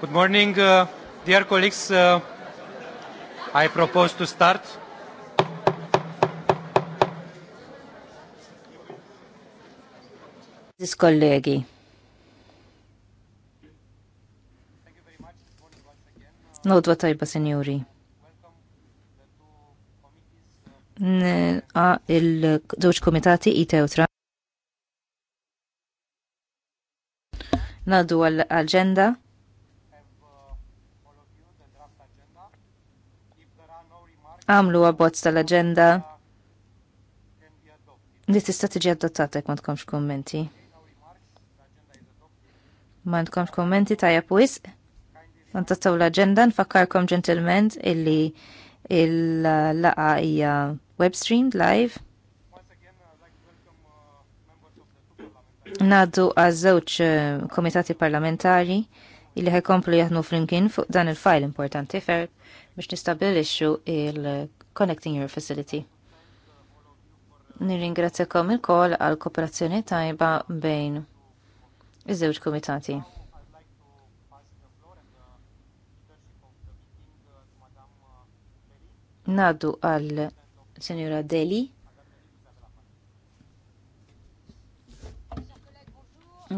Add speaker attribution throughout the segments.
Speaker 1: Good morning, uh, dear colleagues. Uh, I propose to start.
Speaker 2: This kollegi. Nodwa tajba, senjuri. Nqa il-żewġ komitati itewtra. Nadu għal-agenda. għamlu għabbozz tal-agenda li tista' tiġi adottat ma tkomx kommenti. Ma tkomx kommenti tajja pwis. Għantattaw l-agenda nfakkarkom ġentilmen illi il-laqa hija web streamed live. Naddu għaż-żewġ eh, komitati parlamentari illi ħekomplu jaħnu flimkien fuq dan il-fajl importanti fer biex nistabilixxu il-Connecting Your Facility. Nirringrazzjakom il-kol għal kooperazzjoni tajba bejn iż-żewġ komitati. Naddu għal Senjora Deli.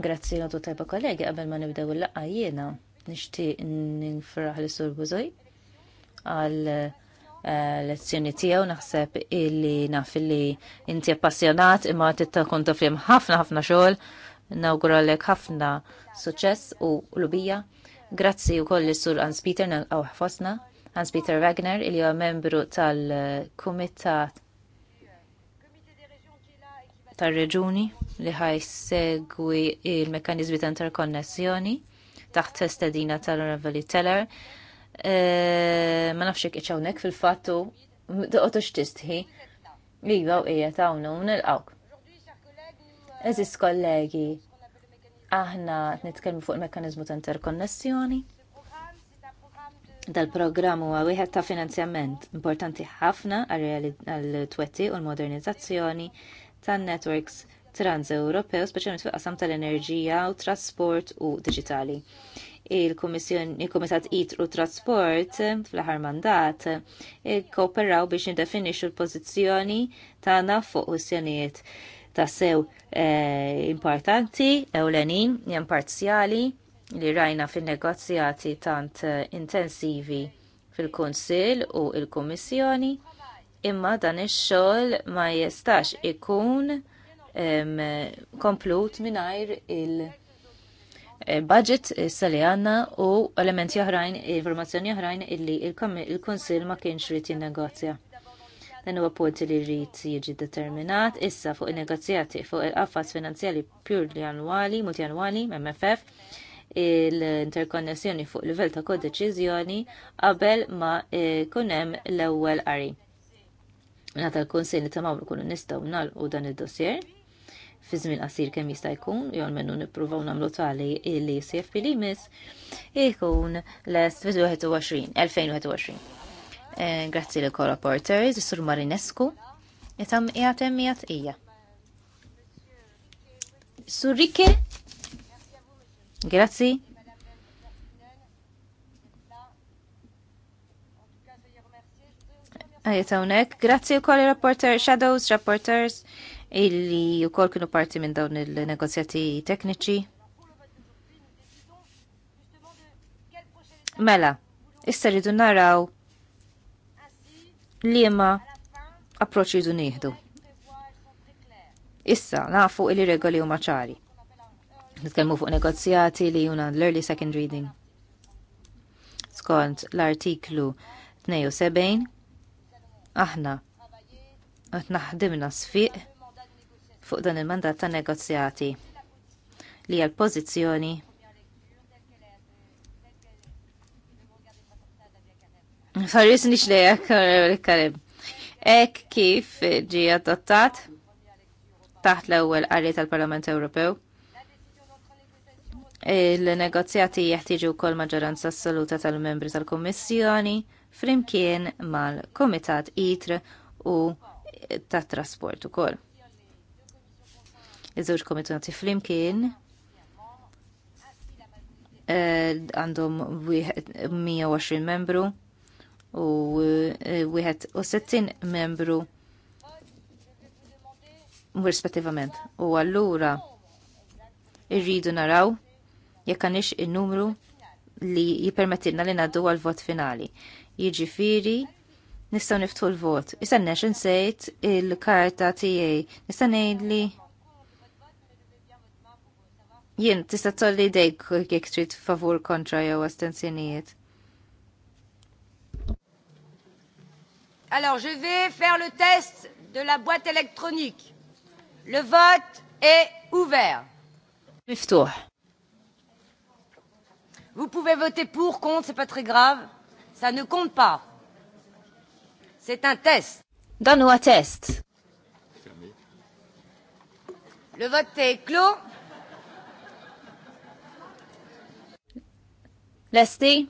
Speaker 2: Grazzi għadu tajba kollegi, għabel ma nibdew l laqqa jiena nishti ninfraħ li sur Buzoj għal eh, lezzjoni tiegħu naħseb illi naf illi inti appassjonat imma titta kun tafrim ħafna ħafna xogħol nawguralek ħafna suċċess u lubija. Grazzi u koll sur Hans Peter nalqaw ħfosna, Hans Peter Wagner illi huwa membru tal-Kumitat tar-Reġuni li ħajsegwi il mekanizmi ta' interkonnessjoni taħt testedina tal-Raveli Teller Eh, ma nafx jekk iċawnek fil-fattu d-għotu x'tistħi. li iva għaw qiegħed tawnu nil-għawk. Eżis kollegi, aħna nitkellmu fuq il mekanizmu ta' interkonnessjoni. Dal-programm huwa wieħed ta' finanzjament importanti ħafna għal-twetti u l-modernizzazzjoni tan-networks trans-Ewropew, speċjalment fil-qasam tal-enerġija u trasport u digitali il-Kumitat Itru Trasport fl-aħħar mandat kooperaw biex nidefinixu l-pożizzjoni tagħna fuq kwistjonijiet ta' sew eh, importanti, ewlenin, parzjali li rajna fin-negozjati tant eh, intensivi fil-Kunsill u il-Kummissjoni imma dan ix-xogħol ma jistax ikun komplut mingħajr il- Eh, budget issa eh, li għanna u elementi oħrajn, eh, informazzjoni oħrajn illi il-Konsil ma kienx rrit jinnegozja. Dan huwa punti li rrit jiġi determinat issa fuq il-negozjati fuq il-qaffas finanzjali purli annwali, multianwali, MFF, l-interkonnessjoni fuq livell ta' kodeċiżjoni qabel ma kunem l-ewwel qari. Nata l-Kunsilli ta' Mawru kunu nistgħu u dan id-dossier fi żmien qasir kemm jista' jkun, jew almenu nippruvaw nagħmlu tali li CFP li ikun lest 2021. 2021. Grazzi l rapporters Sur Marinescu, jgħatem jgħat emmijat ija. Surrike, grazzi. Jtam nek, grazzi u koll rapporter, shadows, rapporters, illi wkoll kienu parti minn dawn il-negozjati tekniċi. Mela, issa rridu naraw li ma approċi rridu nieħdu. Issa, nafu illi regoli huma ċari. Nitkellmu fuq negozjati li juna l-early second reading. Skont l-artiklu 72, aħna qed s sfiq fuq dan il-mandat ta' negozjati li għal pożizzjoni Faris nix lejek, karim. Ek kif ġi adottat taħt l-ewwel qari tal-Parlament Ewropew. Il-negozjati jeħtieġu wkoll maġġoranza assoluta tal-membri tal-Kummissjoni flimkien mal-Kumitat ITR u tat-trasport ukoll. Iż-żewġ komitati flimkien eh, għandhom 120 membru u eh, wieħed u 60 membru rispettivament. U allura irridu naraw jekk għandix in-numru li jippermettilna li ngħaddu għal vot finali. Jiġifieri nistgħu niftħu l-vot. Issa nex insejt il-karta tiegħi. Nista' ngħidli Jien, tista' tolli dejk kik trid favur kontra jew astensjonijiet. Alors, je vais faire le test de la boîte électronique. Le vote est ouvert. Miftuh. Vous pouvez voter pour, contre, c'est pas très grave. Ça ne compte pas. C'est un test. Donne-nous un test. Le vote est clos. Lesti?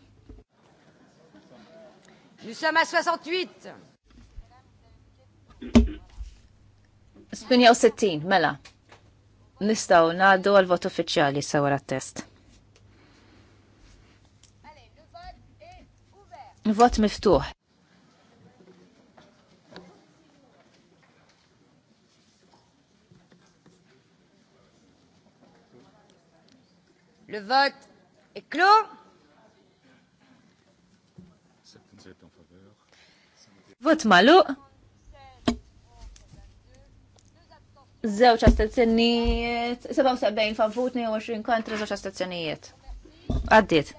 Speaker 2: Nous sommes à 68. Spinja u 60, mela. Nistaw naddu għal-vot uffiċjali sa sawar test Vot miftuħ. Le vote est clos. Vot malu. Zewċa stazzjonijiet, 77 u 20 kontra, zewċa stazzjonijiet. Għaddit.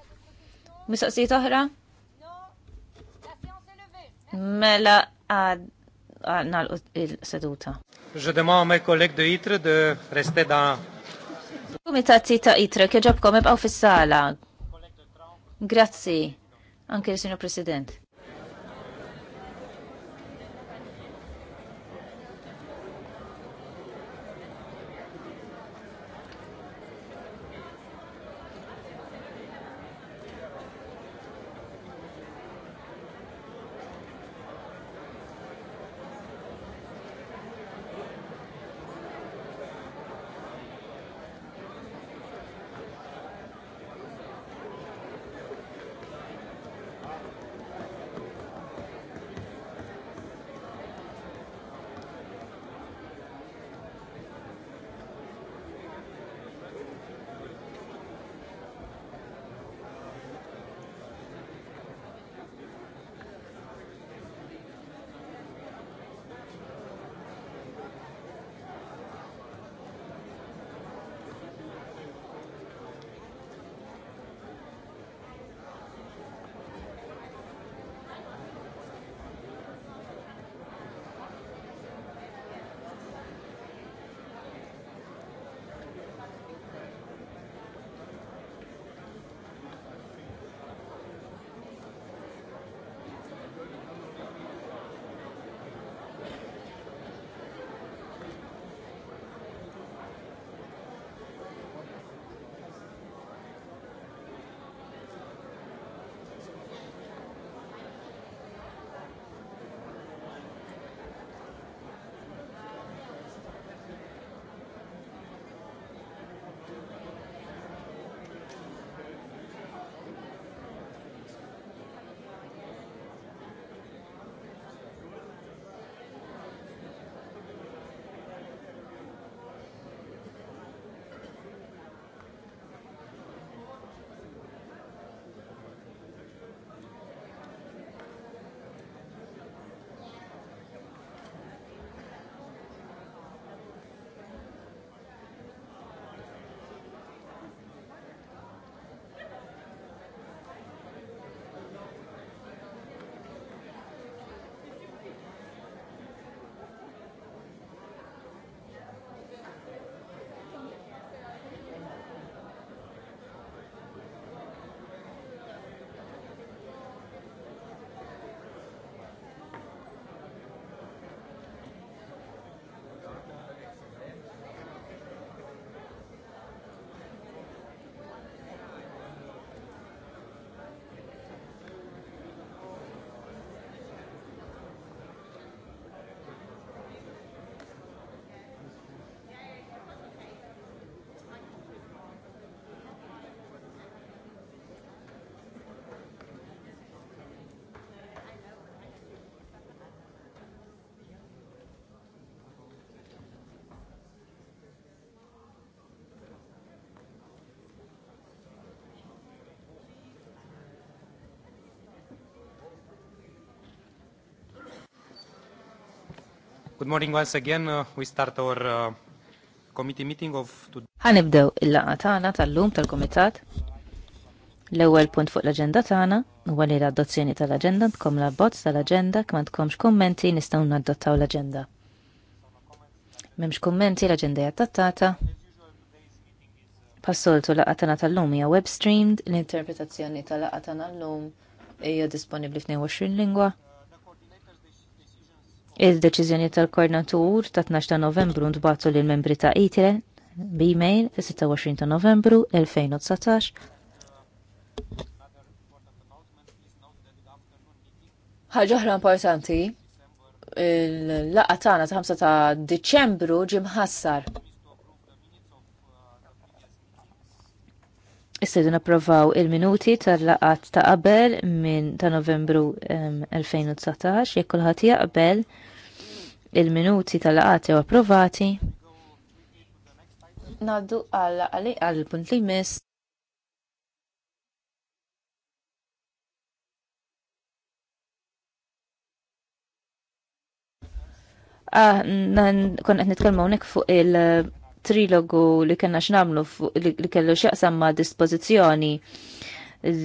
Speaker 2: Misoqsijiet oħra? Mela għadna l-seduta.
Speaker 1: Ġedema għamaj kolleg de itre de reste da.
Speaker 2: Komitati ta' itre, kieġabkom ibqaw fis-sala. Grazzi, anke il-Sinjor President.
Speaker 1: Good morning once again. Uh, we start our uh, committee meeting of today.
Speaker 2: Ħanibdew il-laqa tagħna tal-lum tal-kumitat. L-ewwel punt fuq l-aġenda tagħna huwa li l-adozzjoni tal-aġenda tkom la bozz tal-aġenda kemm tkomx kummenti nistgħu nadottaw l-aġenda. M'hemmx kummenti l-aġenda hija tattata. Passoltu laqa tagħna tal-lum hija web streamed, l-interpretazzjoni tal-laqa tagħna l-lum hija disponibbli f'nejn 22 lingwa Il-deċiżjoni tal-koordinatur ta' 12 ta' novembru ntbagħtu lil membri ta' ITRE b-email fis-26 ta' novembru 2019.
Speaker 3: Ħaġa oħra importanti, il-laqgħa tagħna ta' 5 ta' Diċembru ġie mħassar.
Speaker 2: Issa napprovaw il-minuti tal-laqat ta' qabel minn ta' Novembru 2019 jekk kulħadd qabel il-minuti tal-laqati u approvati. Naddu għalla għalli għal-punt li mis. Ah, kon qed nitkellmu hawnhekk fuq il-trilogu li kellna x'namlu li kellu x'jaqsam ma' dispożizzjoni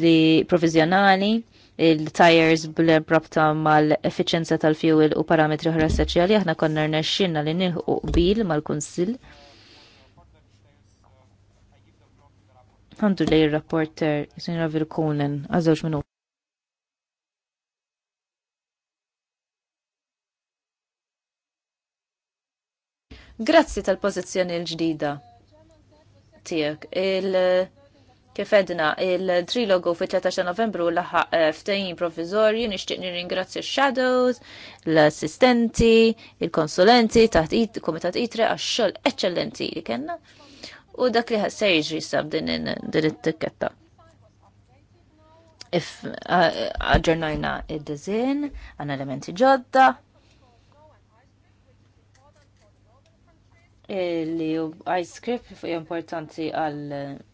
Speaker 2: li provizjonali il-tires bl rabta mal-efficienza tal-fuel u parametri ħra soċjali aħna konna rnexxinna li nilħu qbil mal-Kunsill. Għandu lej il-rapporter, jisunira Virkunen, għazawx minu. Grazzi tal-pozizjoni l-ġdida tijak. Il- Kif edna il-trilogu fi 13 novembru laħaq eh, ftejn provizorju nixtieq nirringrazzja x-shadows, l-assistenti, il-konsulenti taħt kumitat itre għax-xogħol eċċellenti li kellna u dak li ħassej jiġri sab din it-tikketta if eh, aġġornajna id-dizin, għan elementi ġodda, li ice script importanti għal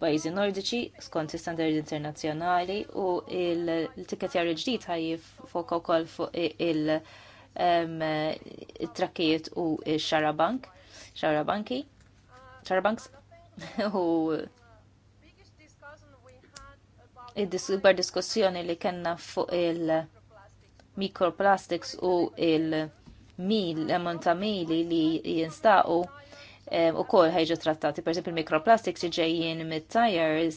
Speaker 2: pajjiżi nordiċi skont standard internazzjonali u l-tikketjar ġdid ħaj foka wkoll fuq il-trakkijiet u x-xarabank, xarabanki, xarabanks u il-bar diskussjoni li kena fuq il-microplastics u il- mil, l-ammont ta' mili li jinstaqu u kol ħajġu trattati, per esempio il si ġejjin mit tires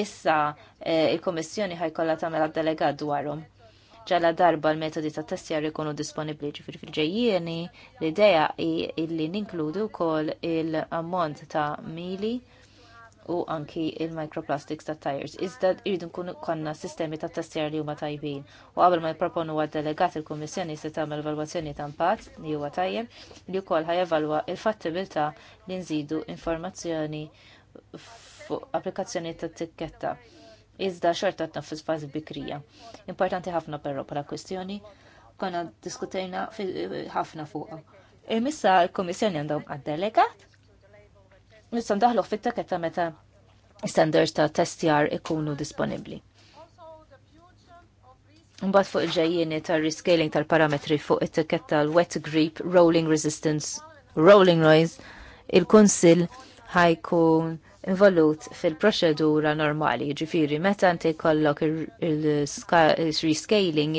Speaker 2: issa e, il-Komissjoni ħajkolla tamela delegat dwarhom. Ġala darba l-metodi ta' testjar ikunu disponibli ġifir fil-ġejjieni, l-ideja illi ninkludu kol il-ammont ta' mili u anki il-microplastics ta' tires. Iżda irridu nkunu konna sistemi ta' testjar li huma tajbin. U qabel ma jproponu għad delegat il-Kummissjoni se tagħmel valwazzjoni ta' impatt li huwa tajjeb li wkoll ħajevalwa il-fattibilità li nżidu informazzjoni fuq applikazzjoni ta' tikketta. Iżda xorta tnaffis fażi bikrija. Importanti ħafna però bħala kwistjoni konna diskutejna ħafna fuqha. Imissa e l kummissjoni għandhom għad-delegat nista' ndaħluh fit-taketta meta standards ta' testjar e ikunu disponibbli. Mbagħad fuq il-ġejjieni tar-rescaling tal-parametri fuq it-tiketta l-wet grip, rolling resistance, rolling noise, il kunsill ħajkun involut fil-proċedura normali, ġifiri, meta inti kollok il-rescaling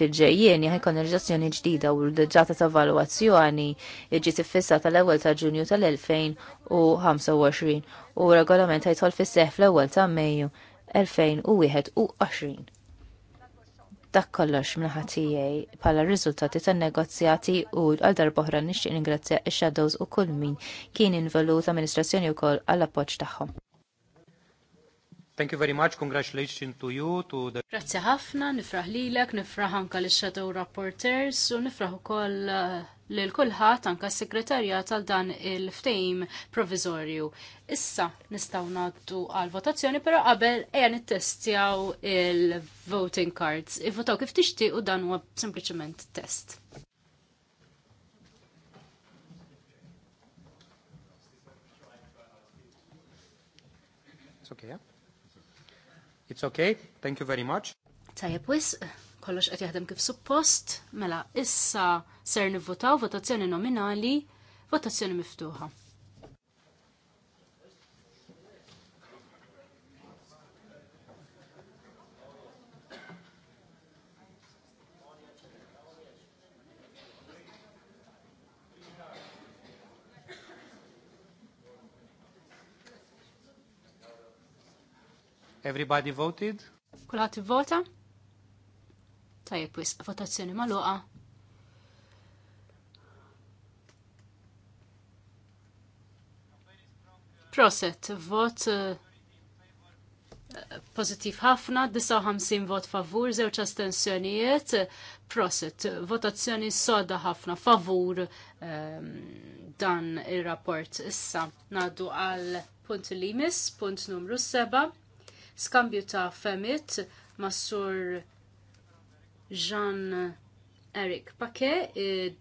Speaker 2: fil-ġejjien, jħajkon il-ġazzjoni ġdida u l-ġata ta' valuazzjoni ġi tiffissa tal ewwel ta' ġunju tal-2025 u regolament ħajtħol fis seħ fl-ewel ta' Mejju 2021. Dak kollox minnaħa tiegħi bħala riżultati tan-negozjati u għal darb'oħra nixtieq ningrazzja ix shadows u kull min kien involut amministrazzjoni wkoll għall appoġġ tagħhom.
Speaker 1: Thank you very much, congratulations to you, to the... Grazie ħafna, nifraħ
Speaker 4: lilek, nifraħ anka li shadow rapporters u nifraħ u koll eh, l-kulħat anka segretarja tal dan il-ftejm provizorju. Issa nistaw naddu għal votazzjoni, pero qabel eja nittestjaw il-voting cards. Ivvotaw kif tixti u dan huwa sempliciment test.
Speaker 1: It's okay, yeah? It's okay, thank you very much.
Speaker 4: Tajab wis, kollox qed jaħdem kif suppost, mela issa ser nivvotaw votazzjoni nominali, votazzjoni miftuħa.
Speaker 1: Everybody voted? Kulħat vota?
Speaker 4: Tajib, wis, votazzjoni maluqa. Proset, vot eh, pozittiv ħafna, 59 vot favur, zewċ astensjonijiet, proset, votazzjoni soda ħafna favur um, dan il-rapport. Issa, naddu għal punt limis, punt numru 7 skambju ta' femit mas-sur Jean Eric Paquet,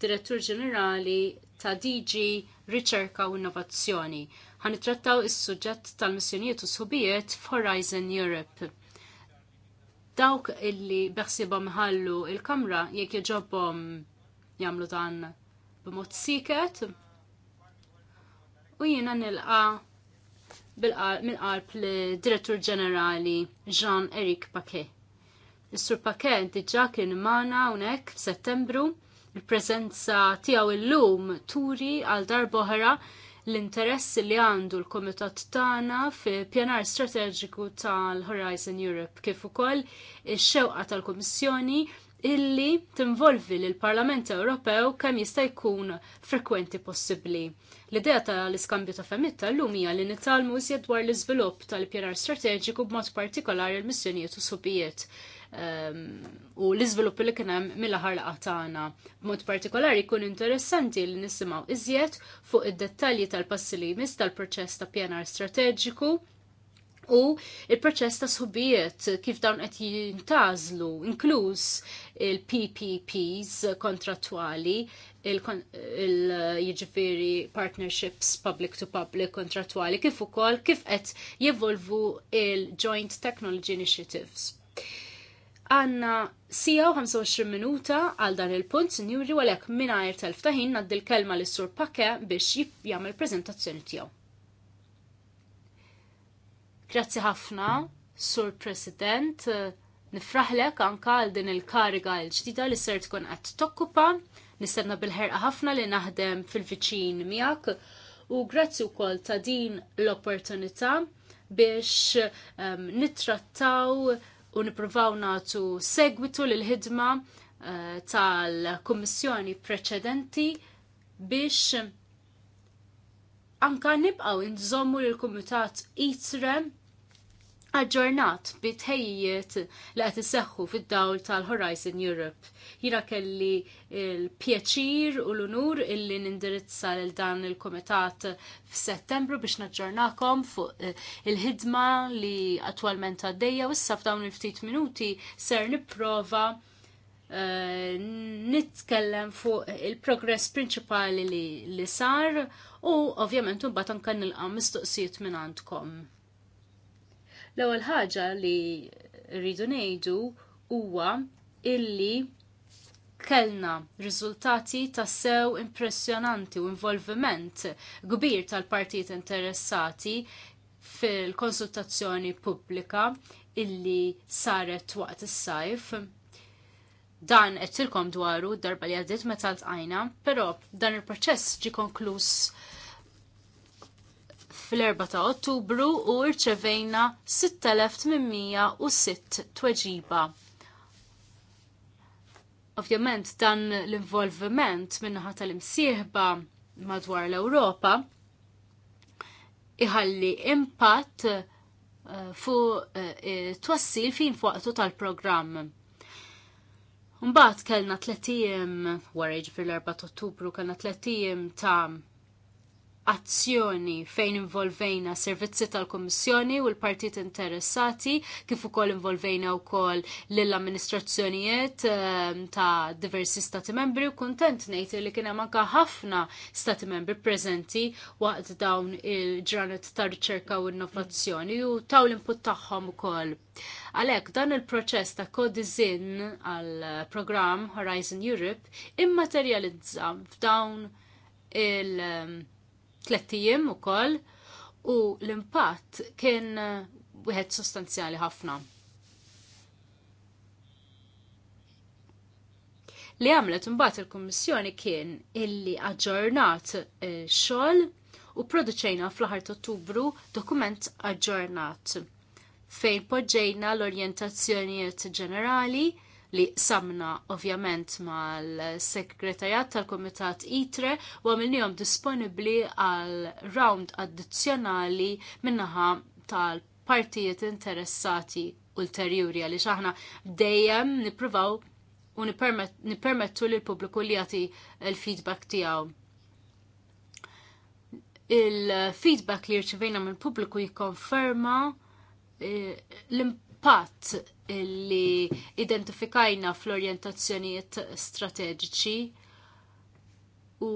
Speaker 4: direttur ġenerali ta' DG Riċerka u Innovazzjoni. trattaw is-suġġett tal-missjonijiet u subijiet f'Horizon Europe. Dawk illi beħsibhom ħallu il-kamra jekk jġobbom jagħmlu dan b'mod siket u jiena nilqa' mill-qalb l-Direttur Ġenerali Jean-Eric Paquet. Is-Sur Paquet diġà kien mana hawnhekk f'Settembru, il-preżenza tiegħu illum turi għal darboħra l-interess li għandu l-Komitat tagħna fi pjanar strateġiku tal-Horizon Europe kif ukoll ix-xewqa tal-Kummissjoni illi tinvolvi l parlament Ewropew kemm jista' jkun frekwenti possibbli. L-idea tal-iskambju ta' femmit tal-lum hija li nitalmu iżjed dwar l-iżvilupp tal-pjanar strateġiku b'mod partikolari l-missjonijiet u subijiet ehm, u l-iżvilupp li kien hemm mill-aħħar tagħna. B'mod partikolari jkun interessanti li nisimgħu iżjed fuq id-dettalji tal-passi li jmiss tal-proċess ta' pjanar strateġiku u il-proċess ta' subijiet kif dawn qed jintażlu, inkluż il-PPPs kontrattwali, il-jiġifieri il jiġifieri partnerships public to public kontrattwali, kif ukoll kif qed jevolvu il-Joint Technology Initiatives. Għanna sija u 25 minuta għal dan il-punt, sinjuri għalek minna irtelf taħin għaddil kelma l-sur pakke biex jgħamil prezentazzjoni tijaw. Grazzi ħafna, Sur President, nifraħlek anka għal din il-kariga l-ġdida li ser tkun qed tokkupa, nistenna bil-ħerqa ħafna li naħdem fil-viċin miegħek u grazzi wkoll ta' din l-opportunità biex um, nittrattaw u nipruvaw nagħtu segwitu lill ħidma uh, eh, tal-kummissjoni preċedenti biex anka nibqaw nżommu l-Kumitat Itrem aġġornat bi tħejjiet li qed isseħħu fid-dawl tal-Horizon Europe. Jira kelli l-pjaċir u l-unur illi nindirizza lil dan il-komitat f'Settembru biex naġġornakom fuq eh, il-ħidma li attualment għaddejja u issa f'dawn il-ftit minuti ser nipprova Uh, nitkellem fuq il-progress prinċipali li, li sar u ovvjament un batan kan nilqa mistoqsijiet minn għandkom. L-ewwel ħaġa li rridu ngħidu huwa illi kellna riżultati tassew impressjonanti u involviment kbir tal-partijiet interessati fil-konsultazzjoni pubblika illi saret waqt is-sajf. Dan qed tilkom dwaru darba li għaddiet meta tqajna, però dan il-proċess ġi konkluż fl-4 ta' Ottubru u rċevejna 6806 tweġiba. Ovvjament dan l-involviment minnaħa tal-imsieħba madwar l-Ewropa iħalli impatt eh, fuq eh, eh, twassil fin fuqtu tal-programm. Mbagħad kellna tletijiem wara jiġifieri l-4 Ottubru kellna tletijiem ta' azzjoni fejn involvejna servizzi tal-Kommissjoni u l-partit interessati kif ukoll involvejna wkoll lill-amministrazzjonijiet ehm, ta' diversi stati membri u kuntent ngħid li kien hemm anke ħafna stati membri preżenti waqt dawn il-ġranet ta' riċerka u innovazzjoni u taw l-input tagħhom ukoll. Għalhekk dan il-proċess ta' kodizin għal programm Horizon Europe immaterjalizza f'dawn il- ehm, tlettijiem ukoll u l-impatt kien eh, wieħed sostanzjali ħafna. Li għamlet imbagħad il-Kummissjoni kien illi aġġornat eh, xogħol u produċejna fl-aħħar Ottubru dokument aġġornat fejn poġġejna l-orjentazzjonijiet ġenerali li samna ovvjament mal-sekretarjat tal-Komitat ITRE u għamilnijom disponibli għal round addizzjonali minnaħa tal-partijiet interessati ulterjuri għal aħna dejjem nipruvaw u nipermettu li l-pubbliku li jagħti l-feedback tiegħu. Il-feedback li rċivejna mill-pubbliku jikkonferma eh, l-impatt pat li identifikajna fl-orientazzjonijiet strateġiċi u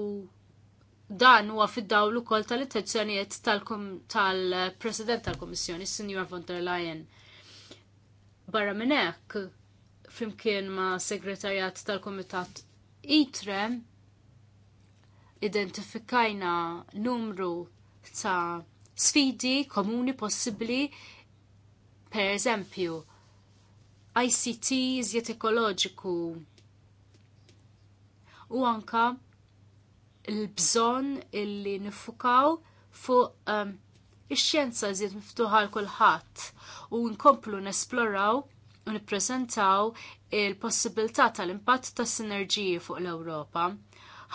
Speaker 4: dan huwa fid-dawl ukoll tal-intenzjonijiet tal-President tal-Kummissjoni, Sinjora von der Leyen. Barra minn hekk, flimkien ma' segretarjat tal-Kumitat ITRE, identifikajna numru ta' sfidi komuni possibbli Per eżempju, ICT iżjed ekoloġiku u anka l-bżon illi nifukaw fuq um, ix-xjenza iżjed miftuħa l kulħadd u nkomplu nesploraw u nippreżentaw il-possibilità tal-impatt tas sinerġiji fuq l-Ewropa.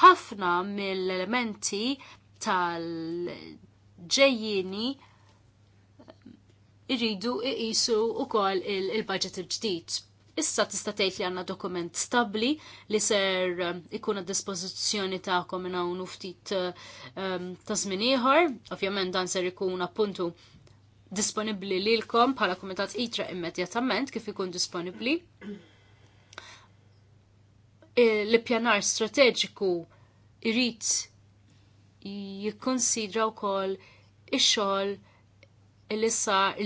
Speaker 4: Ħafna mill-elementi tal-ġejjini irridu iqisu wkoll il-budget il-ġdid. Issa tista' tgħid li għandna dokument stabbli li ser um, ikun għad-dispożizzjoni tagħkom minn hawn ftit uh, um, ta' żmien ieħor, ovvjament dan ser ikun appuntu disponibbli lilkom bħala kumitat itra immedjatament kif ikun disponibbli. E, L-pjanar strateġiku irrid jikkonsidra wkoll ix-xogħol li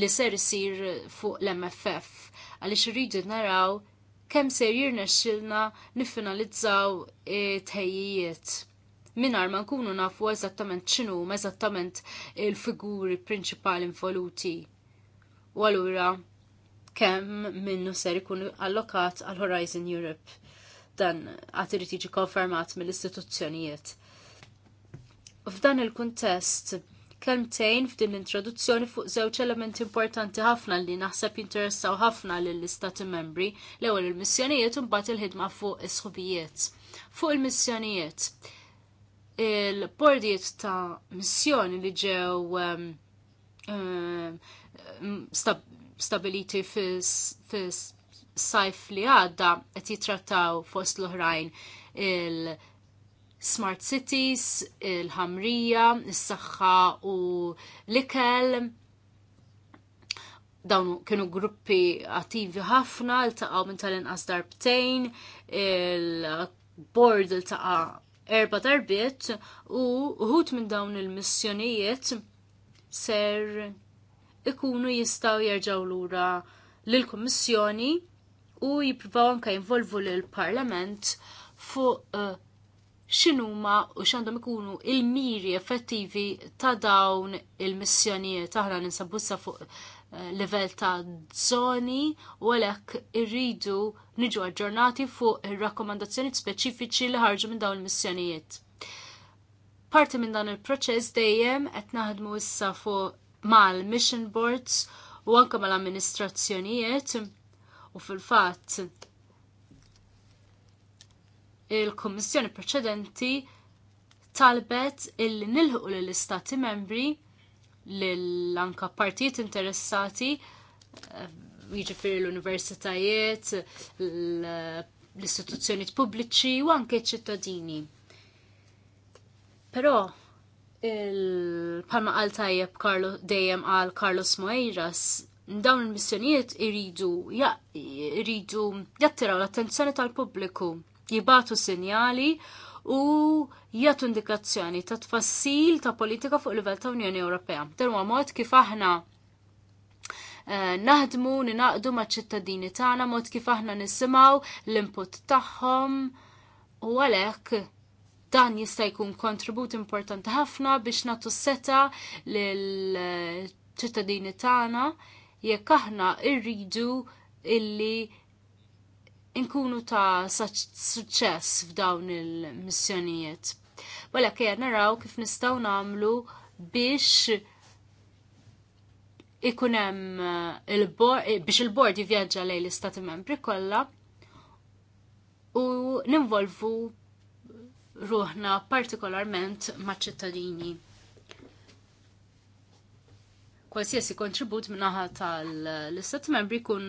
Speaker 4: ser isir fuq l-MFF għaliex rridu naraw kemm ser jirnexxilna niffinalizzaw e, tejjijiet minar ma nkunu nafu eżattament ma eżattament il-figuri prinċipali involuti. U allura kemm minnu ser ikun allokat għal Horizon Europe dan għad irid jiġi konfermat mill-istituzzjonijiet. F'dan il-kuntest kelmtejn f'din l-introduzzjoni fuq żewġ elementi importanti ħafna li naħseb jinteressaw ħafna lill-istati membri l-ewwel il-missjonijiet u mbagħad il-ħidma fuq is-sħubijiet. Fuq il-missjonijiet, il-bordijiet ta' missjoni li ġew stabiliti fis sajf li għadda qed jitrattaw fost l-oħrajn il- smart cities, il-ħamrija, is-saħħa u l-ikel. Dawn kienu gruppi attivi ħafna, l-taqaw minn tal-inqas darbtejn, il-board l-taqa erba darbiet u uħut minn dawn il-missjonijiet ser ikunu jistaw jerġaw lura l-Kommissjoni u jipprivaw anka jinvolvu l-Parlament fuq uh, x'inhuma u xandom ikunu il-miri effettivi ta' dawn il-missjonijiet aħna ninsabu sa fuq eh, level ta' zoni u għalhekk irridu niġu aġġornati fuq ir-rakkomandazzjoni speċifiċi li ħarġu minn dawn il-missjonijiet. Parti minn dan il-proċess dejjem qed naħdmu issa fuq mal-mission boards u anke mal-amministrazzjonijiet u fil-fatt il-Kummissjoni preċedenti talbet illi nilħu l-istati membri l-anka partijiet interessati eh, jiġifieri l-universitajiet, l-istituzzjonijiet pubbliċi u anke ċittadini. Però palma qal tajjeb dejjem għal Carlos Moeiras dawn il-missjonijiet iridu iridu jattiraw l-attenzjoni tal-pubbliku jibatu sinjali u jagħtu indikazzjoni ta' tfassil ta' politika fuq livell ta' Unjoni Ewropea. Terwa mod kif aħna eh, naħdmu, ninaqdu ma' ċittadini tagħna, mod kif aħna nisimgħu l-input tagħhom u għalhekk dan jista' jkun kontribut importanti ħafna biex nagħtu seta lill ċittadini tagħna jekk aħna rridu illi inkunu ta' suċċess f'dawn il-missjonijiet. Wala kjer naraw kif nistaw namlu biex ikunem eh, il eh, biex il-bord jivjaġġa lej l-istati membri kollha u ninvolvu ruħna partikolarment ma' ċittadini. Kwasjesi kontribut minnaħa tal-istat membri kun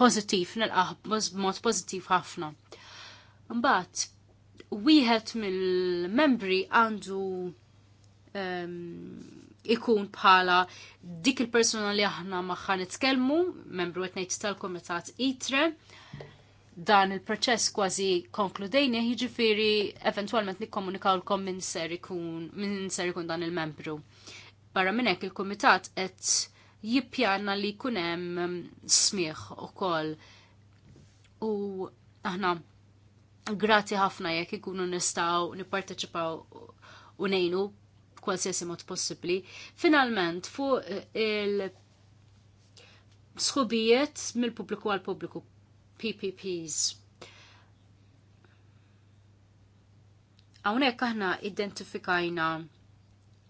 Speaker 4: pozittiv, nilqaħ b'mod pozitif ħafna. Mbagħad, wieħed mill-membri għandu um, ikun bħala dik il-persona li aħna maħħa nitkellmu, membru qed ngħid tal kumitat ITRE, dan il-proċess kważi konkludejni, jiġifieri eventwalment nikkomunikawlkom minn ser ikun, min ser ikun dan il-membru. Barra minn hekk il kumitat qed jippjana li kunem mm, smieħ u koll. U aħna grati ħafna jekk ikunu nistaw nipparteċipaw u nejnu kwalsiasi mod possibli. Finalment, fuq eh, il sħubijiet mill-pubbliku għal pubbliku PPPs. Hawnhekk aħna identifikajna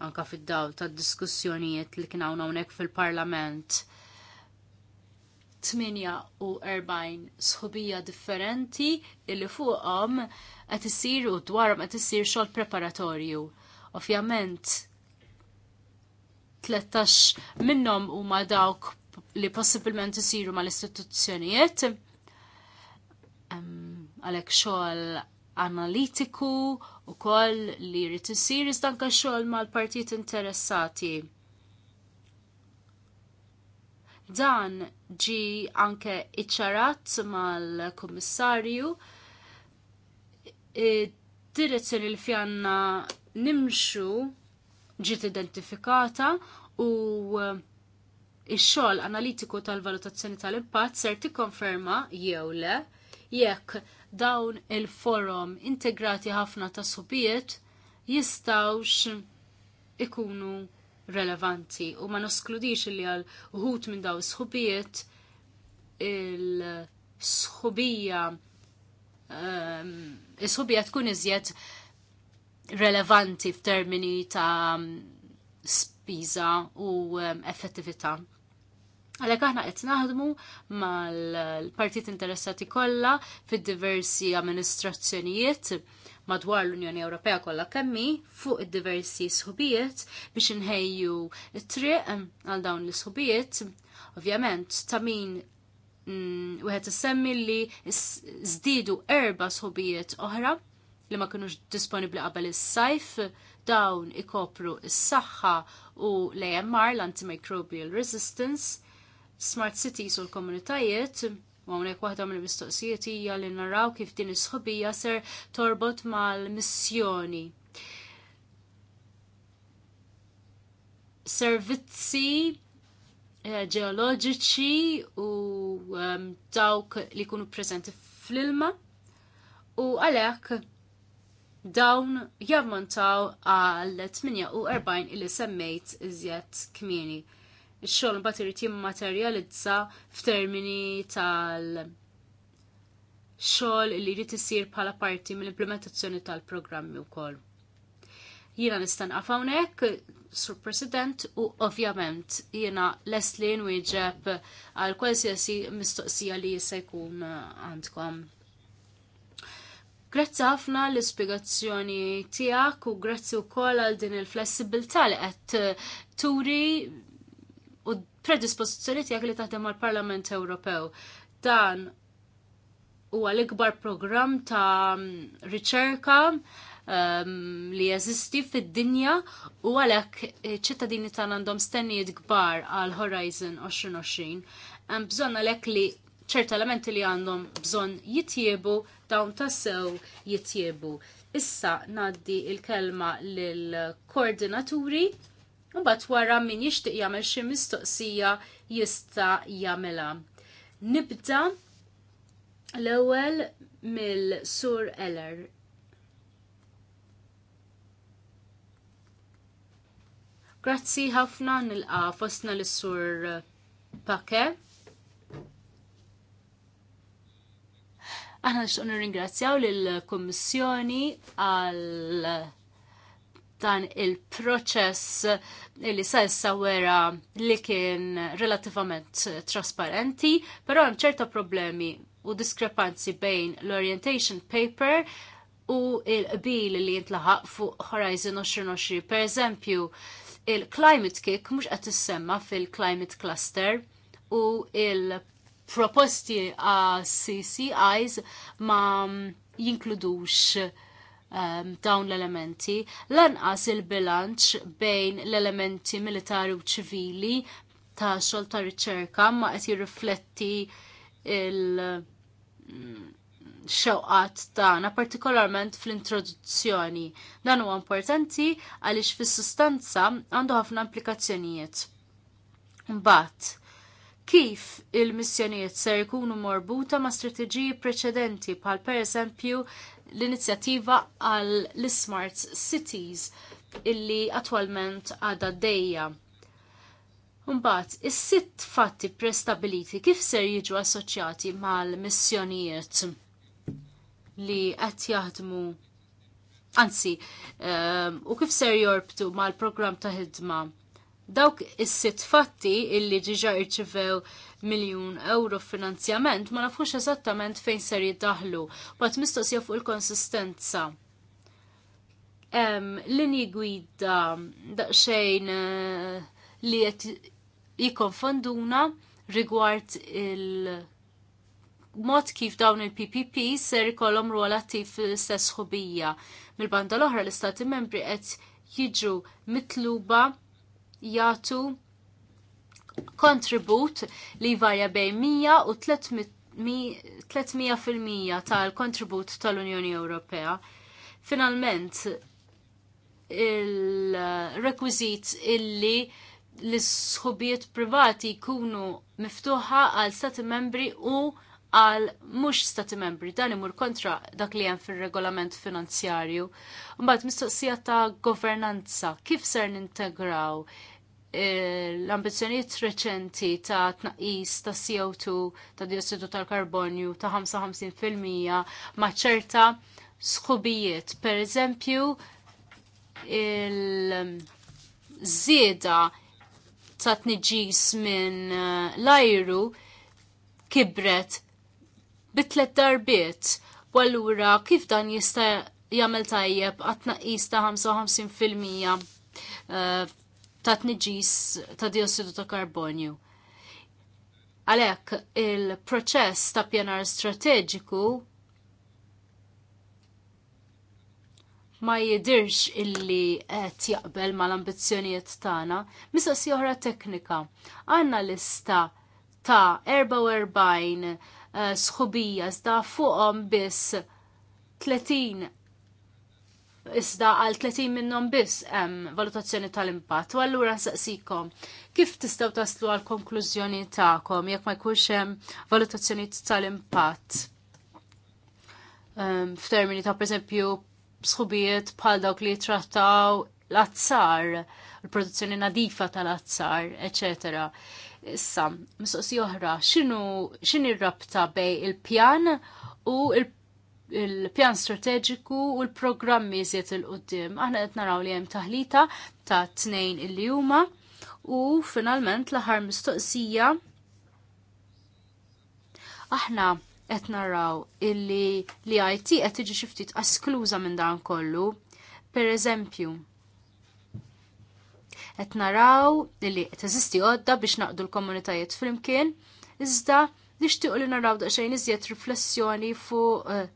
Speaker 4: anka fid-dawl tad diskussjonijiet li kien hawn hawnhekk fil-Parlament. 48 sħubija differenti illi fuqhom qed isir u dwarhom qed isir xogħol preparatorju. Ovvjament 13 minnhom huma dawk li possibilment isiru mal-istituzzjonijiet għalhekk xogħol analitiku u koll li jrid isir iżda anke xogħol mal-partijiet interessati dan ġi anke iċċarat mal-komissarju eh, direzzjoni li fjanna nimxu ġiet identifikata u eh, ix-xogħol analitiku tal-valutazzjoni tal-impatt ser tikkonferma jew le jekk dawn il-forum integrati ħafna ta' subijiet jistawx ikunu relevanti u ma noskludix li għal uħut minn daw sħubiet il-sħubija ehm, il-sħubija tkun iżjed relevanti f'termini ta' spiża u um, effettività. Għalek aħna qed naħdmu mal-partit interessati kollha fid-diversi amministrazzjonijiet madwar l-Unjoni Ewropea kollha kemmi fuq id-diversi sħubijiet biex inħejju t-triq għal dawn l-sħubijiet. Ovvjament, ta' min mm, wieħed issemmi li żdiedu erba' sħubijiet oħra li ma kinux disponibli qabel is-sajf, dawn ikopru is-saħħa u l-AMR, l-antimicrobial resistance, smart cities u l-komunitajiet u għonek waħda mill mistoqsijiet hija li naraw kif din is-sħobija ser torbot mal-missjoni. Servizzi ġeoloġiċi eh, u um, dawk li kunu prezenti fl-ilma u għalek dawn jammontaw għal 48 il-li semmejt iżjed kmini il-xogħol mbagħad irid jimmaterjalizza f'termini tal- xogħol li jrid isir bħala parti mill-implementazzjoni tal-programmi wkoll. Jiena nista' naqaf hawnhekk, Sur President, u ovvjament jiena leslin wieġeb għal kwalsiasi mistoqsija li jista' jkun għandkom. Grazzi ħafna l-ispiegazzjoni tiegħek u grazzi wkoll għal din il-flessibilità li qed turi u predispożizzjoni tiegħek li taħdem mal-Parlament Ewropew. Dan huwa l-ikbar programm ta' riċerka um, li jeżisti fid-dinja u għalhekk ċittadini tagħna għandhom stennijiet kbar għal Horizon 2020. Hemm bżonn għalhekk li ċert elementi li għandhom bżonn jitjiebu dawn tassew jitjiebu. Issa naddi il-kelma lill koordinaturi Mbagħad wara min jixtieq jagħmel xi mistoqsija jista' jagħmilha. Nibda l-ewwel mill-Sur Eller. Grazzi ħafna nilqa fostna l-Sur Pake. Aħna nixtieq nirringrazzjaw lill-Kummissjoni għal dan il-proċess li sa issa wera li kien relativament trasparenti, però hemm ċerta problemi u diskrepanzi bejn l-orientation paper u il-qbil li jintlaħaq fuq Horizon 2020. Per eżempju, il-climate kick mhux qed semma fil-climate cluster u il-proposti għas CCIs ma jinkludux um, dawn l-elementi, lanqas il-bilanċ bejn l-elementi militari u ċivili ta' xol ta' riċerka ma' qed jirrifletti il- mm, xewqat tagħna partikolarment fl-introduzzjoni. Dan huwa importanti għaliex fis-sustanza għandu ħafna implikazzjonijiet. Mbagħad kif il-missjonijiet ser jkunu morbuta ma' strateġiji preċedenti bħal pereżempju l-inizjattiva għal l-Smart Cities illi attwalment għadha dejja. Mbagħad, is-sitt fatti prestabiliti kif ser jiġu assoċjati mal-missjonijiet li qed jaħdmu anzi um, u kif ser jorbtu mal-programm ta' ħidma Dawk is-sitt fatti illi ġiġa irċivew miljun euro finanzjament ma nafux eżattament fejn ser jiddaħlu, bat mistoqsija fuq il-konsistenza. Lini gwida daqxejn eh, li jett jikonfonduna rigward il- mod kif dawn il-PPP ser kolom rwol attiv fl-istess ħubija. mil banda l-oħra l-istati membri qed jiġu mitluba jagħtu kontribut li varja bejn 100 u 300% tal-kontribut tal-Unjoni Ewropea. Finalment, il-rekwizit illi l-sħubiet privati jkunu miftuħa għal stati membri u għal mux stati membri, dan imur kontra dak li hemm fil-regolament finanzjarju. Mbagħad mistoqsija ta' governanza, kif ser nintegraw l-ambizjoniet reċenti ta' tnaqis ta' CO2 ta' diossidu tal-karbonju ta' 55% ma' ċerta sħubijiet. Per eżempju, il-żieda ta' tniġis minn eh, l-ajru kibret bitlet darbiet. U allura kif dan jista' jagħmel tajjeb għat tnaqqis ta' 55% ta' tniġis ta' diossidu ta' karbonju. Għalek, il-proċess ta' pjanar strateġiku ma jidirx illi qed jaqbel mal-ambizzjonijiet tagħna, mistoqsi oħra teknika. Għandna lista ta' 44 uh, eh, sħubija iżda fuqhom biss 30 iżda għal 30 minnhom biss hemm valutazzjoni tal-impatt. U allura saqsikom kif tistgħu taslu għal konklużjoni tagħkom jekk ma jkunx hemm valutazzjoni tal-impatt. Um, F'termini ta' pereżempju sħubijiet bħal dawk li trattaw l-azzar, l-produzzjoni nadifa tal-azzar, etc. Issa, mistoqsi oħra, x'inhi r-rabta bej il-pjan u il-pjan il-pjan strateġiku u l-programmi jiet il-qoddim. Aħna qed naraw li hemm taħlita ta' tnejn illi huma u finalment l-aħħar mistoqsija aħna qed naraw illi li IT qed tiġi xi ftit eskluża minn dan kollu. Per eżempju, qed naraw illi teżisti għodda biex naqdu l-komunitajiet flimkien, iżda nixtiequ li naraw daqsxejn iżjed riflessjoni fuq uh,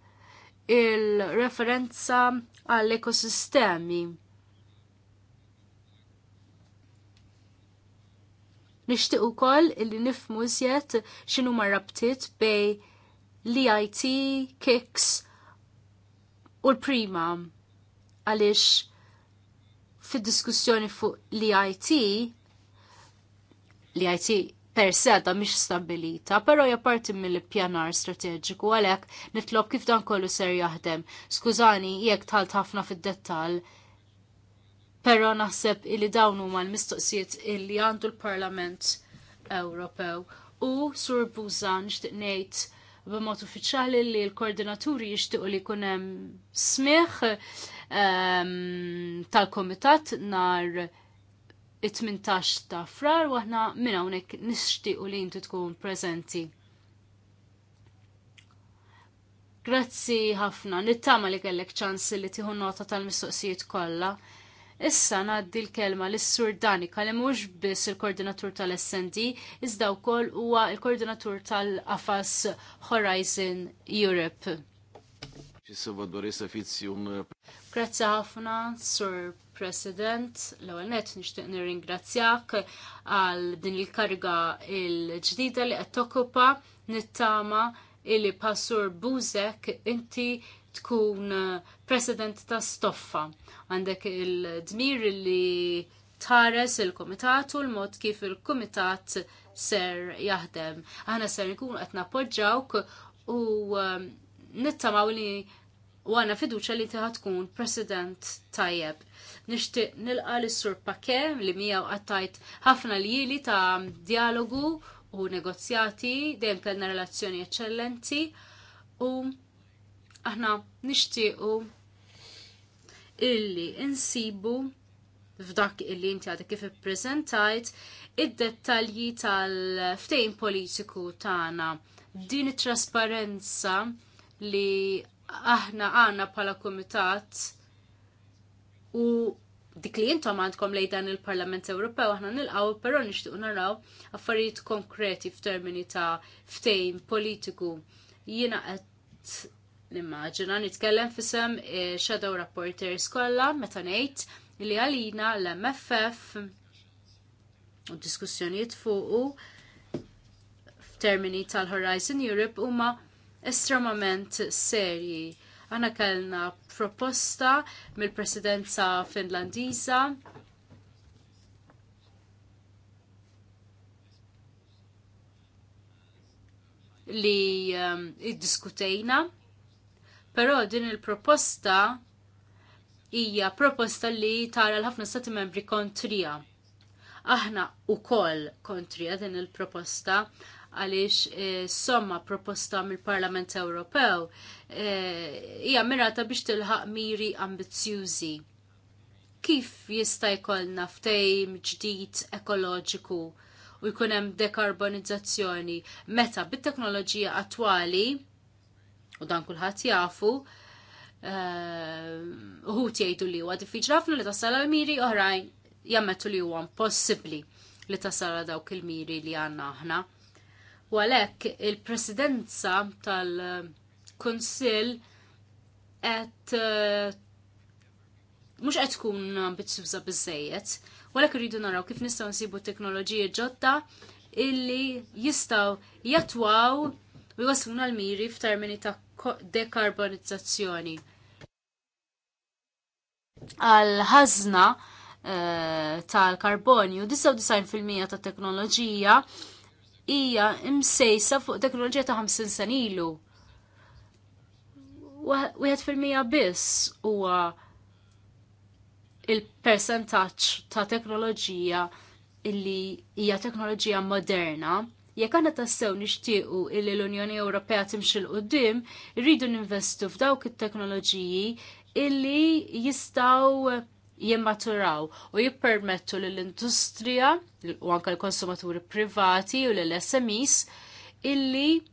Speaker 4: il-referenza għall-ekosistemi. Nishtiq u koll illi nifmu zjed xinu marrabtit bej l-IT, KICS u l-Prima għalix fid diskussjoni fuq l-IT l-IT per se da mhix stabilita, però hija parti mill-pjanar strateġiku għalhekk nitlob kif dan kollu ser jaħdem. Skużani jekk tal ħafna fid-dettall, però naħseb li dawn huma l-mistoqsijiet illi għandu l-Parlament Ewropew. U Sur Buzan xtieq ngħid b'mod uffiċjali li l-koordinaturi jixtiequ li jkun hemm smigħ ehm, tal-komitat nar it-18 ta' frar u aħna minn hawnhekk nixtiequ li inti tkun preżenti. Grazzi ħafna, nittama li kellek ċans li tieħu nota tal-mistoqsijiet kollha. Issa ngħaddi l-kelma lis sur Danika li mhux biss il-koordinatur tal-SND, iżda wkoll huwa il-koordinatur tal-AFAS Horizon Europe.
Speaker 2: Grazzi
Speaker 4: ħafna, Sur President, l-ewwel nett nixtieq nirringrazzjak għal din il-karga il-ġdida li qed tokkupa nittama illi Passur Buzek inti tkun President ta' stoffa. Għandek il-dmir li tħares il-komitatu l-mod kif il-komitat ser jaħdem. Aħna ser nkun qed nappoġġawk u um, nittamaw li u għana fiduċa li tiħa tkun president tajjeb. Nixtieq nilqa l-sur Pake li mija għattajt ħafna lili ta' dialogu u negozjati dejjem kellna relazzjoni eċċellenti u aħna nixtiequ illi insibu f'dak illi inti għadek kif ippreżentajt id-dettalji tal-ftejn politiku tagħna din it-trasparenza li aħna għanna pala komitat u dik li jintom għandkom lej dan il-Parlament Ewropew aħna nilqaw, però nixtiequ naraw affarijiet konkreti f'termini ta' ftejn politiku. Jiena qed nimmaġina nitkellem fisem shadow rapporters kollha meta ngħid li għalina l-MFF u diskussjonijiet fuqu f'termini tal-Horizon Europe huma estremament serji Għana kellna proposta mill-presidenza finlandiza li ehm, id-diskutejna, pero din il-proposta hija proposta li tara l-ħafna stati membri kontrija. Aħna u koll kontrija din il-proposta, għaliex eh, somma proposta mill-Parlament Ewropew eh, hija mirata biex tilħaq miri ambizzjużi. Kif jista' jkollna ftejm ġdid ekoloġiku u jkun hemm dekarbonizzazzjoni meta bit-teknoloġija attwali u dan kulħadd jafu eh, uħut jgħidu li huwa diffiċli ħafna li tasal miri oħrajn jammetu li huwa impossibbli li tasal dawk il-miri li għandna aħna. U għalhekk il-presidenza tal-Kunsill qed eh, mhux qed tkun ambizjuża biżejjed, u għalhekk irridu naraw kif nistgħu nsibu teknoloġiji ġodda illi jistgħu jatwaw u jwasluna l-miri f'termini ta' dekarbonizzazzjoni. Għal ħazna eh, tal-karbonju, 99% ta' teknoloġija hija msejsa fuq teknoloġija ta' 50 sen ilu. Wieħed fil-mija biss huwa il persentaċ ta' teknoloġija illi hija teknoloġija moderna. Jekk għandna tassew nixtiequ illi l-Unjoni Ewropea timxi l qudiem irridu ninvestu f'dawk it-teknoloġiji illi jistgħu jimmaturaw u jippermettu l-industrija u anka l-konsumaturi privati u l-SMEs illi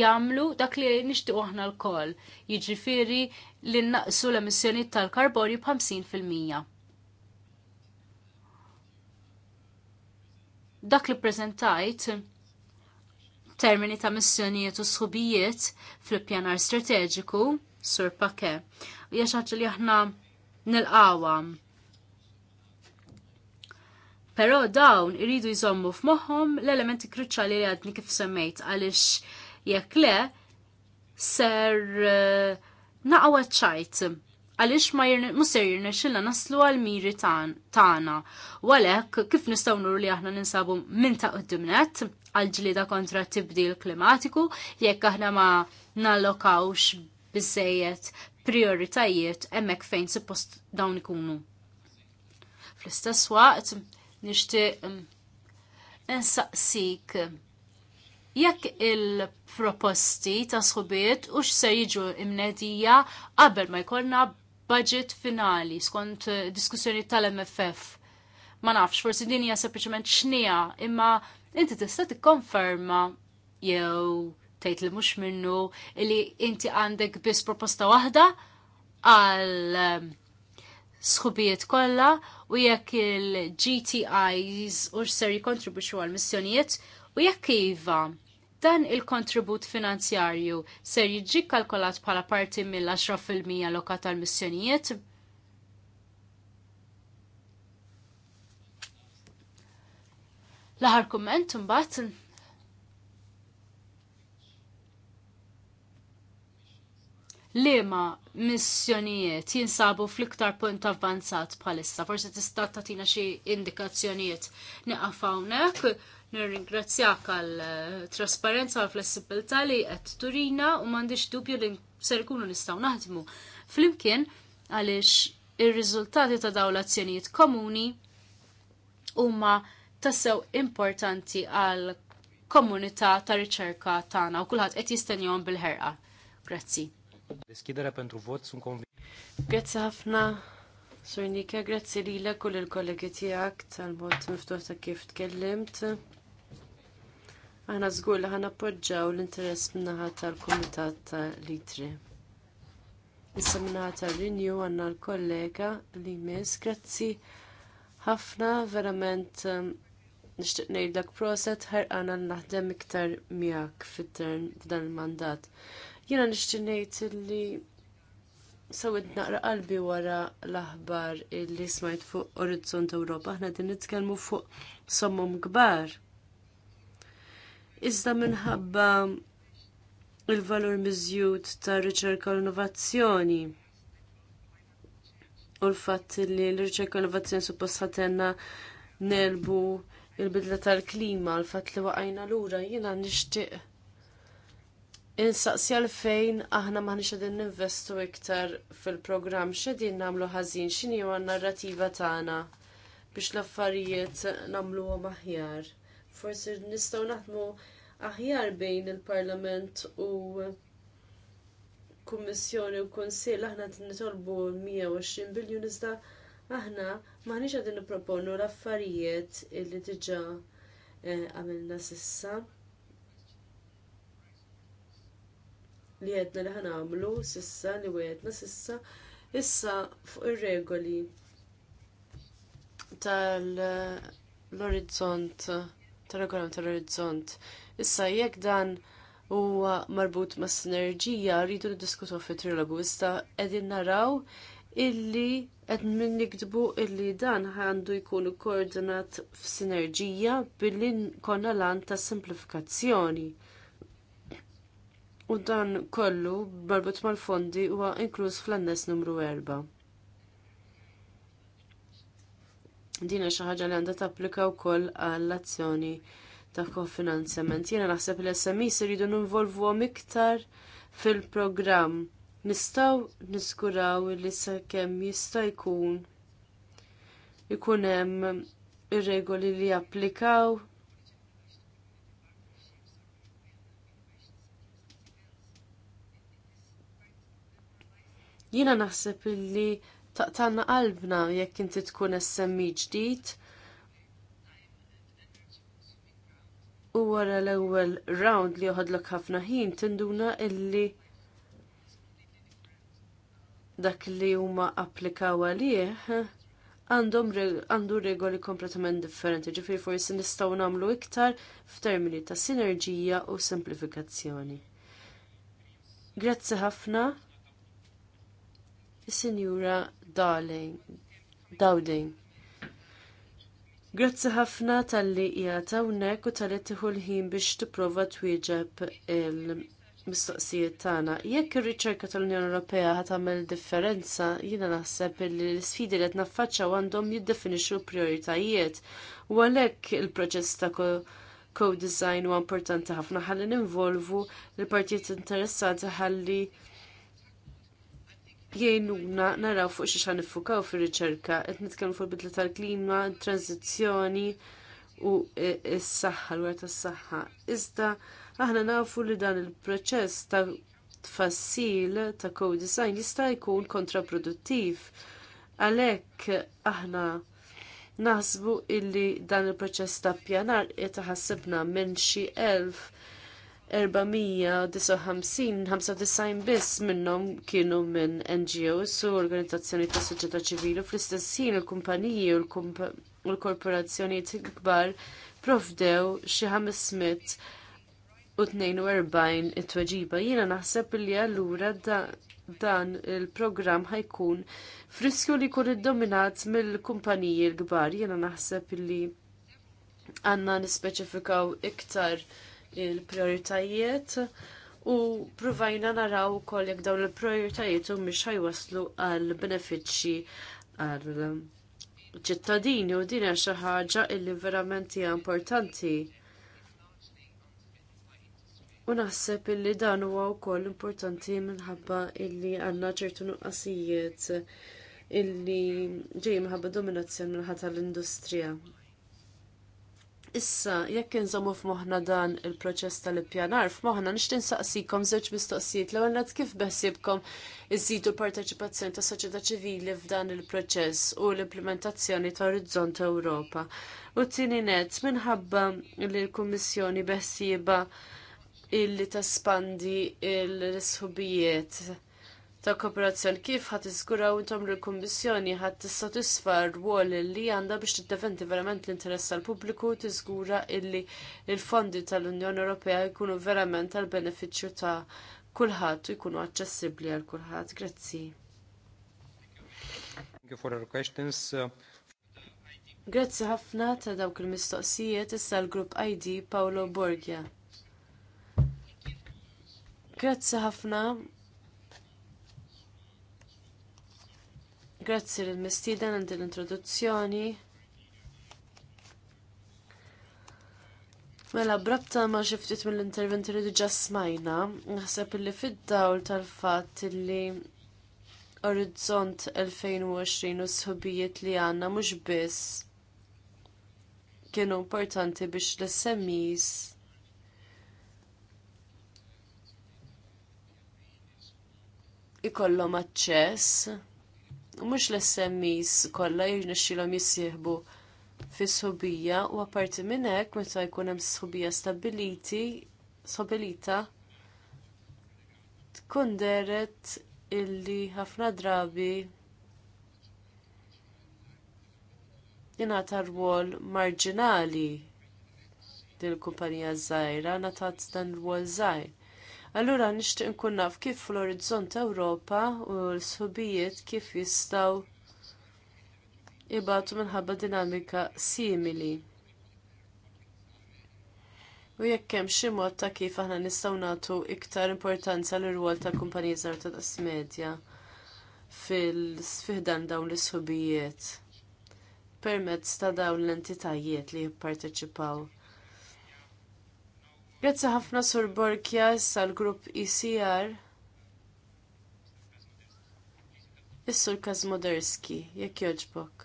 Speaker 4: jamlu dak li nishtiqu aħna l-koll, jiġifiri li naqsu l-emissjoni tal-karbonju b'50%. Dak li prezentajt termini ta' missjonijiet u sħubijiet fil-pjanar strateġiku sur pakke, Jaxħaġa li aħna nilqawa. Però dawn iridu jżommu f'moħħom l-elementi kruċali li għadni kif semmejt għaliex jekk le ser eh, naqwa ċajt għalix ma musir jirne xilla naslu għal miri tana. Walek, kif nistaw nuru li aħna ninsabu minn ta' qoddimnet għal ġlida kontra tibdil klimatiku, jekk aħna ma nallokawx bizzejiet prioritajiet emmek fejn suppost dawn ikunu. Fl-istess waqt, nishtiq mm, nsaqsik mm, jekk il-proposti ta' sħubiet u se jiġu imnedija qabel ma jkollna budget finali skont eh, diskussjoni tal-MFF. Ma nafx, forsi din hija sempliċement xnija, imma inti tista' tikkonferma jew tgħid li mhux minnu li inti għandek biss proposta waħda għal ehm, sħubijiet kollha u jekk il-GTIs u ser jikontribuxu għal missjonijiet u jekk iva dan il-kontribut finanzjarju ser jiġi kalkolat bħala parti mill-10% lokat għal missjonijiet? L-aħar kumment mbagħad liema missjonijiet jinsabu fl-iktar punt avvanzat bħalissa. Forse tista' tagħtina xi indikazzjonijiet nieqaf hawnhekk. Nirringrazzjak għal eh, trasparenza għal flessibilità li qed turina u m'għandix dubju li ser ikunu nistgħu naħdmu. Flimkien għaliex ir-riżultati ta' dawn l-azzjonijiet komuni huma tassew importanti għal komunità ta' riċerka tagħna u kulħadd
Speaker 3: qed jistenjhom bil-ħerqa. Grazzi.
Speaker 1: Deschidere pentru vot sunt convins.
Speaker 3: Grazzi ħafna, Sur grazie grazzi li l kull il-kollegi tijak tal vot miftuħ ta' kif tkellimt. Aħna żgur li ħana appoġġaw l-interess minnaħa tal-Kumitat ta' litri Issa minnaħa tal rinju għanna l-kollega li mis, grazzi ħafna verament um, nishtiq ngħidlek proset l naħdem iktar fit tern f'dan il-mandat. Jena nishtinejt li sawit naqra qalbi wara l-aħbar li smajt fuq Orizzont Ewropa, aħna din nitkellmu fuq sommum kbar. Iżda minħabba il-valur miżjud ta' riċerka u innovazzjoni u l-fatt li l-riċerka u innovazzjoni suppost ħatenna nelbu il-bidla tal-klima, l-fatt li waqajna lura jiena nixtieq Insaqsi għalfejn aħna m'aħniex għedin ninvestu iktar fil-program xedin namlu ħazin xini għan narrativa tagħna biex l-affarijiet namlu għom aħjar. Forsi nistaw naħdmu aħjar bejn il-parlament u kummissjoni u konsil aħna nitolbu 120 biljon iżda aħna m'aħniex għedin niproponu l-affarijiet illi diġa eh, għamilna sissa. li għedna li ħanamlu sissa li għedna sissa issa fuq ir-regoli tal-orizzont tal regolam tal-orizzont issa jekk dan huwa marbut ma' sinerġija rridu niddiskutu fi trilogu issa qegħdin naraw illi qed min nikdbu illi dan għandu jkun koordinat f'sinerġija billi konna lan ta' simplifikazzjoni. U dan kollu barbut mal-fondi huwa inkluż fl-annes numru 4. Dina xi ħaġa li għandha tapplika wkoll għall-azzjoni ta' kofinanzjament. Jiena naħseb li SMEs iridu e ninvolvuhom iktar fil-programm. Nistgħu niskuraw li sakemm jista' jkun ikun hemm ir-regoli li japplikaw Jiena naħseb illi taqtanna qalbna jekk inti tkun SMI e ġdid. U wara l-ewwel round li joħodlok ħafna ħin tinduna illi dak li huma applikaw għalih għandhom għandu regoli kompletament differenti, ġifiri forsi nistgħu nagħmlu iktar f'termini ta' sinerġija u simplifikazzjoni. Grazzi ħafna is-Sinjura Dowding. Grazzi ħafna tal-li qiegħed hawnhekk u tal-li tieħu l-ħin biex tipprova twieġeb il-mistoqsijiet tagħna. Jekk ir-riċerka tal-Unjoni Ewropea ħad tagħmel differenza, jiena naħseb li l-isfidi li qed naffaċċaw għandhom jiddefinixxu prioritajiet u għalhekk il-proċess ta' co-design huwa importanti ħafna ħalli ninvolvu l-partijiet interessati ħalli jgħinuna naraw fuq xi xan nifukaw fir-riċerka qed nitkellmu fuq bitla tal-klima, tranzizzjoni u s-saħħa, l-wara tas-saħħa. Iżda aħna nafu li dan il-proċess ta' tfassil ta' co-design jista' jkun kontraproduttiv. Għalhekk aħna naħsbu illi dan il-proċess ta' pjanar qed minn xi elf 459 biss minnhom kienu minn NGOs u organizzazzjoni ta' soċjetà ċivili fl-istess ħin il-kumpaniji u l-korporazzjonijiet kbar pprovdew xi 542 u it-tweġiba. Jiena naħseb li allura dan il-programm ħajkun friskju li jkun iddominat mill-kumpaniji l-kbar. Jiena naħseb li għandna nispeċifikaw iktar il-prioritajiet u provajna naraw ukoll jekk dawn il-prioritajiet u mhix ħajwaslu għal benefiċċji għal ċittadini u din hija xi ħaġa li verament hija importanti. U naħseb illi dan huwa wkoll importanti minħabba illi għandna ċertu nuqqasijiet illi ġej minħabba dominazzjoni minħata l-industrija. Issa, jekk inżommu moħħna dan il-proċess tal-ippjanar, f'moħħna nixtin saqsikom żewġ mistoqsijiet l ewwel kif beħsibkom iżidu l-parteċipazzjoni tas soċjetà ċivili f'dan il-proċess u l-implementazzjoni ta' Orizzont Ewropa. U t tieni net, minħabba li l-Kummissjoni beħsieba illi taspandi l isħubijiet ta' kooperazzjoni kif ħat iżguraw intom li l-Kummissjoni ħat tissatisfa r-rwol li għandha biex tiddefendi verament l-interess tal-pubbliku tiżgura illi l-fondi tal-Unjoni Ewropea jkunu verament tal-benefiċċju ta' kulħadd u jkunu aċċessibbli għal kulħadd. Grazzi. Grazzi ħafna ta' dawk il-mistoqsijiet issa l-grupp ID Paolo Borgia. Grazzi ħafna Grazzi l mistieden għand l-introduzzjoni. Mela, brabta ma xiftit mill-interventi li diġa smajna, naħseb li fid-dawl tal-fat li Orizzont 2020 u sħubijiet li għanna mux biss kienu importanti biex l semmis ikollhom aċċess u mhux l semmis kollha jirnexxilhom jissieħbu fis-sħubija u apparti minn hekk meta jkun hemm sħubija stabbiliti stabilita tkun deret illi ħafna drabi jingħata rwol marġinali lill kumpanija żgħira ngħatat dan rwol żgħir Allura nixtieq nkun naf kif fl-orizzont Ewropa u l-sħubijiet kif jistgħu jibgħatu minħabba dinamika simili. U jekk hemm xi mod ta' kif aħna nistgħu nagħtu iktar importanza l rwol ta' kumpaniji żgħar ta' tas medja fil-sfihdan dawn l-isħubijiet permezz ta' dawn l-entitajiet li jipparteċipaw. Grazzi ħafna Sur Borkja sal-grupp ECR. Is-Sur Kazmoderski, jekk joġbok.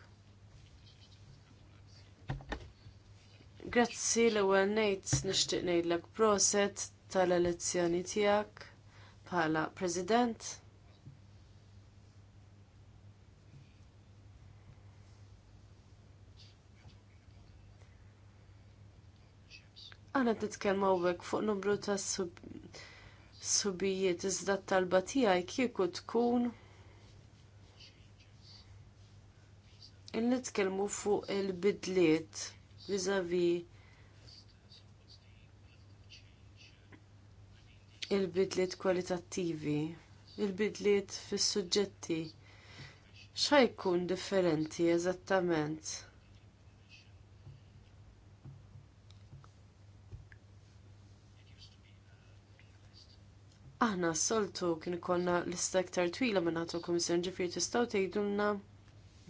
Speaker 3: Grazzi l-ewwel ngħid nixtieq ngħidlek proset tal-elezzjoni tiegħek bħala President. Għana t-tkelma fuq numru ta' subijiet iżda t-talba tijaj kieku tkun illi t fuq il-bidliet vizavi il-bidliet kwalitattivi, il-bidliet fis-suġġetti x'ajkun differenti eżattament. Aħna s soltu kien ikollna l iktar twila minn ħadd il-Kummissjoni ġifier tistgħu tgħidulna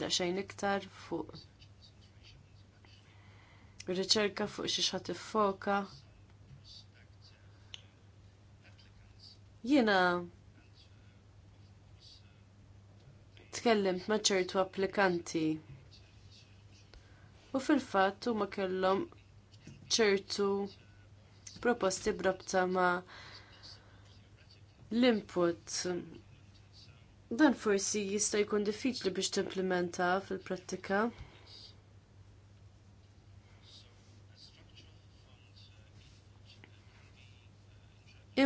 Speaker 3: daqsxejn iktar fuq riċerka fuq xi ħadd iffoka. Jiena tkellimt ma' ċertu applikanti u fil-fatt huma kellhom ċertu proposti brabta ma' l-input dan forsi jista' jkun diffiċli biex timplementa fil-prattika.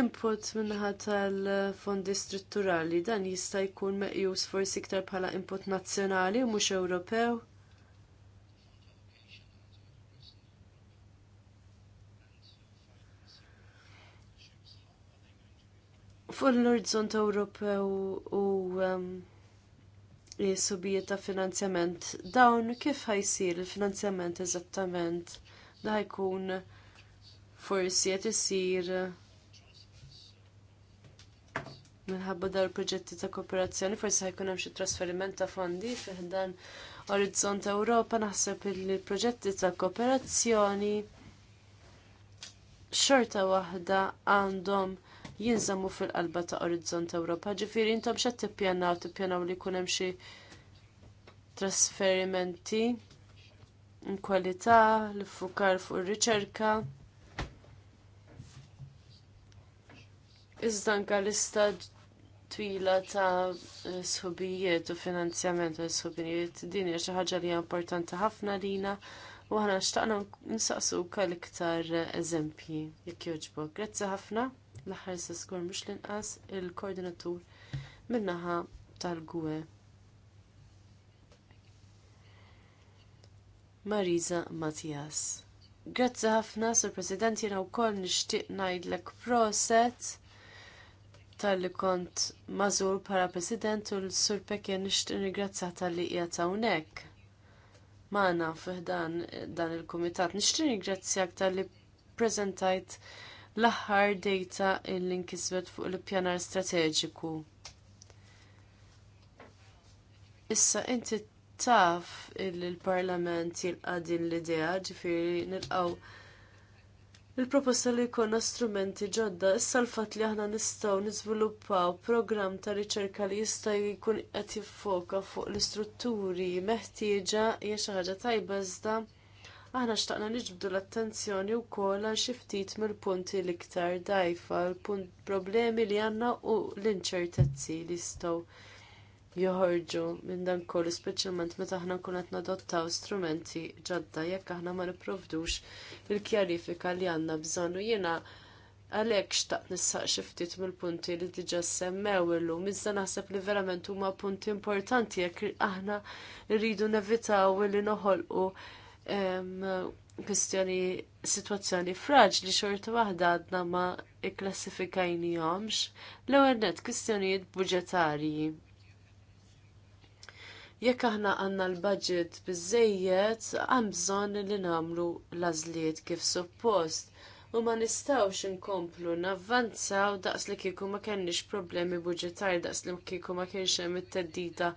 Speaker 3: Input minnaħa tal-fondi strutturali dan jista' jkun meqjus forsi iktar bħala input nazzjonali u mhux Ewropew. fuq l-orizzont Ewropew u um, subijiet ta' finanzjament dawn kif ħajsir il-finanzjament eżattament da ħajkun forsi qed isir minħabba dar proġetti ta' kooperazzjoni forsi ħajkun hemm xi trasferiment ta' fondi fiħdan Orizzont Ewropa naħseb li proġetti ta' kooperazzjoni xorta waħda għandhom jinżammu fil-qalba ta' Orizzont Ewropa. Ġifieri intom x'qed tippjanaw tippjanaw li jkun hemm xi trasferimenti kwalità, l-fukar fuq ir-riċerka. Iżda anke lista twila ta' sħubijiet u finanzjament tal sħubijiet din hija xi ħaġa li hija importanti ħafna lina u aħna xtaqna nsaqsu l iktar eżempji jekk jogħġbok. Grazzi ħafna l-aħħar s skur mhux l-inqas il-koordinatur min-naħa tal-gwe. Marisa Mattias. Grazzi ħafna, Sur President, u wkoll nixtieq ngħidlek proset tal-li kont mażur bħala President u l-Sur Pekin nixtieq nigrazzi tal-li qiegħed hawnhekk. Magħna fih dan il-kumitat nixtieq nirgrazzjak tal-li prezentajt l-aħħar data illi nkisbet fuq l-pjanar strateġiku. Issa inti taf illi l-Parlament jilqa' din l-idea ġifieri nilqgħu Il-proposta li jkollna strumenti ġodda issa l-fatt li aħna nistgħu niżviluppaw programm ta' riċerka li jista' jkun qed jiffoka fuq l-istrutturi meħtieġa hija xi ħaġa tajba iżda Aħna xtaqna niġbdu l-attenzjoni wkoll għal xi ftit mill-punti l-iktar dajfa, l-punt problemi li għandna u l-inċertezzi li jistgħu joħorġu minn dan kollu speċjalment meta aħna nkun qed nadottaw strumenti ġadda jekk aħna ma nipprovdux il-kjarifika li għandna bżonn u jiena għalek xtaqt nissaq xiftit mill-punti li diġa semmew illum, iżda naħseb li verament huma punti importanti jekk aħna rridu nevitaw li noħolqu kustjoni situazzjoni fraġli xorta waħda għadna ma ikklassifikajni jomx l-ewwel kustjoni kwistjonijiet budġetarji. Jekk aħna għandna l-budget bizzejiet, hemm bżonn li nagħmlu l kif suppost u ma nistawx inkomplu navvanzaw daqs li kieku ma kenniex problemi budgetari, daqs li kieku ma kienx hemm it-teddida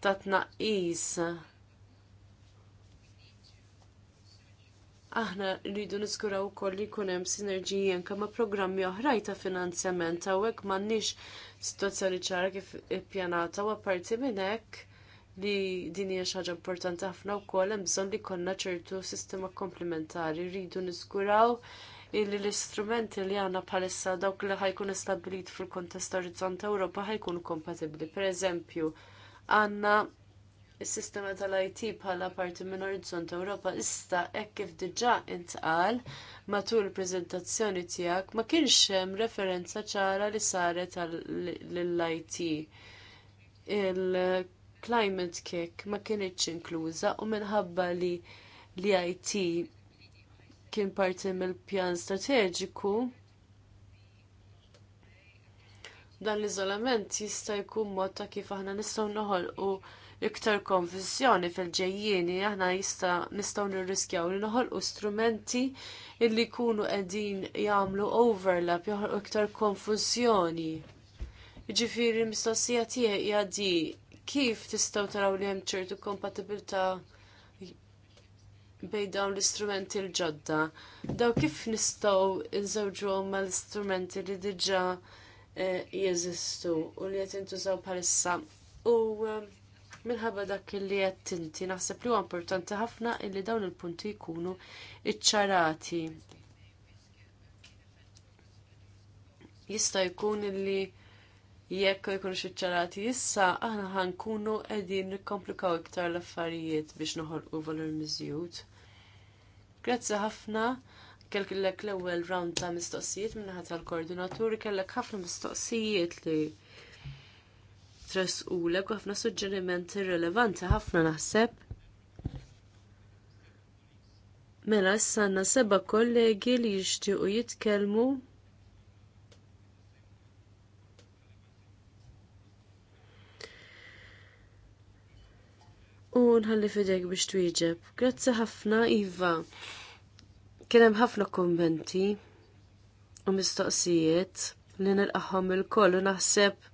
Speaker 3: ta' tnaqqis aħna rridu niskuraw ukoll li jkun hemm sinerġiji anke ma' programmi oħrajn ta' finanzjament hawnhekk m'għandniex sitwazzjoni ċara kif ippjanata u apparti minn hekk li din hija xi ħaġa importanti ħafna wkoll hemm bżonn li jkollna ċertu sistema komplementari rridu niskuraw illi l-istrumenti li għandna bħalissa dawk li ħajkun istabbilit fil-kontest Orizzont Ewropa ħajkunu kompatibbli. Pereżempju, għandna Is-sistema tal-IT bħala parti minn Orizzont Ewropa issa hekk kif diġà intqal matul il-preżentazzjoni tiegħek ma kienx hemm referenza ċara li saret lill-IT. Il-climate kick ma kienx inkluża u minħabba li l-IT kien parti mill-pjan strateġiku dan l-iżolament jista' jkun mod ta' kif aħna nistgħu noħolqu iktar konfessjoni fil-ġejjieni aħna jista' nistgħu nirriskjaw li noħolqu strumenti illi jkunu qegħdin jagħmlu overlap joħolqu iktar konfużjoni. Ġifieri mistoqsija tiegħi hija di kif tistgħu taraw li hemm ċertu kompatibilità bejn dawn l-istrumenti l-ġodda. Daw kif nistgħu nżewġuhom mal-istrumenti li diġà eh, jeżistu u li qed intużaw bħalissa. U eh, minħabba dak li qed inti naħseb li huwa importanti ħafna illi dawn il-punti jkunu iċċarati. Jista' jkun illi jekk jkunu iċċarati issa aħna ħankunu qegħdin nikkomplikaw iktar l-affarijiet biex noħolqu valur miżjud. Grazzi ħafna kellek l-ewwel round ta' mistoqsijiet min-naħa tal-koordinaturi kellek ħafna mistoqsijiet li stress u ħafna suġġerimenti rilevanti ħafna naħseb. Mela issa għandna seba' kollegi li jixtiequ jitkellmu u nħalli fidejk biex twieġeb. Grazzi ħafna Iva. Kien hemm ħafna kummenti u mistoqsijiet li nilqahom il-koll u naħseb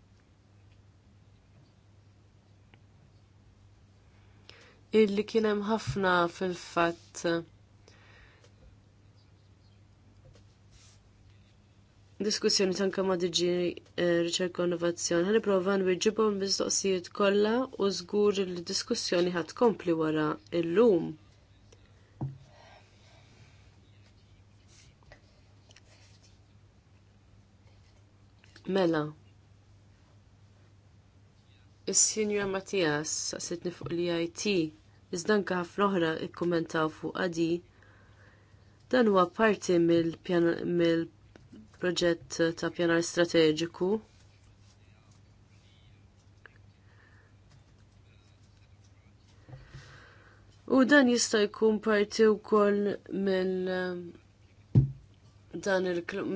Speaker 3: illi kien hemm ħafna fil-fatt diskussjoni tanka ma diġi eh, riċerka u innovazzjoni. Ħani prova nwiġibhom mistoqsijiet kollha u żgur li diskussjoni ħat kompli wara il-lum. Mela. Is-Sinjor Mattias sitni fuq l-IT iżda anke ħafna oħra kkommentaw fuq għadi dan huwa parti mill-proġett mil ta' pjanar strateġiku U dan jista' jkun parti wkoll mill dan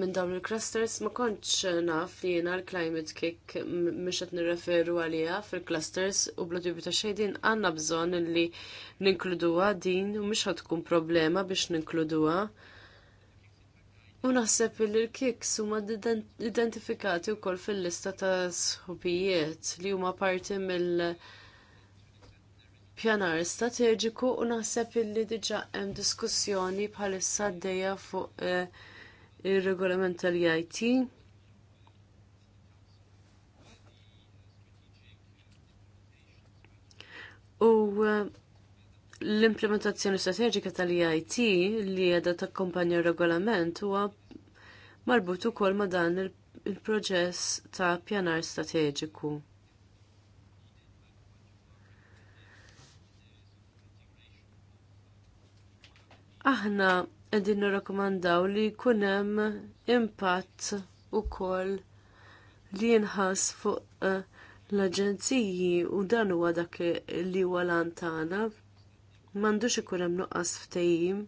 Speaker 3: minn dawn il-clusters ma kontx naf li jena l-climate kick mhux qed nirreferu għaliha fil-clusters u bla dubju ta' xejdin għandna bżonn li ninkluduha din u mhux tkun problema biex ninkluduha. U naħseb li l-kiks huma identifikati wkoll fil-lista ta' sħubijiet li huma parti mill- pjanar strateġiku u naħseb illi diġa hemm diskussjoni bħalissa għaddejja fuq eh, il-regolament tal-IT. U eh, l-implementazzjoni strateġika tal-IT li għedha takkompanja regolament huwa marbut ukoll ma' dan il-proċess ta' pjanar strateġiku. Aħna qegħdin nirrakkomandaw li jkun hemm impatt ukoll li jinħas fuq eh, l-aġenziji u dan huwa dak li huwa lantana m'għandux ikun hemm nuqqas ftehim,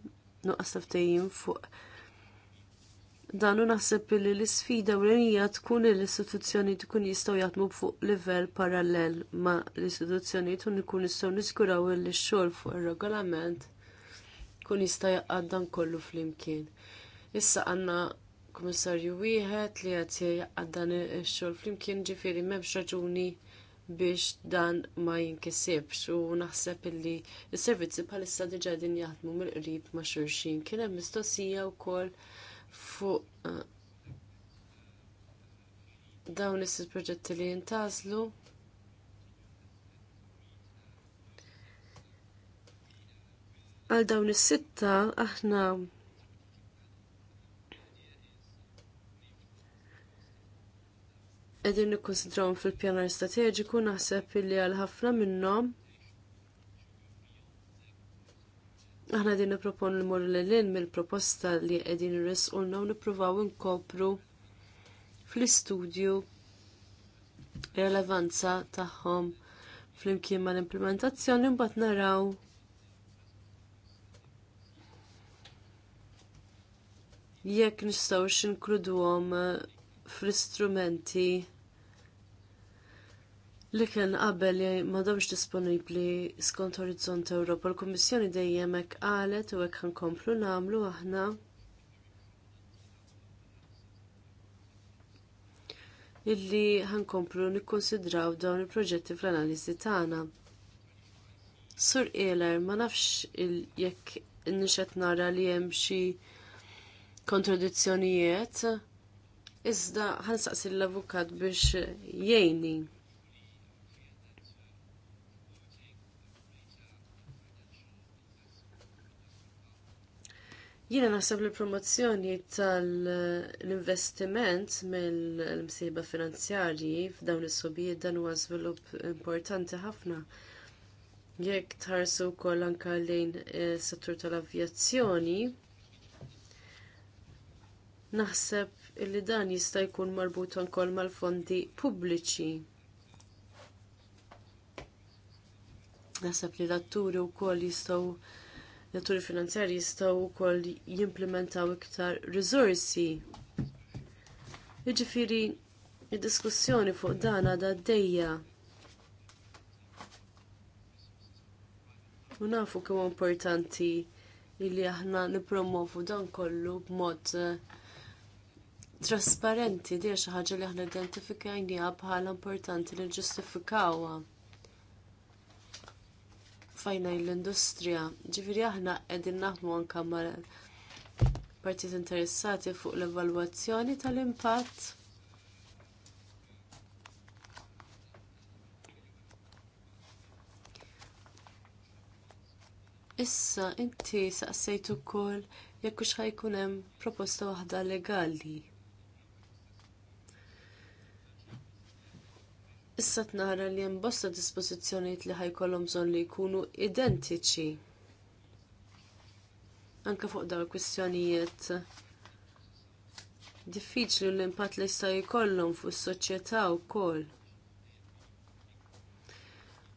Speaker 3: nuqqas ftejim fuq dan u naħseb li l-isfida ewlenija tkun l-istituzzjoni tkun jistgħu jaħdmu fuq livell parallel ma' l-istituzzjoni tkun jistaw jistgħu niskuraw l xogħol fuq ir-regolament kun jista' jaqaddan kollu flimkien. Issa għandna kummissarju wieħed li qed jaqaddan ix-xogħol flimkien ġifieri m'hemmx raġuni biex dan ma jinkisibx u naħseb illi is servizzi bħalissa diġà din jaħdmu mill-qrib ma' xulxin. Kien hemm mistoqsija wkoll fuq eh, dawn is-proġetti li jintazlu għal dawn is-sitta aħna qegħdin nikkonsidrawhom fil-pjanar strateġiku naħseb illi għal ħafna minnhom aħna qegħdin nipropon l-mur l-lin mill-proposta li qegħdin irrisqulna u nippruvaw inkopru fl-istudju relevanza tagħhom fl-imkien mal-implementazzjoni mbagħad naraw jekk nistgħux inkluduhom eh, fl-istrumenti li kien qabel li m'għadhomx disponibbli skont Orizzont Ewropa. Il-Kummissjoni dejjem hekk qalet u hekk ħankomplu nagħmlu aħna illi ħankomplu nikkonsidraw dawn il-proġetti fl-analiżi tagħna. Sur Eler, ma nafx jekk nixet nara li hemm xi kontradizzjonijiet. Iżda ħansaqsi l-avukat biex jgħini. Jiena naħseb li promozzjoni tal-investiment mill-msiba finanzjarji f'dawn is-sobijiet dan huwa żvilupp importanti ħafna. Jekk tħarsu wkoll anke lejn is-settur eh, tal-avjazzjoni, Naħseb li dan jista' jkun marbut ukoll mal-fondi pubbliċi. Naħseb li l-atturi wkoll jistgħu l-atturi finanzjarji jistgħu wkoll jimplementaw iktar riżorsi. Jiġifieri id-diskussjoni fuq dan għadha għaddejja. U nafu kemm importanti illi aħna nippromovu dan kollu b'mod eh, trasparenti di xi ħaġa li aħna identifikajniha bħala importanti li ġustifikawha. Fajna l-industrija, ġifieri aħna qegħdin naħdmu anke mal partit interessati fuq l-evalwazzjoni tal-impatt Issa inti saqsejt ukoll jekk hux jkun hemm proposta waħda legali issa tnara li hemm bosta dispożizzjonijiet li ħajkollhom bżonn li jkunu identiċi. Anke fuq dawn kwistjonijiet diffiċli l-impatt li jista' jkollhom fuq is-soċjetà wkoll.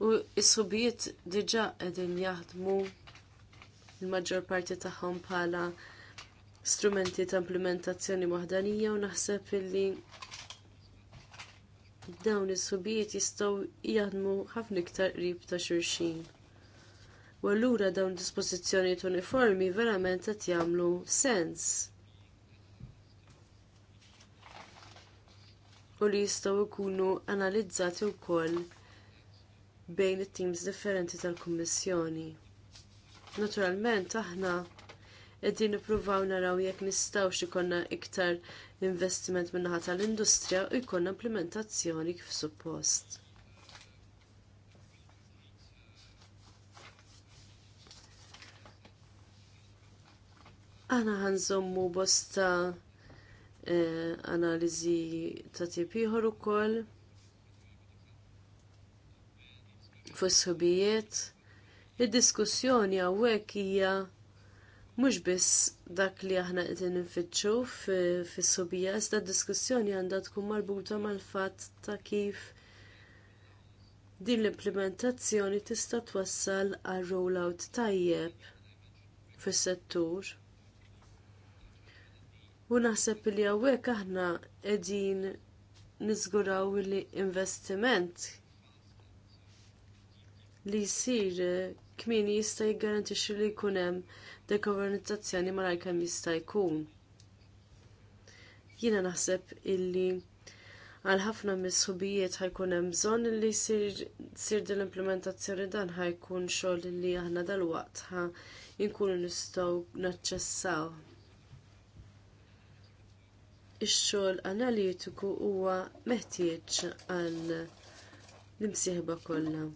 Speaker 3: U s-subijiet diġà qegħdin jaħdmu il-maġġor parti tagħhom bħala strumenti ta' implementazzjoni waħdanija u naħseb illi dawn is-subijiet jistgħu jaħdmu ħafna iktar qrib ta' xulxin. U allura dawn dispożizzjonijiet uniformi verament qed jagħmlu sens. U li jistgħu jkunu analizzati wkoll bejn it-teams differenti tal-Kummissjoni. Naturalment aħna qegħdin nippruvaw naraw jekk nistgħux ikollna iktar investiment min-naħa tal-industrija u jkollna implementazzjoni kif suppost. Aħna ħanżommu bosta eh, analiżi ta' tip ieħor ukoll fuq Id-diskussjoni hawnhekk hija mhux biss dak li aħna qed nfittxu fis-subija, iżda d-diskussjoni għandha tkun marbuta mal-fatt ta' kif din l-implementazzjoni tista' twassal għal rollout tajjeb fis-settur. U naħseb li hawnhekk aħna qegħdin niżguraw li investiment li jsir kmieni jista' jiggarantixxi li jkun hemm dekarbonizzazzjoni malajr kemm jista' jkun. Jiena naħseb illi għal ħafna mis-subijiet ħajkun hemm bżonn li jsir din l-implementazzjoni dan ħajkun xogħol li aħna dalwaqt ħa nkunu nistgħu naċċessaw. Ix-xogħol analitiku huwa meħtieġ għal l-imsieħba kollha.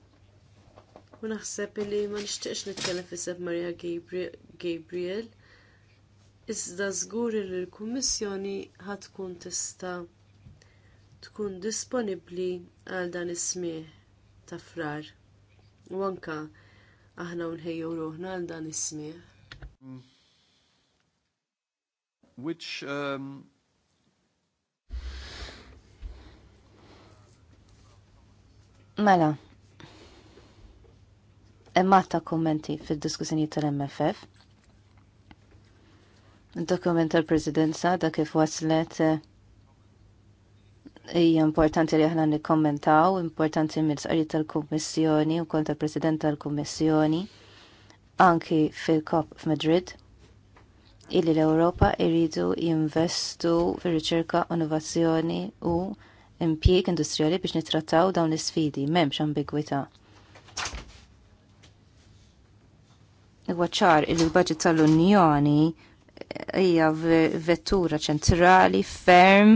Speaker 3: U naħseb li ma nixtieqx nitkellem fiseb Maria Gabriel. Iżda żgur li l-Kummissjoni ħatkun tista' tkun disponibbli għal dan is-smieħ ta' frar. U anke aħna nħejju ruħna għal dan is-smieħ.
Speaker 2: Which um... Mela, ematta kommenti fil-diskussjoni tal-MFF. Dokument tal-Presidenza da kif waslet hija importanti li aħna nikkommentaw, importanti mill-sqari tal-Kummissjoni u kont tal-President tal-Kummissjoni anki fil-COP f'Madrid illi l-Ewropa iridu jinvestu fir-riċerka, innovazzjoni u impjieg industrijali biex nittrattaw dawn l-isfidi, m'hemmx ambigwità. Ewa ċar il-budget tal-Unjoni eh, hija vettura ċentrali, ferm,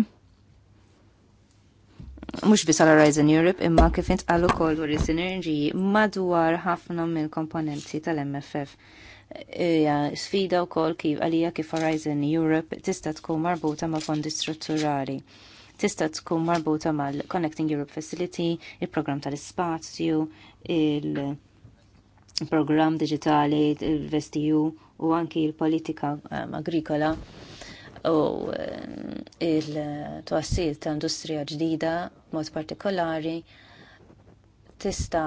Speaker 2: mux bis għal Horizon Europe, imma kif int għal dwar u sinerġiji madwar ħafna mill komponenti tal-MFF. Ija sfida u kol kif għalija kif Horizon Europe tista' tkun marbuta ma' fondi strutturali. Tista' tkun marbuta mal Connecting Europe Facility, il-programm tal-ispazju, il-, -program tal il il-programm digitali, il-vestiju u anki il-politika um, agrikola u um, il-twassil ta' industrija ġdida mod partikolari tista'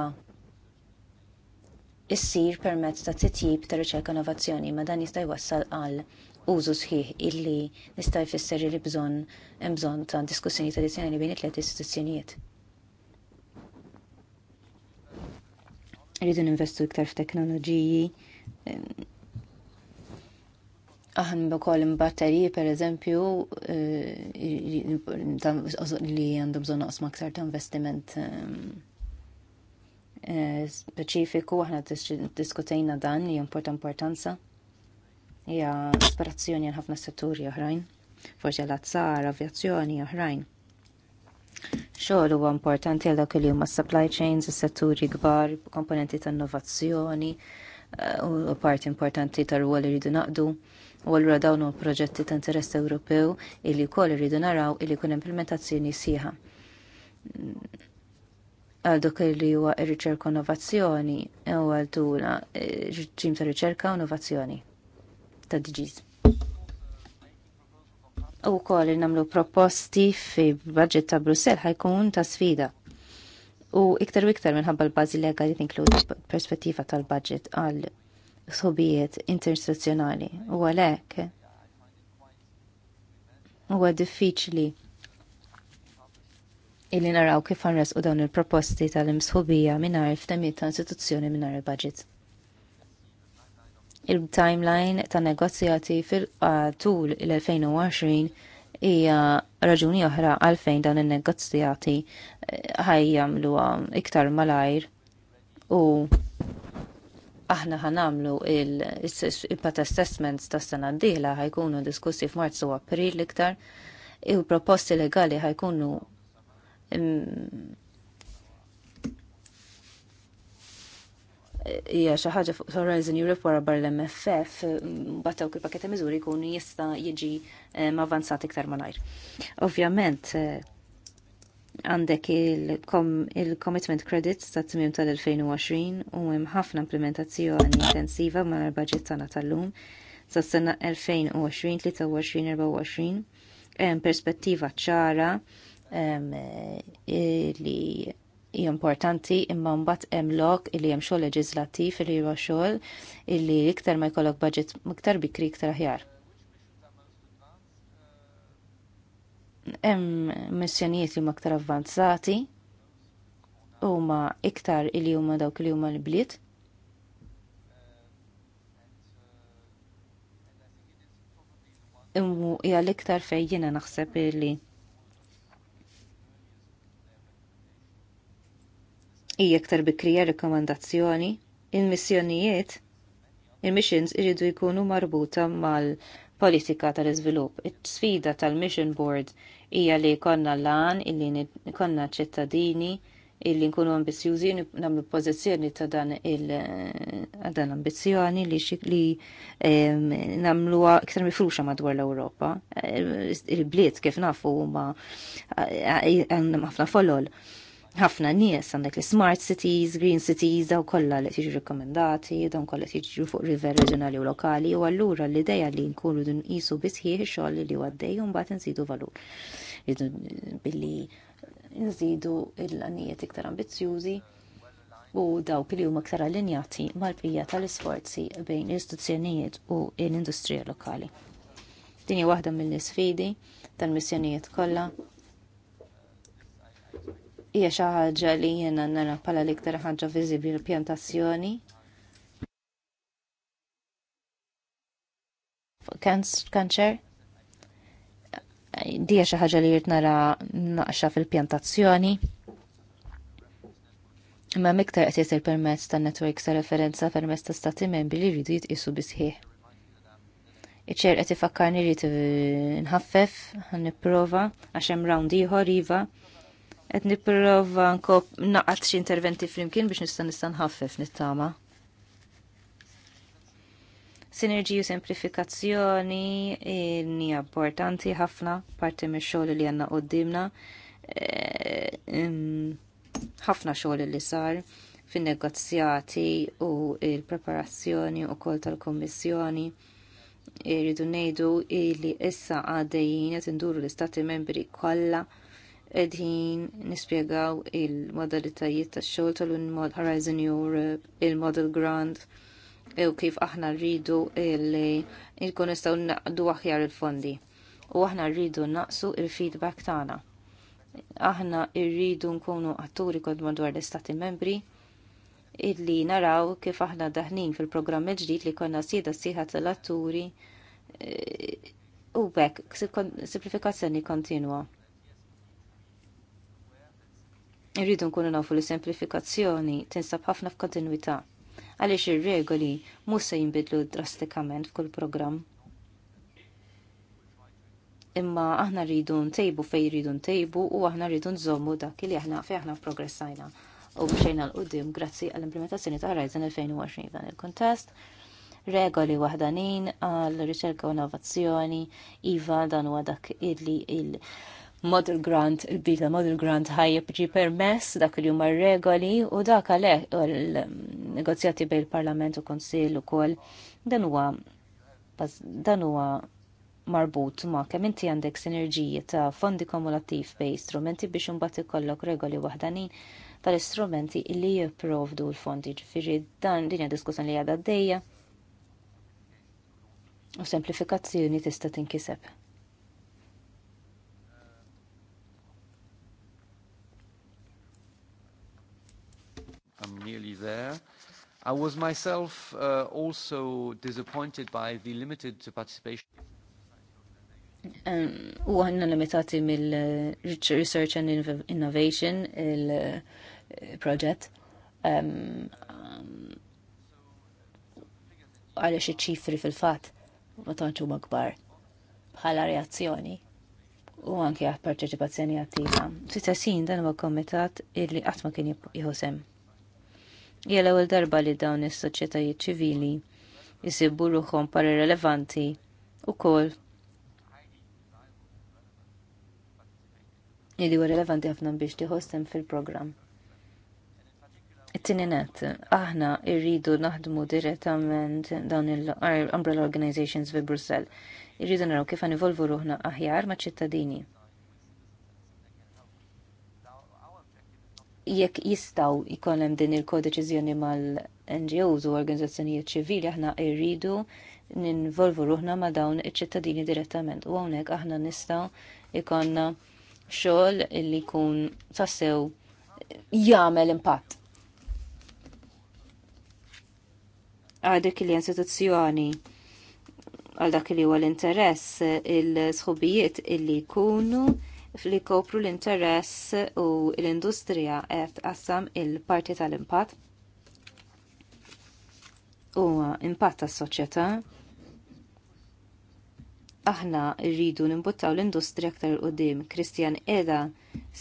Speaker 2: issir permezz ta' titjib ta' riċerka innovazzjoni ma dan jista' jwassal għal użu sħiħ illi nista' jfisser li bżonn hemm bżonn ta' diskussjoni tradizzjonali bejn it-tliet istituzzjonijiet. Rridu ninvestu iktar f'teknoloġiji. Aħna wkoll imbatteriji pereżempju eh, li għandhom bżonn oqsma aktar ta' investiment eh, speċifiku, aħna diskutejna dan li importa importanza hija ispirazzjoni għal ħafna setturi oħrajn, forsi għal azzar, avjazzjoni oħrajn xogħol huwa importanti għal dak li huma supply chains, is-setturi kbar, komponenti ta' innovazzjoni eh, u parti importanti tar-rwol li rridu naqdu. U allura dawn huma proġetti ta' interess Ewropew illi wkoll irridu naraw illi jkun implementazzjoni sieħa għal dawk li huwa r riċerka innovazzjoni u għal tuna eh, ġim ta' riċerka u innovazzjoni ta' DGs u kol li namlu proposti fi budget ta' Brussel ħajkun ta' sfida. U iktar u iktar minħabba l-bazi legali tinkludi perspettiva tal-budget għal sobijiet interistituzzjonali u għalek huwa diffiċli illi naraw kif għanres u dawn il-proposti tal-imsħubija minnar il-ftemiet ta' istituzzjoni minnar il-budget il-timeline ta' negozjati fil-tul il-2020 hija raġuni oħra għalfejn dan il-negozjati eh, ħajjamlu iktar malajr u aħna ħanamlu il-pat assessments ta' sena d-dihla ħajkunu diskussi f'Marzu u April iktar u proposti legali ħajkunu mm, hija xi ħaġa fuq Horizon Europe wara bar l-MFF mbagħad kif pakket mizuri miżuri jista jista' jiġi eh, avanzat iktar malajr. Ovvjament eh, għandek il-commitment credits ta' tmiem tal-2020 u hemm ħafna implementazzjoni intensiva mal-budget tagħna tal-lum sa' sena 2020-23-24 hemm perspettiva ċara eh, li hija importanti imma mbagħad hemm lok illi hemm xogħol leġislattiv li huwa xogħol illi iktar ma jkollok budget iktar bikri iktar aħjar. Hemm missjonijiet li huma iktar avvanzati huma iktar illi huma dawk li huma l-bliet. Immu hija l-iktar fejn jiena naħseb illi hija iktar bikrija rekomandazzjoni, il-missjonijiet, il-missions iridu jkunu marbuta mal-politika tal-iżvilupp. It-sfida tal-mission board hija li konna lan, illi konna ċittadini, illi nkunu ambizjużi namlu pozizjoni ta' dan il-dan ambizjoni li li namlu iktar mifruxa madwar l-Europa. Eh, il-bliet kif nafu ma eh, ħafna folol ħafna nies għandek l-smart cities, green cities, daw kollha li tiġi rekomendati, dawn kollha tiġi fuq river reġjonali u lokali, u allura l-idea li nkunu din qisu bisħieħ ix-xogħol li huwa għaddej u mbagħad nżidu valur. Billi nżidu l-għanijiet iktar ambizzjużi u dawk li huma aktar allinjati mal-bija tal-isforzi bejn l-istituzzjonijiet u l-industrija lokali. Dini waħda mill nisfidi tal-missjonijiet kollha hija xi ħaġa li jiena nara bħala l-iktar ħaġa viżibbli l-pjantazzjoni. Kanċer? Dija xi ħaġa li jirt nara naqxa fil-pjantazzjoni. Imma miktar qed il-permezz tan-netwerk ta' referenza permezz ta' stati membri li jridu jitqisu bisħieħ. Iċer qed ifakkarni li nħaffef, ħanniprova għax hemm round ieħor iva. Et niprofa nkop naqat xi interventi flimkien biex nista' nistan ħaffef nittama. Sinerġi u semplifikazzjoni hija importanti ħafna parti mix-xogħol li għandna qudiemna. Eh, ħafna xogħol li sar fin-negozjati u il-preparazzjoni u kol tal-Kommissjoni irridu ngħidu li issa għaddejjin qed l-istati membri kollha edhin nispiegaw il-modalitajiet ta' xogħol tal-Unmod Horizon Europe, il-Model Grant, u kif aħna rridu li nkun nistgħu naqdu aħjar il-fondi. U aħna rridu naqsu il-feedback tagħna. Aħna rridu nkunu atturi kont madwar l-Istati membri, illi naraw kif aħna daħnin fil-programm ġdid li konna sieda siħa tal-atturi eh, u bekk simplifikazzjoni kontinwa. Irridu nkunu nafu li semplifikazzjoni tinsab ħafna f'kontinwità għaliex ir-regoli mhux se jinbidlu drastikament f'kull programm. Imma aħna rridu ntejbu fejn rridu ntejbu u aħna rridu nżommu dak li aħna fejn aħna progressajna u mxejna l-qudiem grazzi għall-implementazzjoni ta' Horizon 2020 dan il-kontest regoli waħdanin għall riċerka u innovazzjoni, iva dan huwa dak illi il Model Grant, il-bidla Model Grant ħajja ġi permess dak li huma regoli u dak għalhekk il-negozjati bejn il-Parlament u Konsill ukoll dan huwa dan huwa marbut ma' kemm inti għandek sinerġiji ta' fondi kumulattiv bej strumenti biex imbagħad ikollok regoli waħdanin tal-istrumenti illi jipprovdu l-fondi ġifiri dan din hija diskussjoni li għadha d U semplifikazzjoni tista' tinkiseb.
Speaker 1: nearly there. I was myself uh, also disappointed by the limited participation.
Speaker 2: Um, u għanna limitati mill uh, Research and Innovation il-proġett. Uh, um, um, għalix iċ-ċifri fil-fat ma tantxu magbar bħala reazzjoni u għanki għat parteċipazzjoni attiva. Sitessin dan huwa komitat illi għatma kien jħosem hija l-ewwel darba li dawn is-soċjetajiet ċivili jisibu ruħhom par irrelevanti ukoll li huwa relevanti ħafna biex tieħossem fil-programm. It-tieni aħna rridu naħdmu direttament dawn il-umbrella organizations fi Brussell. Irridu naraw kif anivolvu ruħna aħjar ma' ċittadini. jekk jistaw ikollem din il-kodeċizjoni mal-NGOs u organizzazzjonijiet ċivili aħna irridu ninvolvu ruħna ma' dawn iċ-ċittadini direttament u hawnhekk aħna nistgħu ikonna xogħol illi jkun tassew jagħmel impatt. Għadek li instituzzjoni għal dak li huwa l-interess il-sħubijiet illi jkunu li kopru l-interess u l-industrija qed tqassam il-parti tal-impatt u impatt tas-soċjetà. Aħna rridu nimbuttaw l-industrija aktar il-qudiem. Kristjan Eda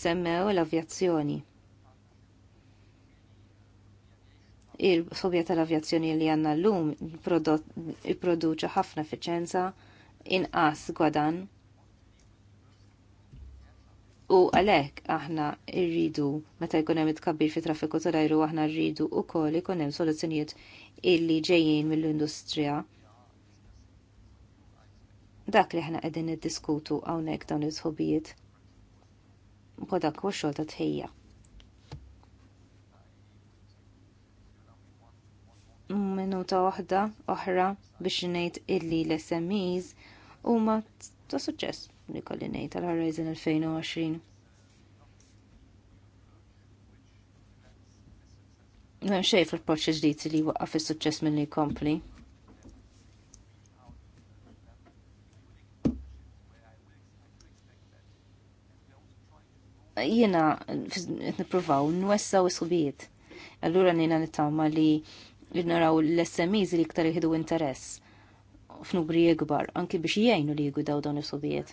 Speaker 2: semmew l-avjazzjoni. il fobja tal-avjazzjoni li għanna l-lum il-produċa ħafna efficienza inqas gwadan U għalhekk aħna rridu meta jkun hemm itkabbir fi traffiku tal-ajru aħna rridu wkoll ikun hemm soluzzjonijiet illi ġejjin mill-industrija. Dak li aħna qegħdin niddiskutu hawnhekk dawn is-sħobijiet. Bo dak huwa xogħol ta' tħejja. Minuta waħda oħra biex ngħid illi l-SMEs huma ta' suċċess li kolli ngħid tal-Horizon 2020. Hemm xej fil-approċċ ġdid li waqqa fis-suċċess milli jkompli. Jiena nippruvaw nwessaw is-subijiet. Allura nina nittama li naraw l-SMEs li ktar jihdu interess f'nubri ikbar, anki biex jgħinu li jgudaw dawn is-subijiet.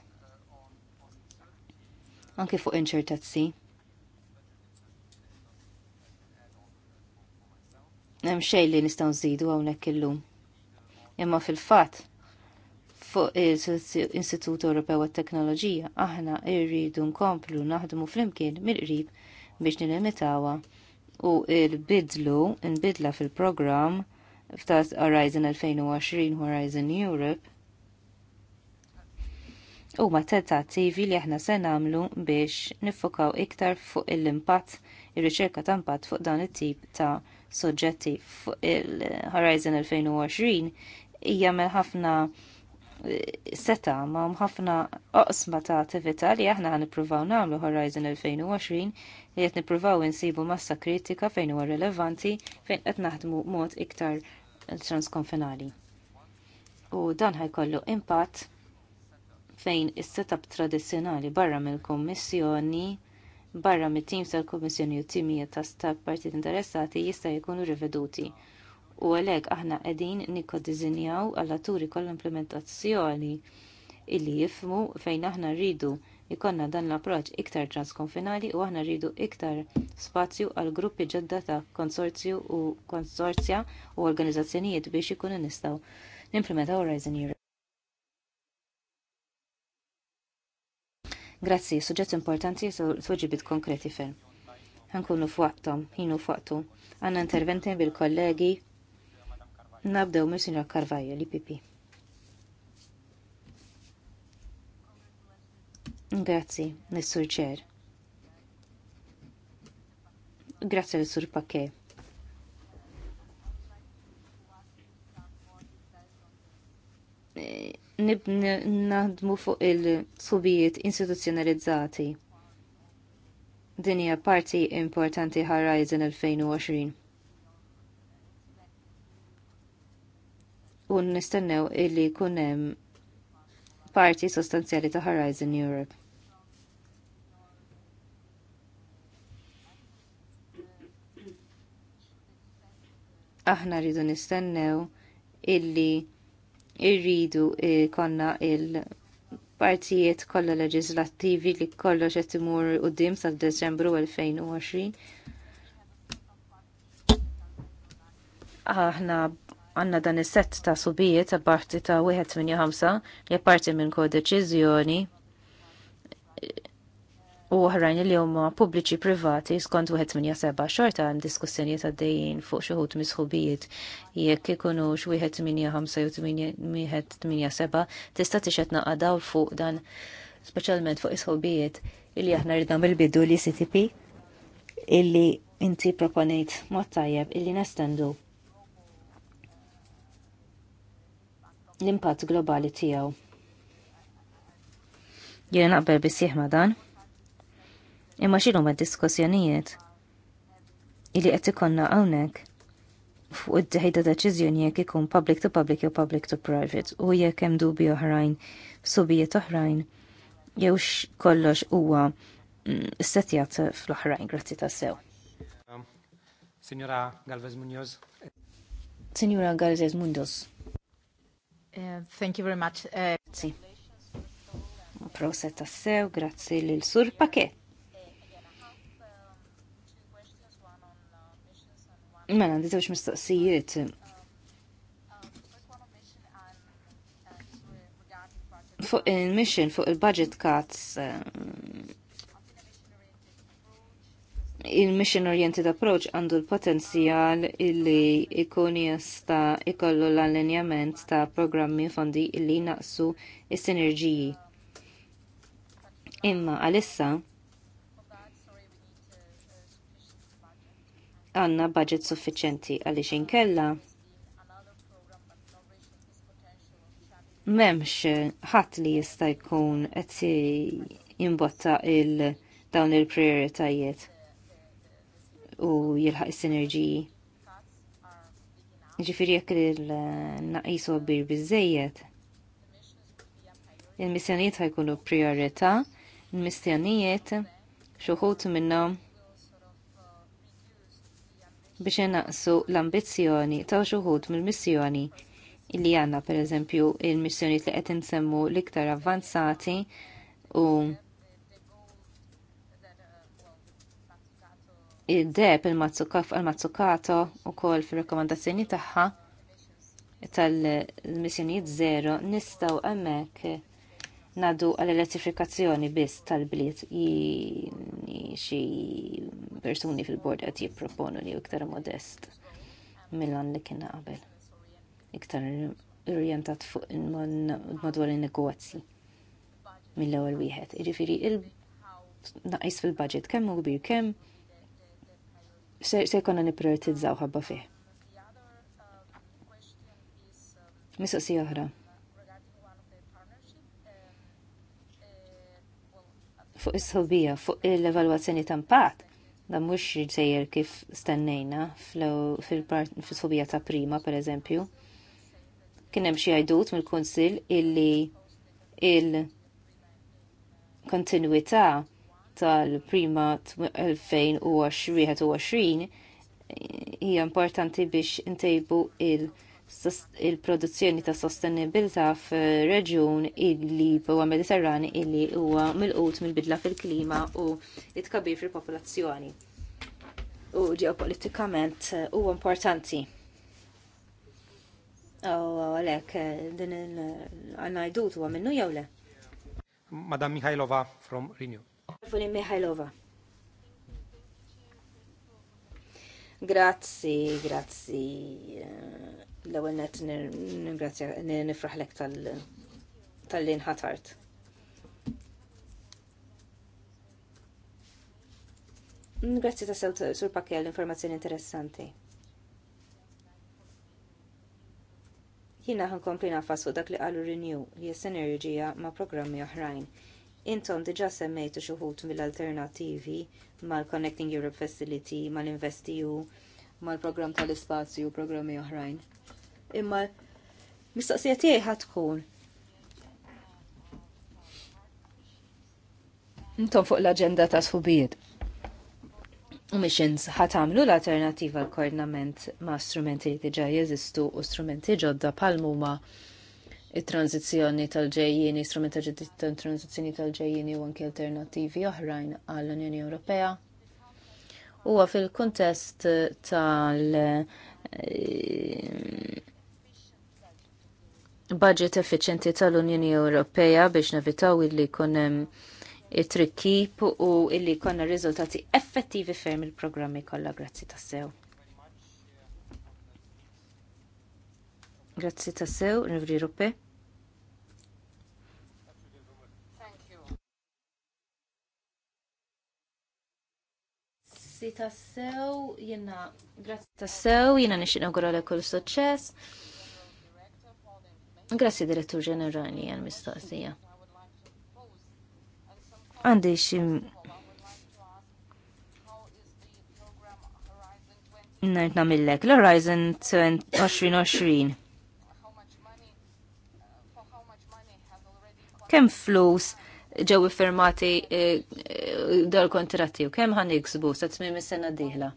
Speaker 2: Anki fuq inċertezzi. Hemm xejn li nistgħu nżidu hawnhekk illum. Imma fil-fatt fuq l-Istitut Ewropew għat-Teknoloġija aħna rridu nkomplu naħdmu flimkien mill-qrib biex nilimitawha u l-bidlu nbidla fil-programm f'tas Horizon 2020 Horizon Europe huma tentattivi li aħna se nagħmlu biex niffokaw iktar fuq l-impatt ir-riċerka ta' impatt fuq dan it-tip ta' soġġetti fuq il-Horizon 2020 hija mill ħafna eh, seta ma' ħafna oqsma ta' attività li aħna għan nippruvaw nagħmlu Horizon 2020 li qed nippruvaw insibu massa kritika fejn huwa rilevanti fejn qed naħdmu mod iktar transkonfinali. U dan ħajkollu impatt fejn is-setup tradizzjonali barra mill-Kummissjoni barra mit-tim tal-Kummissjoni u timijiet ta' stab partit interessati jista' jkunu riveduti. U għalhekk aħna qegħdin nikkodizinjaw għal-atturi kollha implementazzjoni illi jifmu fejn aħna rridu ikonna dan l-approċ iktar transkonfinali u aħna rridu iktar spazju għal gruppi ġodda ta' konsorzju u konsorzja u organizzazzjonijiet biex ikunu nistaw nimplementaw Horizon Europe. Grazzi, suġġett importanti su suġibit konkreti ferm. Ħankunu fuqtom, ħinu fuqtu. Għanna interventi bil-kollegi Nabdew Mirsinra Karvajja, l-IPP. Grazzi, Nessur Ċer. Grazzi l-Sur Pakke. Eh, naħdmu fuq il-subijiet instituzzjonalizzati. Din hija parti importanti Horizon 2020. U nistennew illi kunem parti sostanzjali ta' Horizon Europe. Aħna rridu nistennew illi irridu eh, konna il- partijiet kollha leġislattivi li kollox qed imur quddiem sa' Deċembru 2020. Aħna għanna dan is-sett ta' subijiet ta' parti ta' 1.85 li parti minn kodeċiżjoni u oħrajn li huma pubbliċi privati skont 1.87 xorta għan ta' għaddejjin fuq xi misħubijiet jekk ikunux 1.85 u 1.87 tista' tixet naqadaw fuq dan speċjalment fuq isħubijiet illi aħna rridna mill-bidu li CTP illi inti proponejt mod tajjeb illi nestendu l-impatt globali tiegħu. Jien naqbel bisieħ ma' dan. Imma x'ilu ma' diskussjonijiet illi qed ikonna hawnhekk fuq id-deħida deċiżjoni jekk ikun public to public jew public to private u jekk hemm dubi oħrajn subijiet oħrajn jew kollox huwa
Speaker 1: mm,
Speaker 2: setjat fl-oħrajn grazzi sew.
Speaker 1: Signora Galvez Munoz.
Speaker 2: Signora Galvez Munoz. Eh, thank you very much. Grazie. Eh, grazzi. Proset tassew, grazzi lil sur paket. Mela, għandi zewġ mistoqsijiet. Fuq il-mission, fuq il-budget cuts, eh, il-mission oriented approach għandu l-potenzjal illi ikun jista ikollu l-allinjament ta' programmi fondi illi naqsu is-sinerġiji. Imma għalissa għanna budget suffiċenti għaliex inkella memx ħadd li jista' jkun qed jimbotta il dawn il-prioritajiet u jilħaq is-sinerġiji. Ġifiri jekk il naqisu għabir bizzejiet. Il-missjonijiet ħajkunu priorità, il-missjonijiet xuħut minnom biex naqsu l-ambizjoni ta' xuħut mill-missjoni li għanna per eżempju il-missjoni li qed insemmu l-iktar avvanzati u id-deb il-mazzukato u kol fil-rekomandazzjoni taħħa tal-missjonijiet zero nistaw emmek nadu għall-elettrifikazzjoni biss tal-bliet xi persuni fil-bord qed jipproponu li iktar modest mill-għan li kien qabel. Iktar orientat fuq il-madwar il-negozji mill-ewwel wieħed. Jiġifieri il-naqis fil-budget kemm u kbir kemm se jkollna niprioritizzaw ħabba fih. Mistoqsija oħra. Fuq is sobija fuq l-evalwazzjoni ta' impatt, dan mhux sejjer kif stennejna fil sobija ta' prima, per eżempju. Kien hemm xi għajdut mill-Kunsill illi il-kontinwità il il kontinwità tal-prima 2021 eh, hija importanti biex intejbu il-produzzjoni ta' sostenibilità f'reġjun illi huwa mediterrani illi huwa milqut mill-bidla fil-klima u it-kabir fil-popolazzjoni. U ġeopolitikament huwa importanti. U Għalek, eh, din għanna jdut huwa minnu jew le?
Speaker 1: Madam Mihajlova from Renew.
Speaker 2: Fuli Mihajlova. Grazzi, grazzi. L-ewwel net ningrazzja nifraħlek tal lin ħatart. Grazzi ta' sew sur pakki l informazzjoni interessanti. Jina ħankompli nafas fuq dak li qalu Renew li s ma' programmi oħrajn Intom diġa semmejtu xi wħud mill-alternattivi mal-Connecting Europe Facility, mal investiju mal-programm tal-ispazju programmi oħrajn. Imma mistoqsija tiegħi ħad Intom fuq l-aġenda ta' sħubijiet. U mixins għamlu l-alternativa l-koordinament ma' strumenti li diġa jeżistu u strumenti ġodda pal-muma it-tranzizjoni tal-ġejjini, strumenta ġedid tal-tranzizjoni tal-ġejjini u anki alternativi oħrajn għall-Unjoni Ewropea. Huwa fil-kontest tal- eh, budget effiċenti tal-Unjoni Ewropea biex nevitaw illi konem it trikkip u illi konna riżultati effettivi ferm il-programmi kollha grazzi tassew. Grazie tassew, Rivri Ruppe. Grazie tassew, jena grazzi tassew, jenna nixin awgurale kull suċċess. Grazie direttur ġenerali għan mistoqsija. Għandi xim. Najt namillek, l-Horizon 2020. kemm flus ġew iffirmati eh, eh, dal kontratti u kemm ħan iksbu sa tmiem is-sena d-dieħla.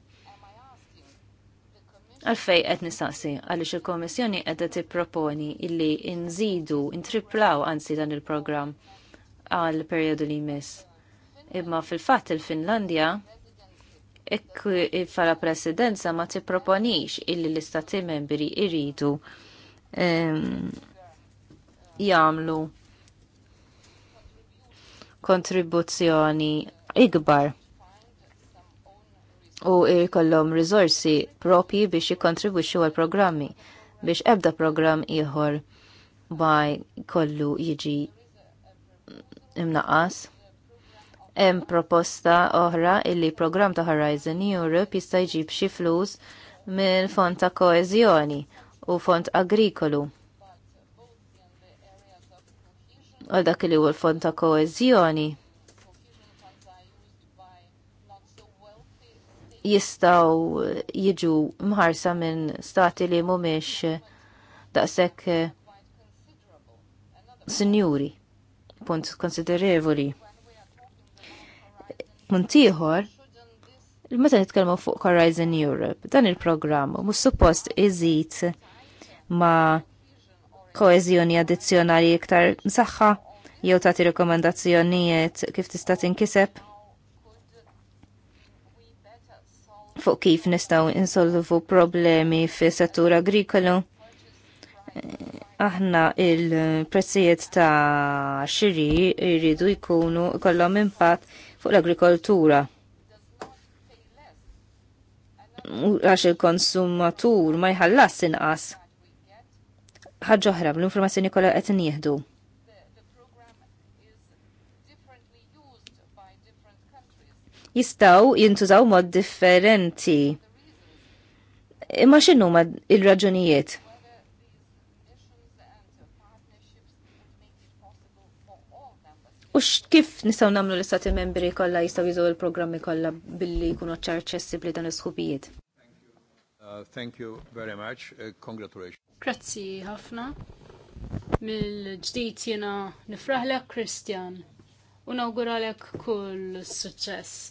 Speaker 2: Għalfej qed nistaqsi għaliex il komissjoni qed tipproponi illi nżidu intriplaw anzi dan il-programm għal perjodu li jmiss. Imma fil-fatt il-Finlandja ekk fala presidenza ma tipproponix illi l-istati membri iridu ehm, jagħmlu kontribuzzjoni ikbar u jkollhom riżorsi propji biex jikkontribwixxu għal programmi biex ebda programm ieħor ma jkollu jiġi imnaqas. Hemm proposta oħra illi programm ta' Horizon Europe jista' jġib xi flus minn fond ta' koeżjoni u fond agrikolu għal dak li huwa l-fond ta' koeżjoni. jistaw jiġu mħarsa minn stati li mumiex daqsek eh, senjuri, punt konsiderevoli. Muntiħor, meta nitkellmu fuq Horizon Europe, dan il-programm mhux suppost iżid ma' koeżjoni addizzjonali iktar msaħħa jew tagħti rekomendazzjonijiet kif tista' tinkiseb fuq kif nistgħu insolvu problemi fis settur agrikolu. Aħna il-prezzijiet ta' xiri jridu jkunu kollhom impatt fuq l-agrikoltura għax il-konsumatur ma jħallas inqas ħaġa oħra l-informazzjoni kollha qed nieħdu. Jistaw jintużaw mod differenti. Imma x'inhu ma il-raġunijiet? U kif nistaw namlu l-istati membri kollha jistaw jiżgħu il-programmi kollha billi jkunu ċarċessibli dan l sħubijiet
Speaker 1: Uh, thank you very much. Uh, congratulations.
Speaker 4: Grazzi ħafna. Mill-ġdijt jena nifraħlek Kristjan u nawguralek kull suċċess.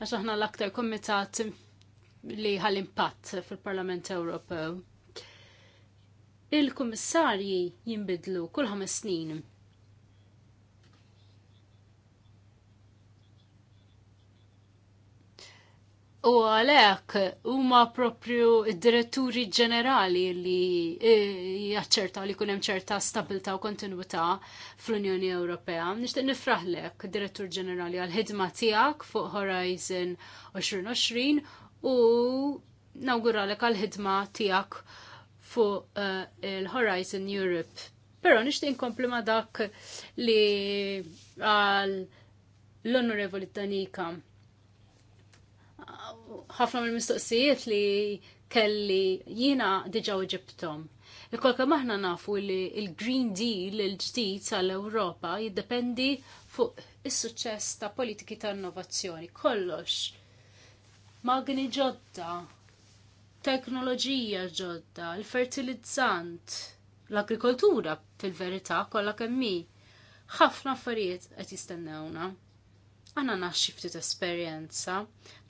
Speaker 4: Għax aħna l-aktar komitat li ħall impatt fil-Parlament Ewropew. Il-kummissarji jimbidlu kull ħames snin U għalek huma propju id-diretturi ġenerali li e, jaċċerta li kunem ċerta stabilta u kontinuità fl-Unjoni Ewropea. Nixtieq nifraħlek direttur ġenerali għal-ħidma tiegħek fuq Horizon 2020 u nawguralek għal-ħidma tiegħek fuq uh, il-Horizon Europe. Però nixtieq inkompli ma dak li għal l-Onorevoli Danika ħafna mill-mistoqsijiet li kelli jiena diġa ġibtom. Ikolka maħna nafu li il-Green Deal il-ġdid tal-Ewropa jiddependi fuq is-suċċess ta' politiki ta' innovazzjoni. Kollox, magni ġodda, teknoloġija ġodda, il-fertilizzant, l-agrikoltura fil-verità kollha kemm Ħafna affarijiet qed jistennewna. Għana naxxi ftit esperjenza.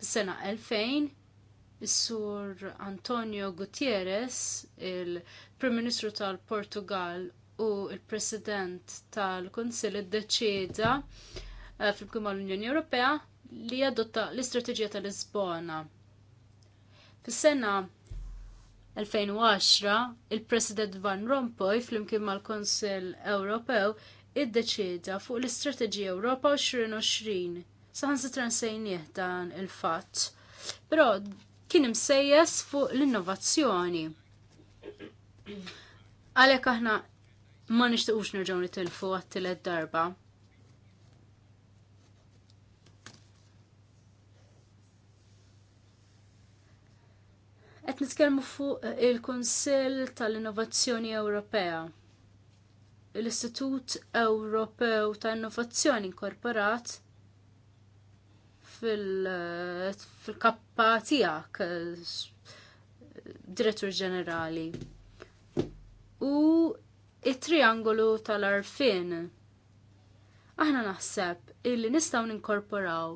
Speaker 4: Bis-sena 2000 is-sur Antonio Gutierrez, il-Prim Ministru tal-Portugal u il-President tal-Kunsill iddeċieda uh, eh, fil kumma l-Unjoni Ewropea li adotta l-istrateġija tal-Lisbona. Fis-sena 2010, il-President Van Rompuy flimkien mal-Konsil Ewropew iddeċieda fuq l-Istrateġija Ewropa 2020. se transejnieh dan il-fatt. Però kien imsejjes fuq l-innovazzjoni. Għalhekk aħna ma nixtiequx nerġgħu nitilfu għat-tielet darba. Qed nitkellmu fuq il-Kunsill tal-Innovazzjoni Ewropea l-Istitut Ewropew ta' Innovazzjoni Inkorporat fil-kappa tijak direttur ġenerali u il triangolu tal-arfin aħna naħseb illi nistgħu ninkorporaw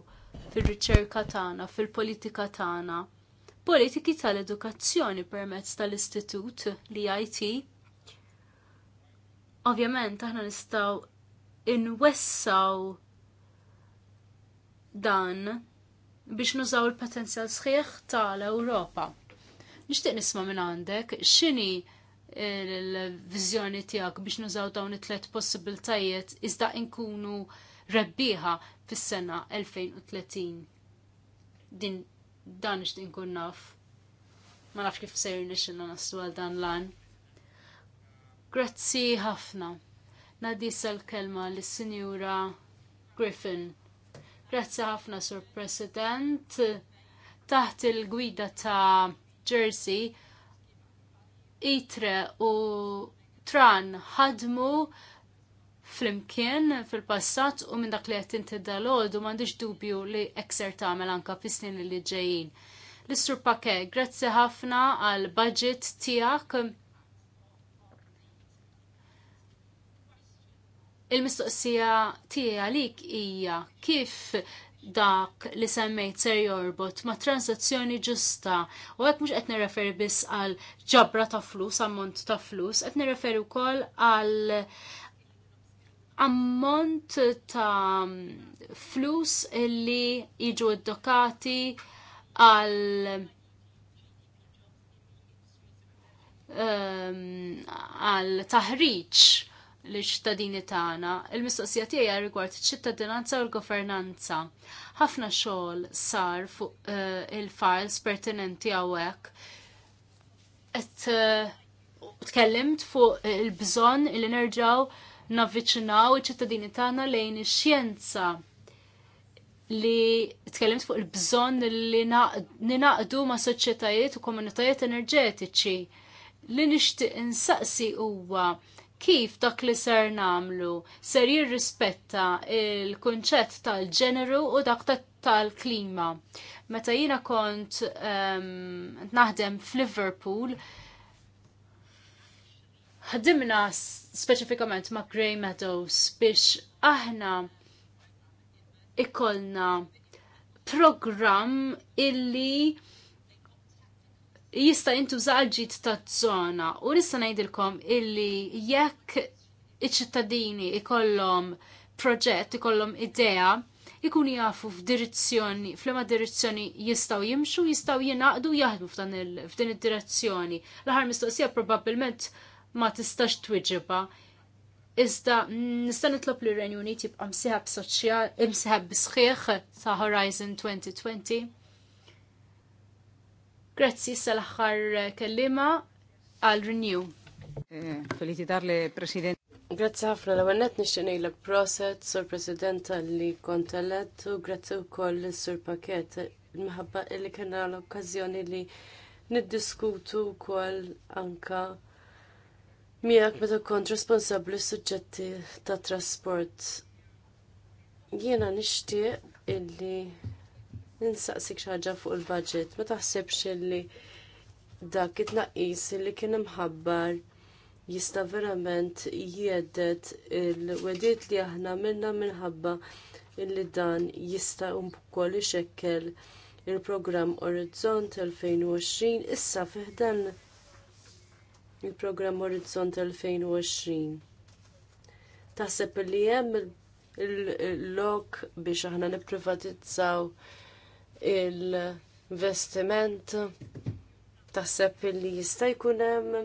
Speaker 4: fil-riċerka tagħna, fil-politika tagħna, politiki tal-edukazzjoni permezz tal-istitut li IT Ovvjament aħna nistgħu inwessaw dan biex nużaw il-potenzjal sħiħ tal-Ewropa. Nixtieq nisma' minn għandek x'inhi l-viżjoni tiegħek biex nużaw dawn it-tlet possibiltajiet iżda nkunu rebbieħa fis-sena 2030. Din dan nixtieq nkun naf. Ma nafx kif sejr nixilna naslu għal dan lan. Grazzi ħafna. Nadisa l-kelma l-Sinjura Griffin. Grazzi ħafna, Sur President. Taħt il-gwida ta' Jersey, Itre u Tran ħadmu flimkien fil-passat u minn dak li qed inti dalodu m'għandix dubju li ekser tagħmel anke fis-snin li ġejjin. L-Istur Pake, grazzi ħafna għal budget tiegħek Il-mistoqsija tiegħi għalik hija kif dak li semmejt ser jorbot ma' transazzjoni ġusta u hekk mhux qed nirreferi biss għal ġabra ta' flus, ammont ta' flus, qed nirreferi wkoll għal ammont ta' flus illi jiġu ddokati għal ehm, għal taħriġ l-ċittadini tagħna. Il-mistoqsija tiegħi rigward iċ-ċittadinanza u l-governanza. Ħafna xogħol sar fuq uh, il-files pertinenti hawnhekk. uh, tkellimt fuq il-bżonn li nerġgħu navviċinaw iċ-ċittadini tagħna lejn ix-xjenza li tkellimt fuq il-bżonn li ninaqdu ma' soċjetajiet u komunitajiet enerġetiċi li nixtieq insaqsi huwa kif dak li ser namlu ser jirrispetta il-kunċett tal-ġeneru u dak tal-klima. Meta jina kont um, naħdem f'Liverpool, ħdimna speċifikament ma' Grey Meadows biex aħna ikolna program illi jista' jintuża zaġġit ġid zona żona u nista' ngħidilkom illi jekk iċ-ċittadini ikollhom proġett, ikollhom idea, ikun jafu f'direzzjoni, flema direzzjoni jistaw jimxu, jistaw jinaqdu jaħdmu f'din id-direzzjoni. L-aħħar mistoqsija probabbilment ma tistax twiġiba. Iżda nista' nitlob li r-Renju Unit jibqa' msieħab soċjal, msieħab bisħieħ ta' Horizon 2020 Grazzi sal-aħħar kellima għal
Speaker 3: Renew. Eh, Felicitar li President. Grazzi ħafna l-għannet nixtenaj l proset sur President li kontalet u grazzi u koll sur paket mħabba li kena l-okkazjoni li niddiskutu koll anka miegħek meta kont responsabbli suġġetti ta' trasport. Jiena nixtieq illi Ninsaqsik xaġa fuq il-budget, ma taħsebx li dak it-naqis li kien imħabbar jista' verament jiedet il-wediet li aħna minna minħabba illi dan jista' wkoll ixekkel il-programm Orizzont 2020 issa fiħdan il-programm Orizzont 2020. Taħseb li hemm il-lok biex aħna nipprivatizzaw il-vestiment taħseb li jista' jkun hemm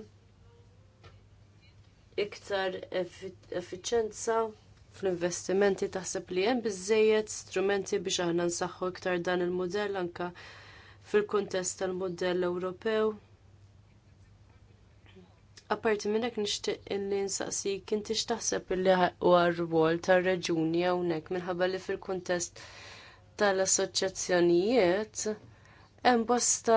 Speaker 3: iktar effiċenza fl-investimenti taħseb li hemm biżejjed strumenti biex aħna nsaħħu iktar dan il-mudell anke fil-kuntest tal-mudell Ewropew. Apparti minn hekk nixtieq illi nsaqsik inti x'taħseb illi huwa r-rwol tar-reġuni hawnhekk minħabba li fil-kuntest tal-assoċjazzjonijiet hemm bosta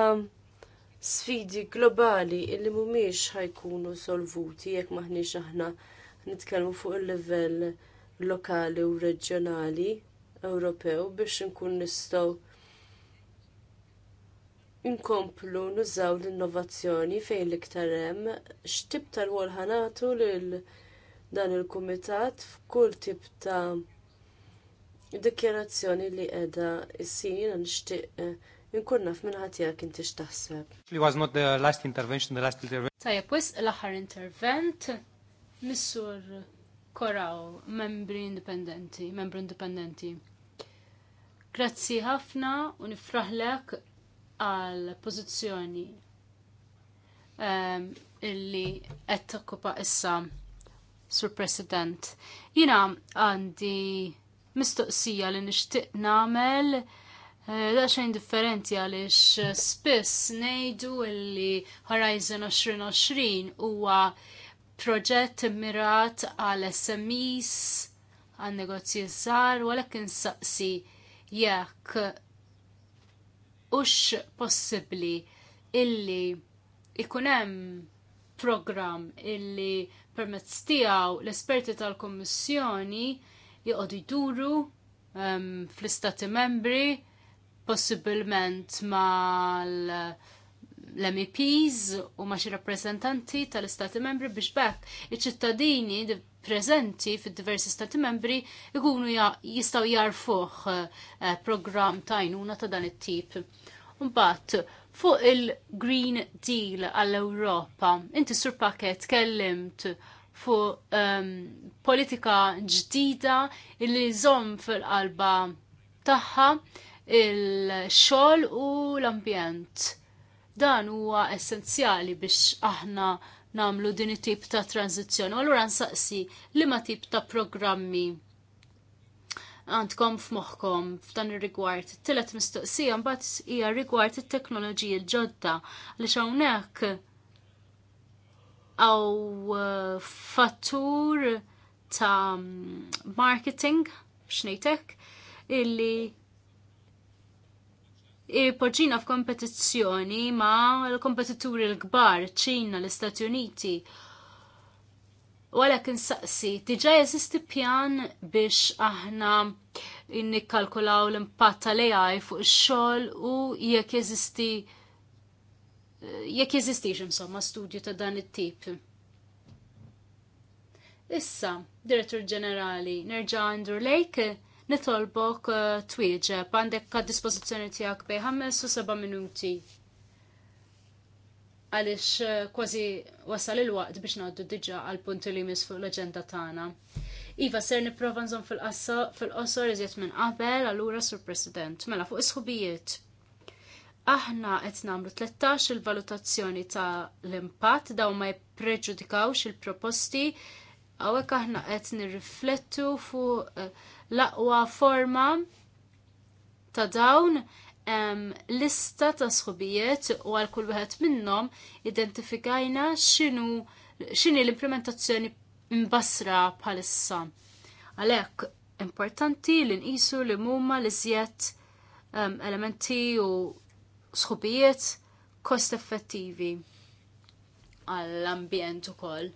Speaker 3: sfidi globali illi mhumiex ħajkunu solvuti jekk maħniex aħna nitkellmu fuq il-livell lokali u reġjonali Ewropew biex inkun nistgħu inkomplu nużaw l-innovazzjoni fejn l-iktar hemm x'tib tal-wol ħanatu lil dan il-kumitat f'kull tip ta' id Dikjerazzjoni li qiegħda issir nixtieq eh, Inkun naf minn ħatijak inti xtaħseb.
Speaker 1: It was not the last intervention, the last intervention.
Speaker 3: Tajja,
Speaker 4: wis l-aħħar intervent, Missur Koraw, membri indipendenti, membru indipendenti. Grazzi ħafna u nifraħlek għal pożizzjoni eh, illi qed issa Sur President. Jina għandi mistoqsija li nixtieq nagħmel eh, daċħajn differenti għalix eh, spiss nejdu illi Horizon 2020 huwa proġett mirat għal SMEs, għal negozji żgħar, għalek insaqsi jekk hux possibbli illi hemm programm illi permezz tiegħu l-esperti tal kummissjoni joqogħdu jduru um, ehm, fl-istati membri, possibilment mal l-MEPs u ma xi rappreżentanti tal-istati membri biex bekk iċ-ċittadini preżenti fid-diversi stati membri ikunu jistaw jarfuħ uh, program tajnuna ta' dan it-tip. Mbagħad fuq il-Green Deal għall-Ewropa, inti sur paket kellimt Fu um, politika ġdida li zom fil-qalba tagħha il-xogħol u l-ambjent. Dan huwa essenzjali biex aħna namlu din it-tip ta' tranzizzjoni. Allura nsaqsi li ma tip ta' programmi għandkom f'moħħkom f'dan ir-rigward. Tilet mistoqsija mbagħad hija rigward it-teknoloġiji l-ġodda li hawnhekk għaw uh, fattur ta' marketing xnejtek illi poġġina f'kompetizzjoni ma' l-kompetituri l-kbar, ċina, l-Istati Uniti. U għalek insaqsi, diġa jeżisti pjan biex aħna nikkalkulaw l-impatt tal-AI fuq ix-xogħol u jekk jeżisti jekk jeżistix insomma studju ta' dan it-tip. Issa, Direttur Ġenerali, nerġa' Andrew Lake, nitolbok uh, twieġeb għandek għad dispożizzjoni tiegħek bej ħames u seba' minuti. Għaliex uh, kważi wasal il-waqt biex ngħaddu diġà għal punti li jmiss fuq l-aġenda tagħna. Iva, ser nipprova nżomm fil-qosor iżjed minn qabel, allura sur President, mela fuq isħubijiet Aħna qed nagħmlu 13 il-valutazzjoni ta' l-impatt daw ma jippreġudikawx il-proposti hawnhekk aħna qed nirriflettu fuq eh, l-aqwa forma ta' dawn lista ta' sħubijiet u għal kull wieħed minnhom identifikajna x'inhu x'inhi l-implementazzjoni mbasra bħalissa. Għalhekk importanti li nqisu li huma l-iżjed elementi u sħubijiet kost effettivi għall-ambjent ukoll.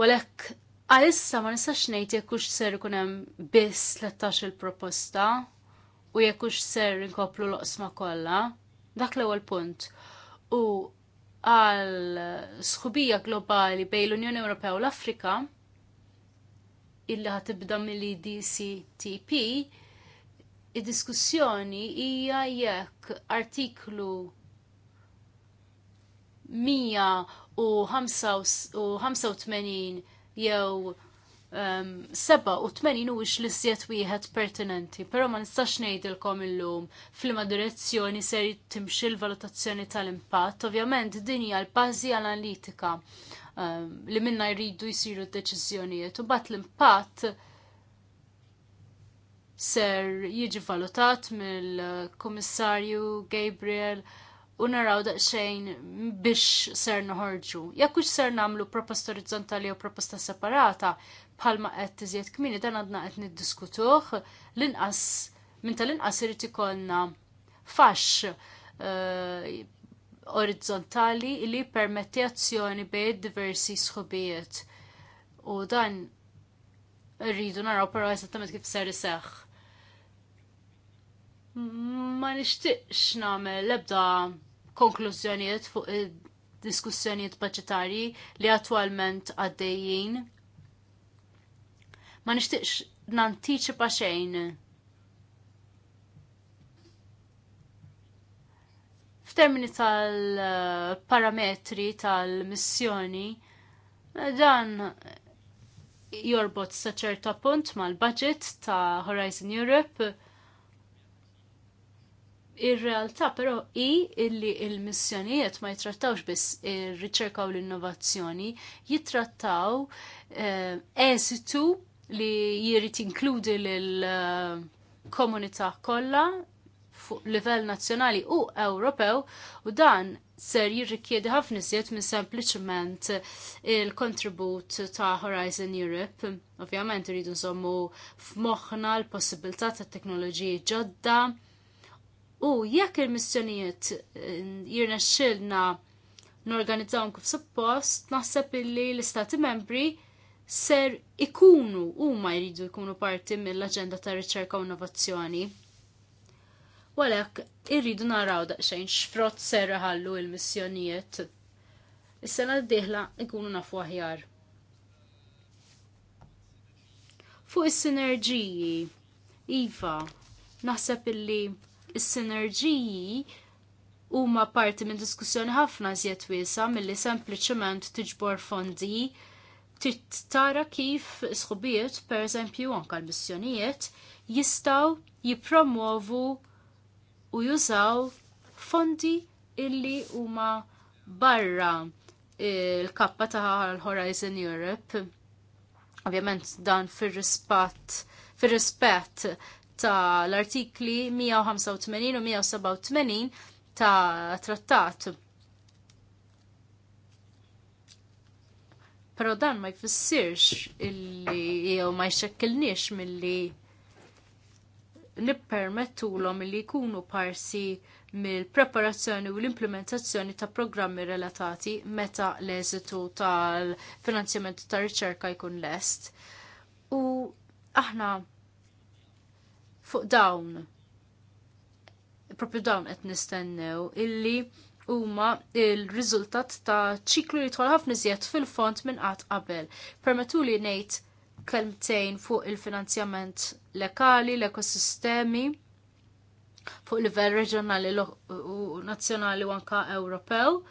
Speaker 4: Walek għalissa ma nistax ngħid jekk hux ser ikun hemm 13-il proposta u jekk hux ser nkoplu l osma kollha, dak l-ewwel punt. U għal sħubija globali bejn l-Unjoni Ewropea u l-Afrika illi ħatibda mill-DCTP id-diskussjoni hija jekk artiklu 185 jew ehm, u 87 huwiex l-iżjed wieħed pertinenti, però ma nistax ngħidilkom illum f'liema direzzjoni ser timxi l-valutazzjoni tal-impatt. Ovvjament din hija l-bażi analitika ehm, li minna jridu jsiru d-deċiżjonijiet u bat l-impatt ser jiġi valutat mill-Kummissarju Gabriel u naraw daqsxejn biex ser noħorġu. Jekk hux ser nagħmlu proposta orizzontali jew proposta separata bħalma qed tiżjed kmini dan għadna qed niddiskutuh l-inqas minn tal-inqas irid ikollna faxx uh, eh, orizzontali li permetti azzjoni bejn diversi sħubijiet. U dan rridu naraw però eżattament kif ser iseħħ ma nixtieqx nagħmel l-ebda konklużjonijiet fuq id-diskussjonijiet budgetari li attwalment għaddejjin. Ma nixtieqx nantiċipa xejn f'termini tal-parametri tal-missjoni, dan jorbot sa ċerta punt mal-budget ta' Horizon Europe Ir-realtà però i illi il-missjonijiet ma jitrattawx biss ir-riċerka u l-innovazzjoni, jitrattaw esitu eh, eżitu li jirid jinkludi l-komunità eh, kollha fuq livell nazzjonali u Ewropew u dan ser jirrikjedi ħafna iżjed minn sempliċement il-kontribut ta' Horizon Europe. Ovvjament irridu nżommu f'moħħna l-possibilità ta' teknoloġiji ġodda U jekk il-missjonijiet eh, jirna xilna n-organizzawm kif suppost, naħseb illi l-istati membri ser ikunu u ma jridu jkunu parti mill-agenda ta' riċerka u innovazzjoni. Walek, irridu naraw daqxajn xfrott ser ħallu il-missjonijiet. Is-sena d-dihla ikunu nafu aħjar. Fuq is-sinerġiji, Iva, naħseb illi is-sinerġiji huma parti minn diskussjoni ħafna żjed wiesa milli sempliċement tiġbor fondi tara kif sħubiet, per eżempju, anka l-missjonijiet, jistaw jipromovu u jużaw fondi illi huma barra il-kappa ta' l-Horizon Europe. Ovvjament dan fir-rispett fir-rispett ta' l-artikli 185 u 187 ta' trattat. Pero dan ma jfissirx illi jew ma jxekkilniex milli nippermettulhom illi jkunu parsi mill-preparazzjoni u l-implementazzjoni ta' programmi relatati meta l-eżitu tal-finanzjament ta' riċerka jkun lest. U aħna fuq dawn propju dawn qed nistennew illi huma il-riżultat ta' ċiklu li twal ħafna iżjed fil-font minn qatt qabel. li ngħid kelmtejn fuq il-finanzjament lokali, l-ekosistemi, fuq livell reġjonali u nazzjonali u anka Ewropew.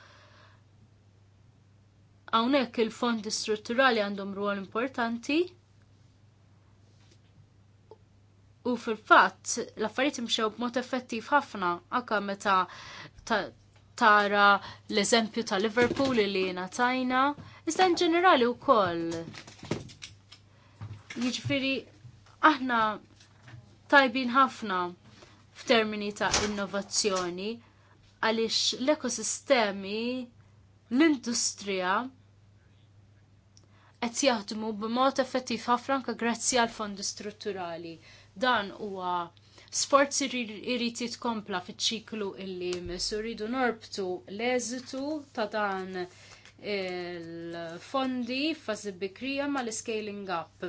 Speaker 4: Hawnhekk il-fondi strutturali għandhom rwol importanti U fil-fatt, l-affarijiet imxew b'mod effettiv ħafna, anke meta tara l-eżempju ta' Liverpool li tajna, iżda in ġenerali wkoll. Jiġifieri aħna tajbin ħafna f'termini ta' innovazzjoni għaliex l-ekosistemi l-industrija qed jaħdmu b'mod effettiv ħafna anke grazzi għal fondi strutturali. Dan huwa sport irrid jitkompla fiċ-ċiklu illi misur rridu norbtu l-eżitu ta' dan il-fondi fazi bikrija ma l-scaling up.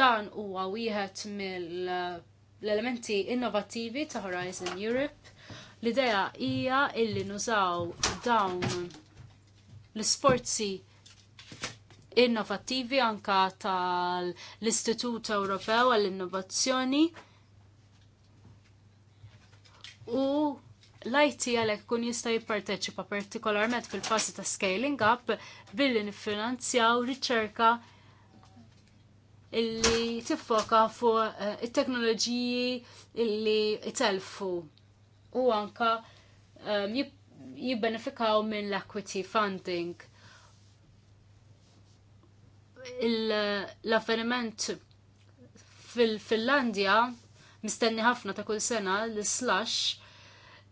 Speaker 4: Dan huwa wieħed mill-elementi innovattivi ta' Horizon Europe. L-idea hija illi nużaw dawn l-sforzi innovattivi anka tal-Istitut Ewropew għall-Innovazzjoni u l-IT għalek kun jista jipparteċipa partikolarment fil-fasi ta' scaling up billi nifinanzjaw riċerka illi tiffoka fuq eh, it-teknoloġiji illi itelfu u anka eh, jibbenefikaw minn l-equity funding l-avveniment fil-Finlandja mistenni ħafna ta' kull sena l-slash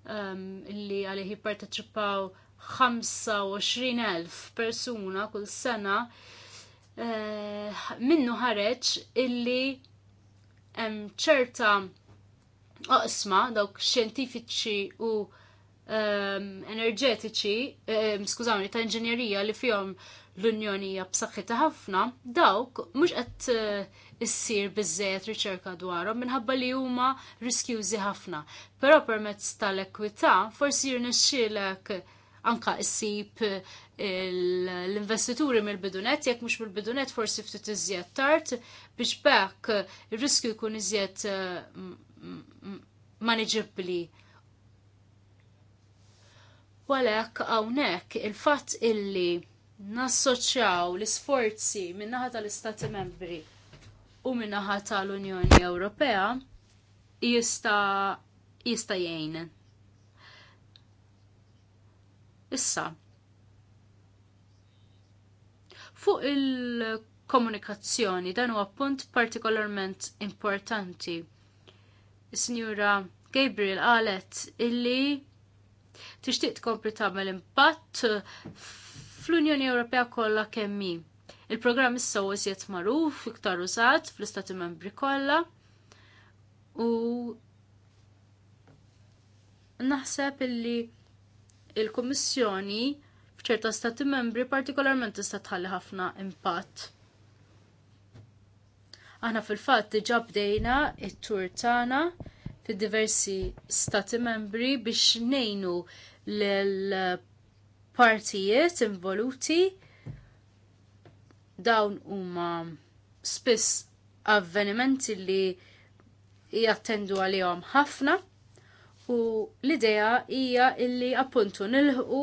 Speaker 4: um, li għalih jipparteċipaw 25.000 persuna kull sena uh, minnu ħareċ illi hemm ċerta oqsma dawk xjentifiċi u um, enerġetiċi, um, skużawni, ta' inġinjerija li fihom l-Unjoni hija b'saħħitha ħafna, dawk mhux qed eh, issir biżejjed riċerka dwarhom minħabba li huma riskjużi ħafna. Però permezz tal-ekwità forsi jirnexxielek anka issib eh, l-investituri mill-bidunet, jekk mhux mill-bidunet forsi ftit iżjed tard biex bekk ir-riskju jkun iżjed eh, maniġibbli. Walek hawnhekk il-fatt illi nassoċjaw l-isforzi min-naħa tal-Istati membri u min-naħa tal-Unjoni Ewropea jista' jista' jgħin. Issa, fuq il-komunikazzjoni dan huwa punt partikolarment importanti. Is-Sinjura Gabriel qalet illi tixtieq tkompli tagħmel impatt fl-Unjoni Ewropea kollha kemm hi. Il-programm is-sew iżjed magħruf iktar użat fl-Istati Membri kollha u naħseb illi il-Kummissjoni f'ċerta stati membri partikolarment tista' tħalli ħafna impatt. Aħna fil-fatt diġà bdejna it-tur tagħna fid-diversi stati membri biex ngħinu lil partijiet involuti dawn huma spiss avvenimenti li jattendu għalihom ħafna u l-idea hija illi appuntu nilħu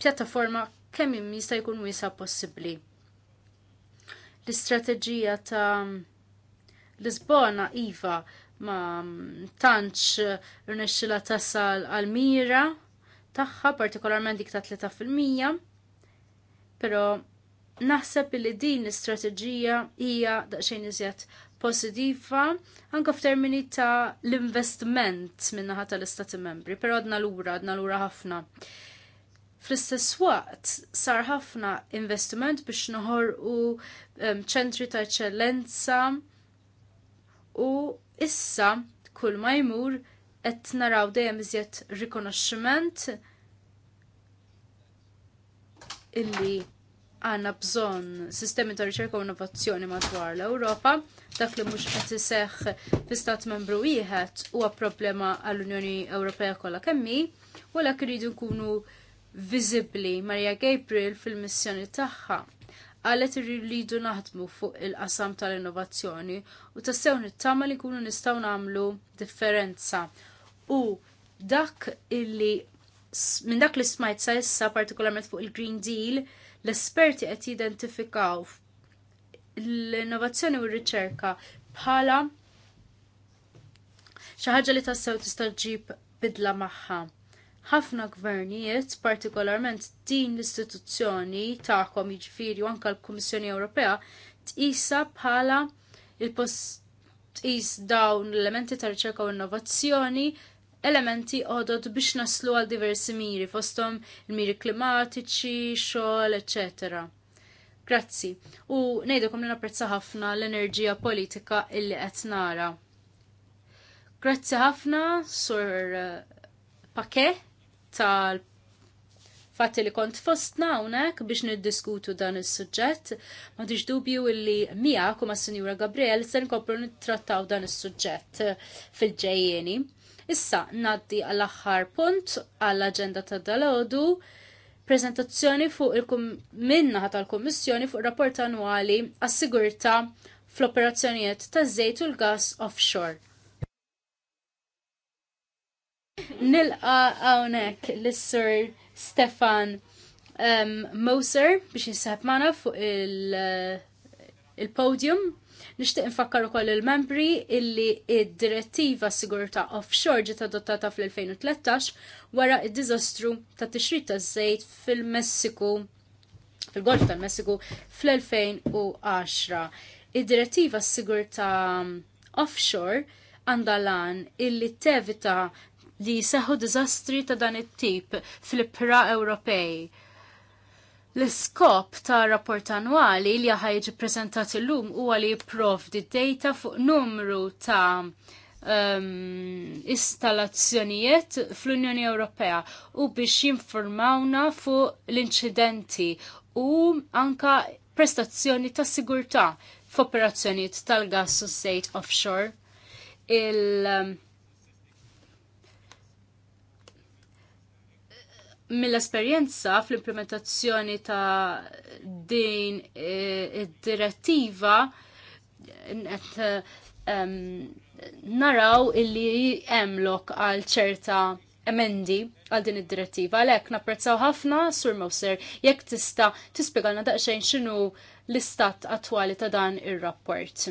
Speaker 4: pjattaforma kemm jista' jkun wiesa possibbli. L-istrateġija ta' Lisbona iva ma tantx rnexxila tasal għal mira tagħha, partikolarment dik ta' 3%, però naħseb li din l-istrateġija hija daqsxejn iżjed positiva anke f'termini ta' l-investiment minnaħa tal-Istati Membri, però għadna lura, għadna lura ħafna. Fl-istess waqt sar ħafna investiment biex noħorqu ehm, ċentri ta' eccellenza u issa kull ma jmur qed naraw dejjem iżjed rikonoxximent illi għanna bżon sistemi ta' riċerka u innovazzjoni madwar l-Ewropa, dak li mhux qed iseħħ fi stat membru wieħed huwa problema għall-Unjoni Ewropea kollha kemm hi, walakin iridu nkunu viżibbli Maria Gabriel fil-missjoni tagħha qalet irridu naħdmu fuq il-qasam tal-innovazzjoni u tassew nittama li nkunu nistgħu nagħmlu differenza U dak illi minn dak li smajt sa issa partikolarment fuq il-Green Deal, l-esperti qed jidentifikaw l-innovazzjoni u r-riċerka bħala xi ħaġa li tassew tista' ġib bidla magħha. Ħafna gvernijiet, partikolarment din l-istituzzjoni tagħhom jiġifieri u anke l-Kummissjoni Ewropea, tqisha bħala il-post tqis dawn l-elementi ta' riċerka u innovazzjoni elementi għodot biex naslu għal diversi miri, fostom il-miri klimatiċi, xol, etc. Grazzi. U nejdukom li napprezza ħafna l-enerġija politika illi qed nara. Grazzi ħafna sur eh, pake tal fatti li kont fostna hawnhekk biex niddiskutu dan is-suġġett. Ma diġ dubju illi mija kuma s sinjura Gabriel se nkomplu nittrattaw dan is-suġġett fil-ġejjeni. Issa naddi għall-aħħar punt għall-aġenda ta' dalodu prezentazzjoni fuq il minna tal-Kommissjoni fuq rapport annwali għas-sigurta fl-operazzjonijiet ta' żejt u l-gas offshore. Nilqa għawnek l-Sir Stefan um, Moser biex jinsab mana fuq il-podium. Il Nixtieq infakkar ukoll il-membri illi id-direttiva sigurta offshore ġiet adottata fl-2013 wara id-diżastru ta' tixrid ta' żejt fil-Messiku fil-Golf tal-Messiku fl-2010. Id-direttiva sigurta offshore għandalan illi tevita li seħu dizastri ta' dan it-tip fl-pra Ewropej L-iskop ta' rapport annwali li ħajġi prezentat u huwa li jipprovdi data fuq numru ta' um, installazzjonijiet fl-Unjoni Ewropea u biex jinformawna fuq l-inċidenti u anka prestazzjoni ta' sigurtà f'operazzjonijiet tal-gas u state offshore. Il, um, mill-esperjenza fl-implementazzjoni ta' din eh, id-direttiva qed um, naraw illi hemmlok għal ċerta emendi għal din id-direttiva għalhekk napprezzaw ħafna sur Mowser jekk tista' tispjegalna daqsxejn x'inhu l-istat attwali ta' dan ir-rapport.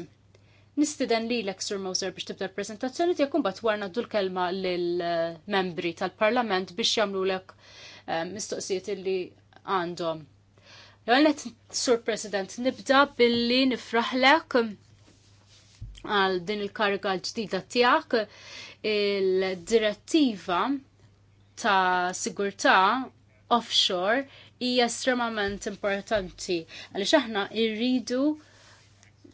Speaker 4: Nistiden li l Sir Moser biex tibda l-prezentazzjoni tiegħek imbagħad wara naddu l-kelma lill-membri tal-Parlament biex jagħmlu lek eh, mistoqsijiet illi għandhom. Għalnet, Sur President, nibda billi nifraħlek eh, għal din il-karga l-ġdida tiegħek il-direttiva ta' sigurtà offshore hija estremament importanti għaliex aħna rridu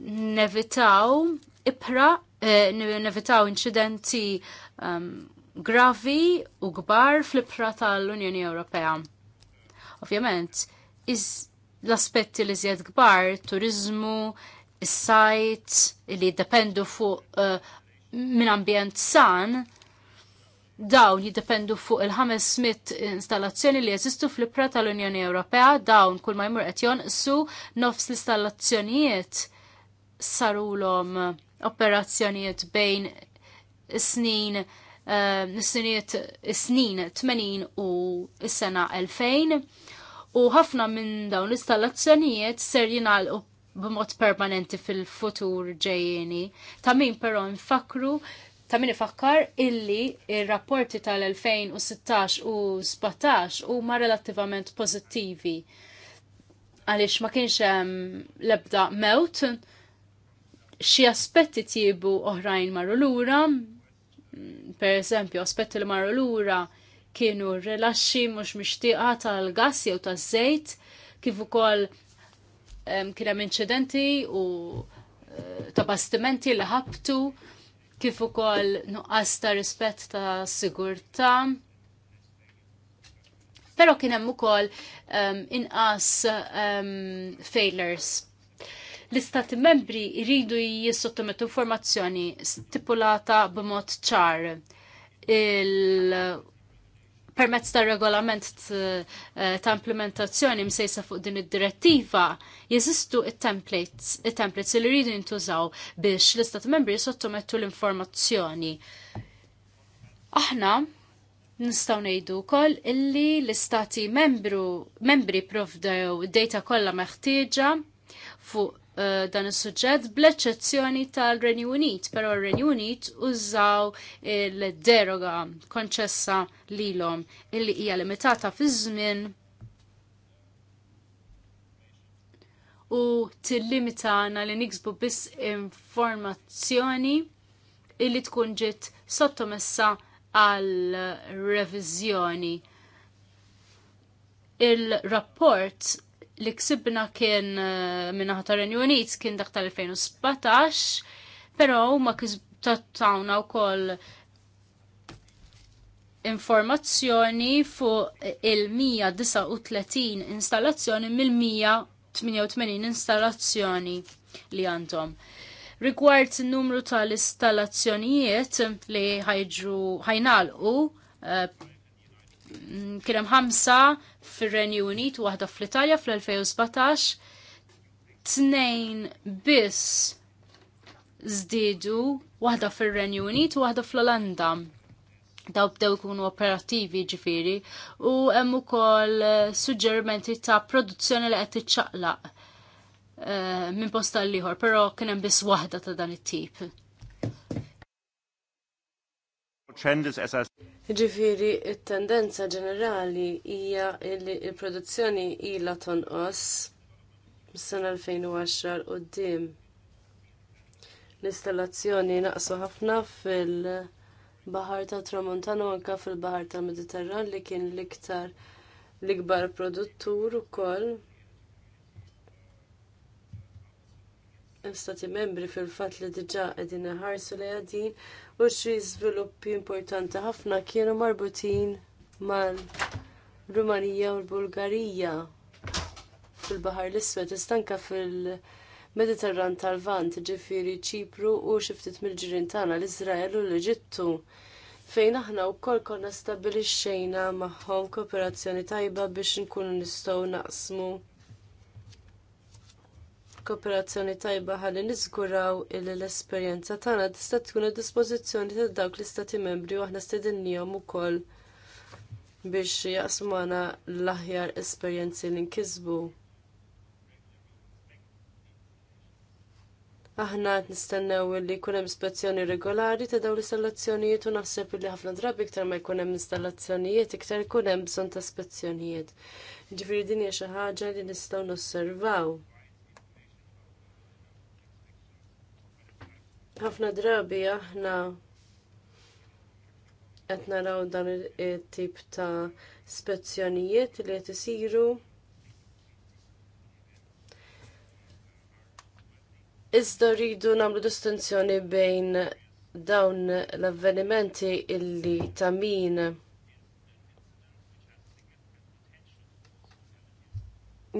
Speaker 4: nevitaw ipra, eh, nevitaw incidenti ehm, gravi u gbar fl-ipra tal-Unjoni Ewropea. Ovvjament, l-aspetti li zjed gbar, turizmu, is-sajt, li jiddependu fuq uh, minn ambjent san, dawn jiddependu fuq il-500 installazzjoni li jeżistu fl-ipra tal-Unjoni Ewropea, dawn kull ma jmur qed jonqsu nofs l-installazzjonijiet sarulhom operazzjonijiet bejn snin eh, sniet snin 80 u s-sena 2000 u ħafna minn dawn l-installazzjonijiet ser jingħalqu b'mod permanenti fil-futur ġejjeni. Ta' min però nfakru ta' min ifakkar illi il-rapporti tal-2016 u 17 huma relattivament pożittivi għaliex ma kienx hemm l-ebda mewt xi aspetti tiebu oħrajn marru lura, mm, per eżempju, aspetti li marru lura kienu rilaxxi mhux mixtieqa tal-gass jew taż-żejt, kif ukoll kien hemm inċidenti u eh, ta' bastimenti li ħabtu, kif ukoll nuqqas ta' rispett ta' sigurtà. Però kien hemm ukoll inqas failures l-istati membri jridu jissottomet informazzjoni stipulata b'mod ċar il permezz tar regolament eh, ta' implementazzjoni msejsa fuq din id-direttiva jeżistu it-templates, il templates li jridu jintużaw biex l-istat membri jisottomettu l-informazzjoni. Aħna nistaw nejdu kol illi l-istati membri provdew data kollha meħtieġa fuq Eh, dan is-suġġett bl-eċċezzjoni tal-Renju Unit, però r-Renju Unit użaw il-deroga konċessa lilhom illi hija limitata fi żmien u tillimitana li niksbu biss informazzjoni illi tkun ġiet sottomessa għal reviżjoni il-rapport li ksibna kien eh, minna ħatar Unit kien dak tal-2017, pero ma kisbtattawna u koll informazzjoni fuq il-139 installazzjoni mill-188 installazzjoni li għandhom. Rigward numru tal-installazzjonijiet li ħajnal ħajnalqu uh, Mm, kien hemm ħamsa fir-Renju Unit waħda fl-Italja fl-2017 tnejn biss żdiedu waħda fir-Renju Unit u waħda fl-Olanda. Daw bdew ikunu operattivi ġifiri u hemm ukoll eh, suġġerimenti ta' produzzjoni li qed tiċċaqlaq eh, minn posta l-ieħor, però kien hemm biss waħda ta' dan it-tip
Speaker 1: Ġifiri,
Speaker 3: il-tendenza ġenerali hija li il-produzzjoni ila tonqos mis-sena 2010 d-dim. L-installazzjoni naqsu ħafna fil-Bahar ta' Tramontana u anka fil-Bahar ta' mediterran li kien l-iktar l-ikbar produttur ukoll. koll stati membri fil-fat li diġa għedin ħarsu li għadin u xi sviluppi importanti ħafna kienu marbutin mal-Rumanija u l-Bulgarija fil-Bahar l-Iswed, istanka fil-Mediterran tal-Vant, ġifiri ċipru u xiftit mill-ġirin tagħna l-Iżrael u l-Eġittu fejn aħna wkoll konna stabilixxejna magħhom kooperazzjoni tajba biex nkunu nistgħu naqsmu kooperazzjoni tajba ħalli niżguraw li l-esperjenza tagħna tista' tkun id dispożizzjoni ta' dawk l-istati membri u aħna stedinnihom ukoll biex jaqsmana l-aħjar esperjenzi li nkisbu. Aħna qed nistennew li jkun hemm ispezzjoni regolari ta' dawn l-installazzjonijiet u naħseb li ħafna drabi iktar ma jkun hemm installazzjonijiet iktar ikun hemm bżonn ta' ispezzjonijiet. Ġifieri din hija xi ħaġa li nistgħu nosservaw. ħafna drabi aħna qed naraw dan it-tip ta' spezzjonijiet li qed isiru. Iżda rridu nagħmlu distinzjoni bejn dawn l-avvenimenti illi ta' min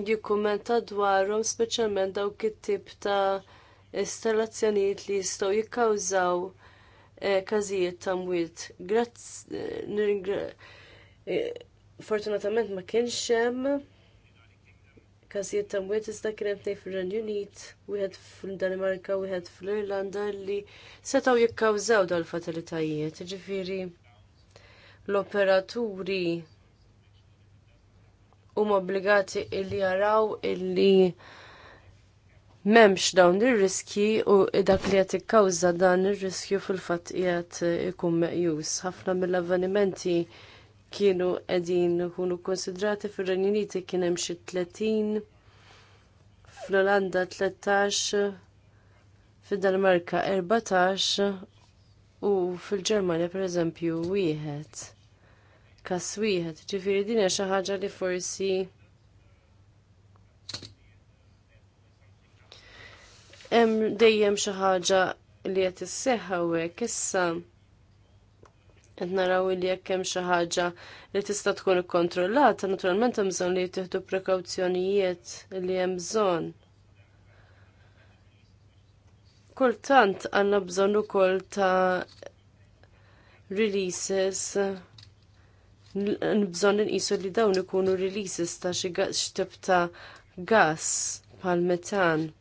Speaker 3: jikkumenta dwarhom speċjalment dawk it-tip ta' installazzjonijiet li jistgħu jikkawżaw eh, każijiet ta' mwiet. Eh, eh, fortunatament ma kienx hemm każijiet ta' mwiet iżda kien hemm tnejn fir-Renju Unit, wieħed fil-Danimarka, wieħed fl-Irlanda li setgħu jikkawżaw dal fatalitajiet Ġifieri l-operaturi huma obbligati li jaraw illi memx dawn ir-riski u dak li qed ikkawża dan ir-riskju fil-fatt qiegħed ikun meqjus. Ħafna mill-avvenimenti kienu qegħdin ikunu konsidrati fir-Renju Uniti kien hemm xi 30, fl-Olanda 13, fid-Danimarka 14 u fil-Ġermanja pereżempju wieħed. Kas wieħed, ġifieri din hija xi ħaġa li forsi hemm dejjem xi ħaġa li qed isseħħ hawnhekk issa qed naraw li jekk hemm xi ħaġa li tista' tkun ikkontrollata, naturalment hemm bżonn li jittieħdu prekawzjonijiet li hemm bżonn. Kultant għandna bżonn ukoll ta' releases bżonn inqisu li dawn ikunu releases ta' xi tip ta' gas bħal metan.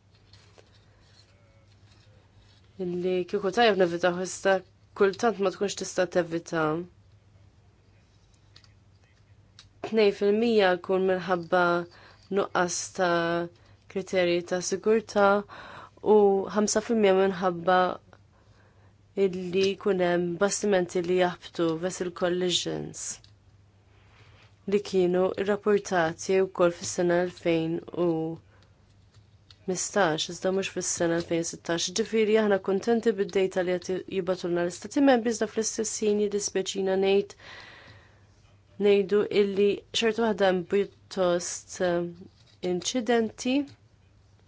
Speaker 3: Illi kieku tajjeb nevita ħista kultant ma tkunx tista' tevita. Tnej fil-mija kun minħabba nuqqas ta' kriterji ta' sigurtà u 5% minħabba illi kunem bastimenti li jaħbtu vessel collisions li kienu rrapportati wkoll fis-sena 2000 u Mistax, iżda mhux fis-sena 2016. Ġifieri aħna kuntenti bid-dejta li qed jibatulna l-istati membri iżda fl-istess ħin jiddispjaċina ngħid ngħidu illi xorta waħda hemm pjuttost eh, inċidenti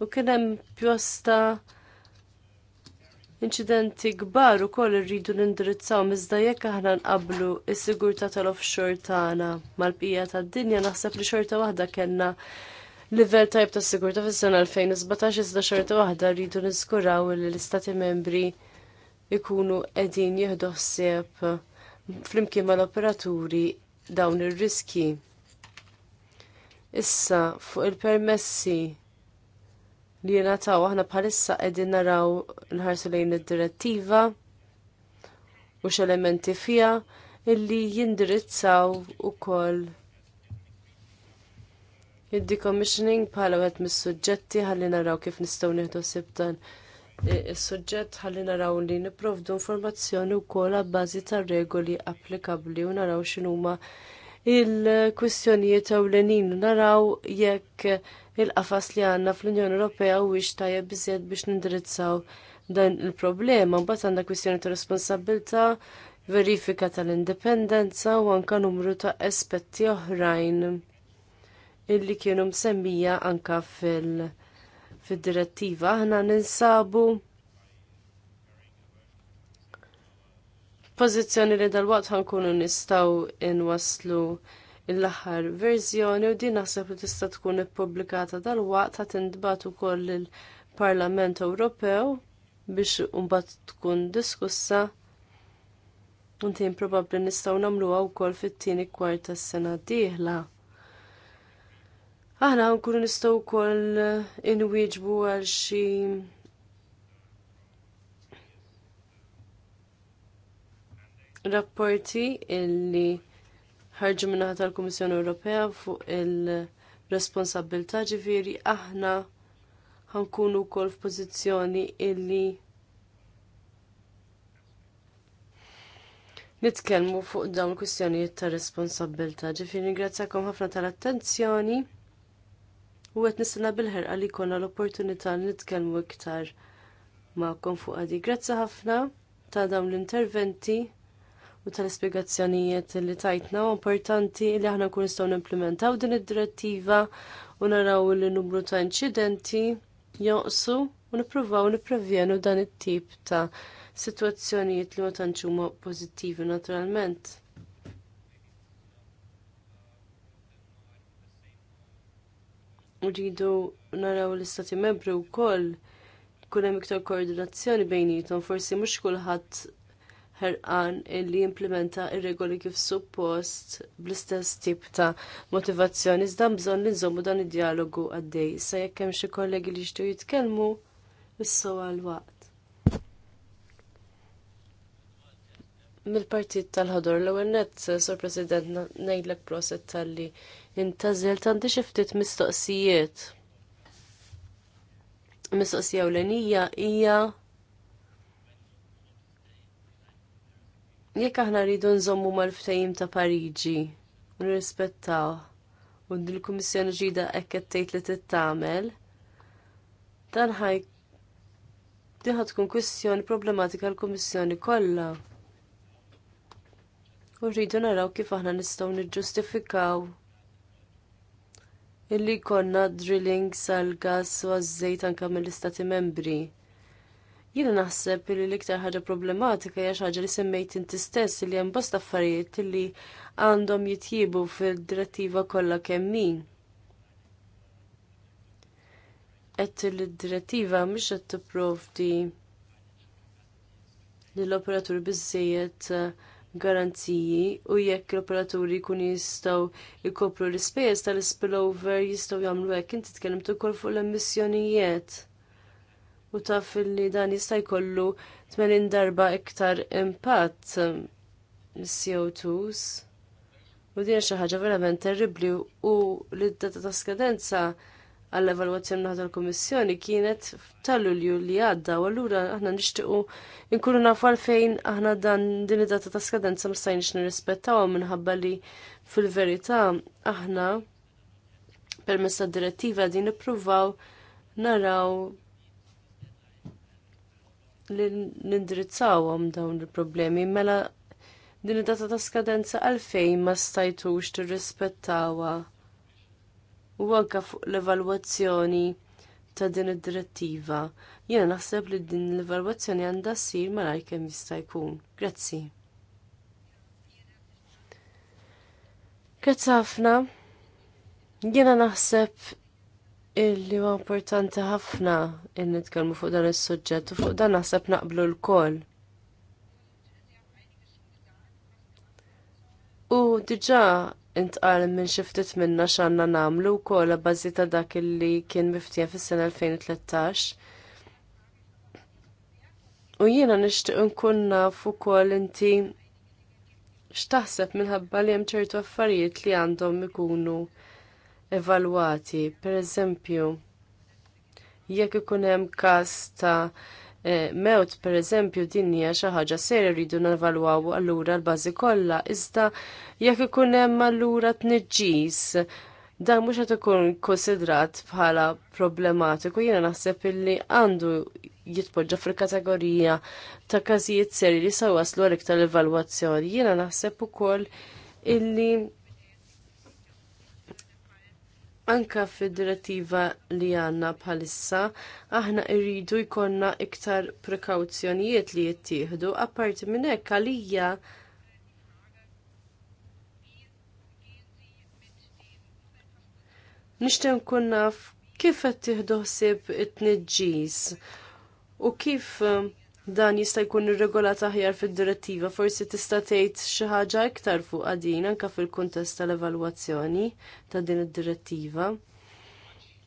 Speaker 3: u kien hemm pjosta inċidenti kbar ukoll irridu nindirizzaw iżda jekk aħna nqablu s-sigurtà tal-offshore tagħna mal-bqija tad-dinja naħseb li xorta waħda kellna livell tajb ta' sigurta fis-sena 2017 iżda xorta waħda rridu niżguraw li l-istati membri ikunu qegħdin jieħdu ħsieb flimkien mal-operaturi dawn ir-riski. Issa fuq il-permessi li jingħataw aħna bħalissa qegħdin naraw nħarsu lejn id-direttiva u x'elementi fiha illi jindirizzaw ukoll Id-decommissioning bħala għed mis-sujġetti ħalli naraw kif nistaw nieħdu dan Is-suġġett ħalli naraw li nipprovdu informazzjoni wkoll għabbażi tar-regoli applikabbli u naraw x'inhuma il-kwistjonijiet ewlenin naraw jekk il-qafas li għandna fl-Unjoni Ewropea huwiex tajjeb biżjed biex nindirizzaw dan il-problema. Mbagħad għandna kwistjoni ta' responsabilità, verifika tal-indipendenza u anke numru ta' aspetti oħrajn illi kienu msemmija anka fil- fil-direttiva ħna ninsabu pozizjoni li dal-waqt ħankunu nistaw inwaslu l-aħħar verżjoni u din naħseb li tista' tkun ippubblikata dal-waqt ħadd intbagħat ukoll lill-Parlament Ewropew biex mbagħad tkun diskussa Intin probabbli nistgħu nagħmluha wkoll fit-tieni kwart tas-sena d-dieħla. Aħna nkunu nistgħu wkoll eh, inwieġbu għal xi rapporti illi ħarġu minna tal-Kummissjoni Ewropea fuq il-responsabilità ġifieri aħna ħankunu wkoll f'pożizzjoni illi nitkellmu fuq dawn kwistjonijiet ta' responsabilità. Ġifieri ringrazzjakom ħafna tal-attenzjoni u għet nistana bil-ħerqa li konna l-opportunità li nitkellmu iktar ma'kom fuq għadi. Grazzi ħafna ta' dawn l-interventi u tal spiegazzjonijiet li tajtna u importanti li aħna istaw n nimplementaw din id-direttiva u naraw l numru ta' inċidenti jonqsu u nippruvaw nipprevjenu dan it-tip ta' sitwazzjonijiet li ma tantx huma pożittivi naturalment. Uridu naraw l-istati membri wkoll koll hemm iktar koordinazzjoni bejnietom, forsi mhux kulħadd ħerqan illi implementa il regoli kif suppost bl-istess tip ta' motivazzjoni iżda bżonn li nżommu dan id-dialogu għaddej. Sa' jekk hemm xi kollegi li jixtu jitkellmu, issa għal-waqt. Mill-partit tal-ħodor l-ewwel nett, Sur President, ngħidlek proset tal-li intażel għandi xi ftit mistoqsijiet. Mistoqsija ewlenija hija jekk aħna rridu nżommu mal-ftehim ta' Pariġi u nirrispettaw u l-Kummissjoni ġida hekk qed tgħid li tagħmel. dan ħaj diħat tkun kwistjoni problematika l-Kummissjoni kollha. U rridu naraw kif aħna nistgħu niġġustifikaw illi konna drilling sal-gas u għaż-żejt anke mill-istati membri. Jiena naħseb li l-iktar ħaġa problematika hija xi ħaġa li semmejt inti stess li hemm bosta affarijiet li għandhom jitjiebu fil-direttiva kollha kemm min. Qed il-direttiva mhix qed tipprovdi lill-operatur biżżejjed garanziji u jekk l-operaturi kun jistgħu jkopru l-ispejjeż tal-spillover jistgħu jagħmlu hekk inti tkellem ukoll fuq l-emissjonijiet. U taf li dan jista' jkollu 80 darba iktar impatt um, CO2s. U din xi ħaġa verament terribbli u l-data ta' skadenza għall-evalwazzjoni naħda l-Kummissjoni kienet tal-Lulju li għadda u allura aħna nixtiequ nkunu nafu għalfejn aħna dan din id-data ta' skadenza ma stajniex nirrispettawha minħabba li fil-verità aħna permezz tad-direttiva din nippruvaw naraw li nindirizzawhom dawn il-problemi mela din id-data ta' skadenza għalfejn ma stajtux tirrispettawha u anka fuq l-evalwazzjoni ta' din id-direttiva. Jiena naħseb li din l-evalwazzjoni għandha ssir malajr kemm jista' jkun. Grazzi. Grazzi ħafna. Jiena naħseb illi huwa importanti ħafna in nitkellmu fuq dan is-suġġett u fuq dan naħseb naqblu l U diġà intqal minn xi ftit minna x'għandna nagħmlu wkoll bażi ta' dak li kien miftija fis-sena 2013. U jiena nixtieq nkun naf ukoll inti x'taħseb minħabba li hemm ċertu affarijiet li għandhom ikunu evalwati, pereżempju, jekk ikun hemm każ ta' Eh, mewt pereżempju din hija xi ħaġa serja rridu nevalwaw allura l-bażi kollha iżda jekk ikun hemm allura tniġġis dan mhux qed ikun konsidrat bħala problematiku jiena naħseb illi għandu jitpoġġa fil-kategorija ta' każijiet serji li se waslu għal iktar evalwazzjoni. Jiena naħseb ukoll illi anka fid-direttiva li għanna bħalissa, aħna irridu jkonna iktar prekawzjonijiet li jittieħdu, apparti minn hekk għalija nixtem nkun naf kif qed tieħdu ħsieb it-tniġġis u kif dan jista' jkun irregolat aħjar fid-direttiva, forsi tista' tgħid xi ħaġa iktar fuq din anke fil-kuntest tal-evalwazzjoni ta' din id-direttiva.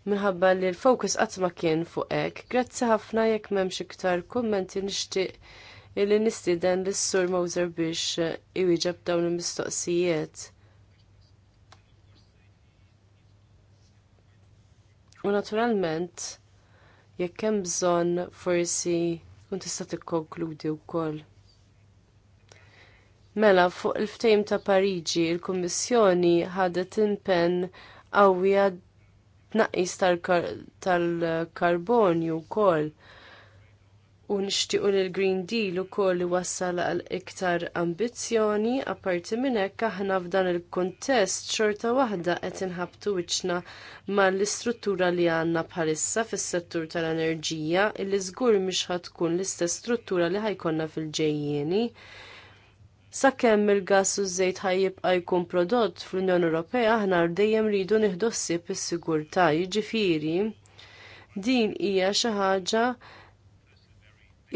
Speaker 3: Minħabba li l-fokus qatt ma kien fuq hekk. Grazzi ħafna jekk m'hemmx iktar kummenti nixtieq li nistieden lis sur Moser biex iwieġeb dawn il-mistoqsijiet. U naturalment, jekk hemm bżonn forsi U tista' tikkonkludi wkoll. Mela fuq il-ftejm ta' Pariġi, il-Kummissjoni ħadet impenn qawwi tnaqqis tal-karbonju wkoll u nixtiequ li l-Green Deal ukoll wassal għal iktar ambizzjoni, apparti minn hekk aħna f'dan il-kuntest xorta waħda qed inħabtu wiċċna mal-istruttura li għandna bħalissa fis-settur tal-enerġija illi żgur mhix ħatkun l-istess struttura li ħajkonna fil-ġejjieni. Sakemm il-gass u żejt ħajjibqa' jkun prodott fl-Unjoni Ewropea aħna dejjem rridu nieħdu ssieb is-sigurtà, jiġifieri din hija xi ħaġa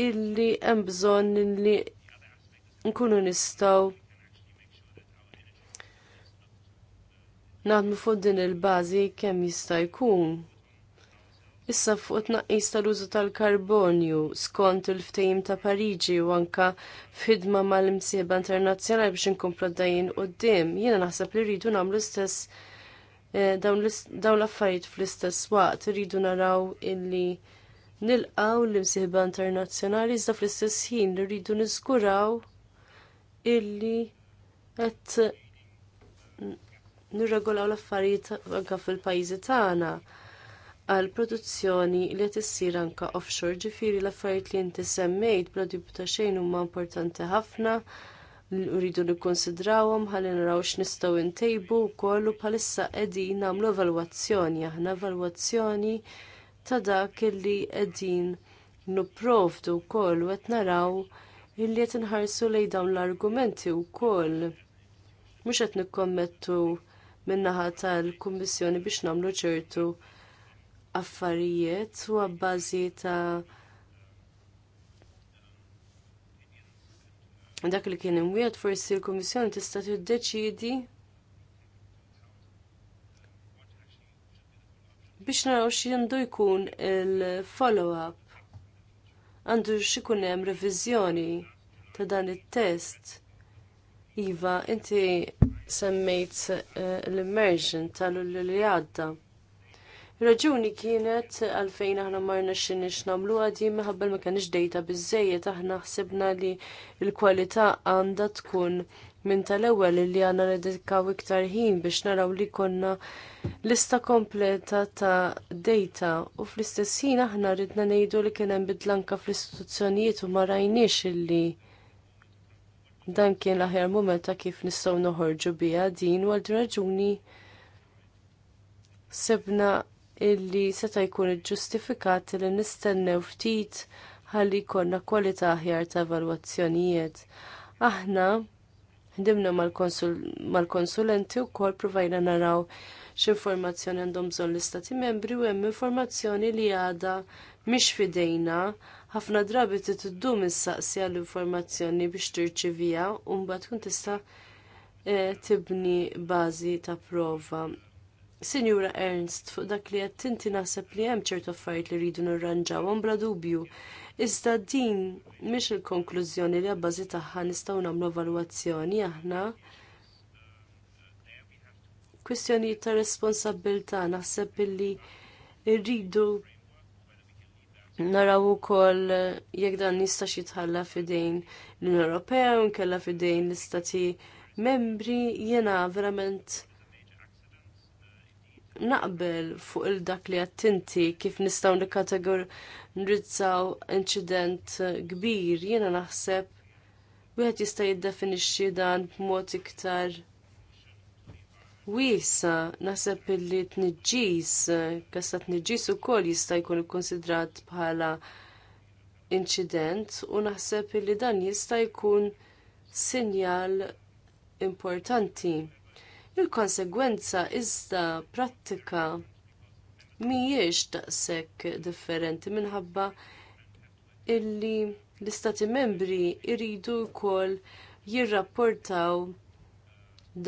Speaker 3: illi hemm bżonn li nkunu nistgħu naħdmu fuq din il-bażi kemm jista' jkun. Issa fuq tnaqqis tal-użu tal-karbonju skont il-ftehim ta' Pariġi u anka fidma mal-imsieba internazzjonali biex inkomplu dajjin qudiem, jiena naħseb li rridu nagħmlu l-istess eh, dawn l-affarijiet fl-istess waqt, rridu naraw illi nilqaw l-imsieħba internazzjonali iżda fl-istess ħin li rridu niżguraw illi qed nirregolaw l-affarijiet anke fil-pajjiżi tagħna għal produzzjoni li qed issir anke offshore, ġifieri l-affarijiet li inti semmejt bla ta' xejn huma importanti ħafna rridu nikkonsidrawhom ħalli naraw x'nistgħu ntejbu wkoll u bħalissa qegħdin nagħmlu evalwazzjoni aħna evalwazzjoni ta' dak illi qegħdin nupprovdu wkoll u qed naraw illi qed inħarsu lej dawn l-argumenti wkoll. Mhux qed nikkommettu min-naħa tal-Kummissjoni biex nagħmlu ċertu affarijiet u għabbażi ta' dak li kien imwiet forsi l-Kummissjoni tista' tiddeċiedi biex naraw x'jandu jkun il-follow-up. Għandu x'ikun hemm reviżjoni ta' dan it-test. Iva, inti semmejt eh, l-immersion tal-ullu li għadda. Raġuni kienet għalfejn aħna marna xinix namlu għadji meħabbel ma kienx dejta bizzejiet aħna ħsibna li l-kwalità għandha tkun minn tal-ewwel li għandna nedikaw iktar ħin biex naraw li konna lista kompleta ta' data u fl-istess ħin aħna ridna ngħidu li kien hemm bidlanka fl-istituzzjonijiet u ma rajniex illi dan kien l-aħjar mument ta' kif nistgħu noħorġu biha din u għal raġuni sebna illi seta' jkun iġġustifikat li nistennew ftit ħalli jkollna kwalità aħjar ta' evalwazzjonijiet. Aħna Ħdimna mal-konsulenti u kol provajna naraw x'informazzjoni għandhom bżonn l-istati membri u hemm informazzjoni li għadha mhix fidejna ħafna drabi trid mis issaqsi għall-informazzjoni biex tirċivija u mbagħad tkun tista' eh, tibni bażi ta' prova. Sinjura Ernst, fuq dak li qed tinti naħseb li hemm ċertu affarijiet li rridu nirranġaw bla dubju Iżda din mhix il-konklużjoni li għabbażi tagħha nistgħu nagħmlu evalwazzjoni aħna kwistjonijiet ta' responsabilità naħseb illi rridu naraw ukoll jekk dan jista' jitħalla fidejn l-Unjoni Ewropea u nkella fidejn l-istati membri jiena verament naqbel fuq il dak li għattinti kif nistgħu nikkategor nrizzaw inċident kbir, jiena naħseb wieħed jista' jiddefinixxi dan b'mod iktar wiesa naħseb illi tniġġis, kasta tniġġis ukoll jista' jkun ikkunsidrat bħala inċident u naħseb illi dan jista' jkun sinjal importanti. Il-konsegwenza iżda prattika mhijiex daqshekk differenti minħabba illi l-istati membri jridu wkoll jirrapportaw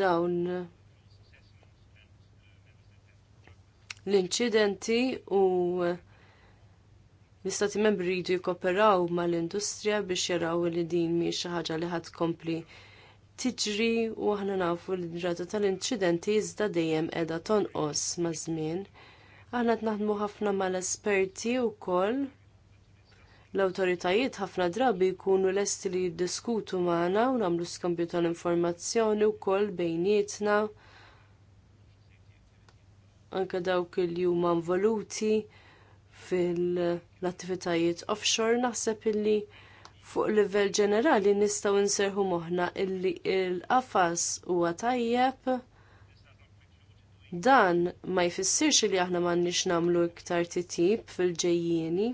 Speaker 3: dawn l-inċidenti u l-istati membri jridu jikoperaw mal-industrija biex jaraw li din mi ħaġa li ħadd kompli tiġri u aħna nafu li rata tal-inċidenti iżda dejjem qiegħda tonqos maż-żmien. Aħna qed naħdmu ħafna mal-esperti wkoll l-awtoritajiet ħafna drabi jkunu lesti li jiddiskutu magħna u nagħmlu skambju tal-informazzjoni wkoll bejnietna anke dawk li huma involuti fil-attivitajiet offshore naħseb illi fuq livell ġenerali nistgħu nserħu moħħna illi l-qafas huwa tajjeb Dan ma jfissirx li aħna m'għandniex nagħmlu iktar titjib fil-ġejjieni.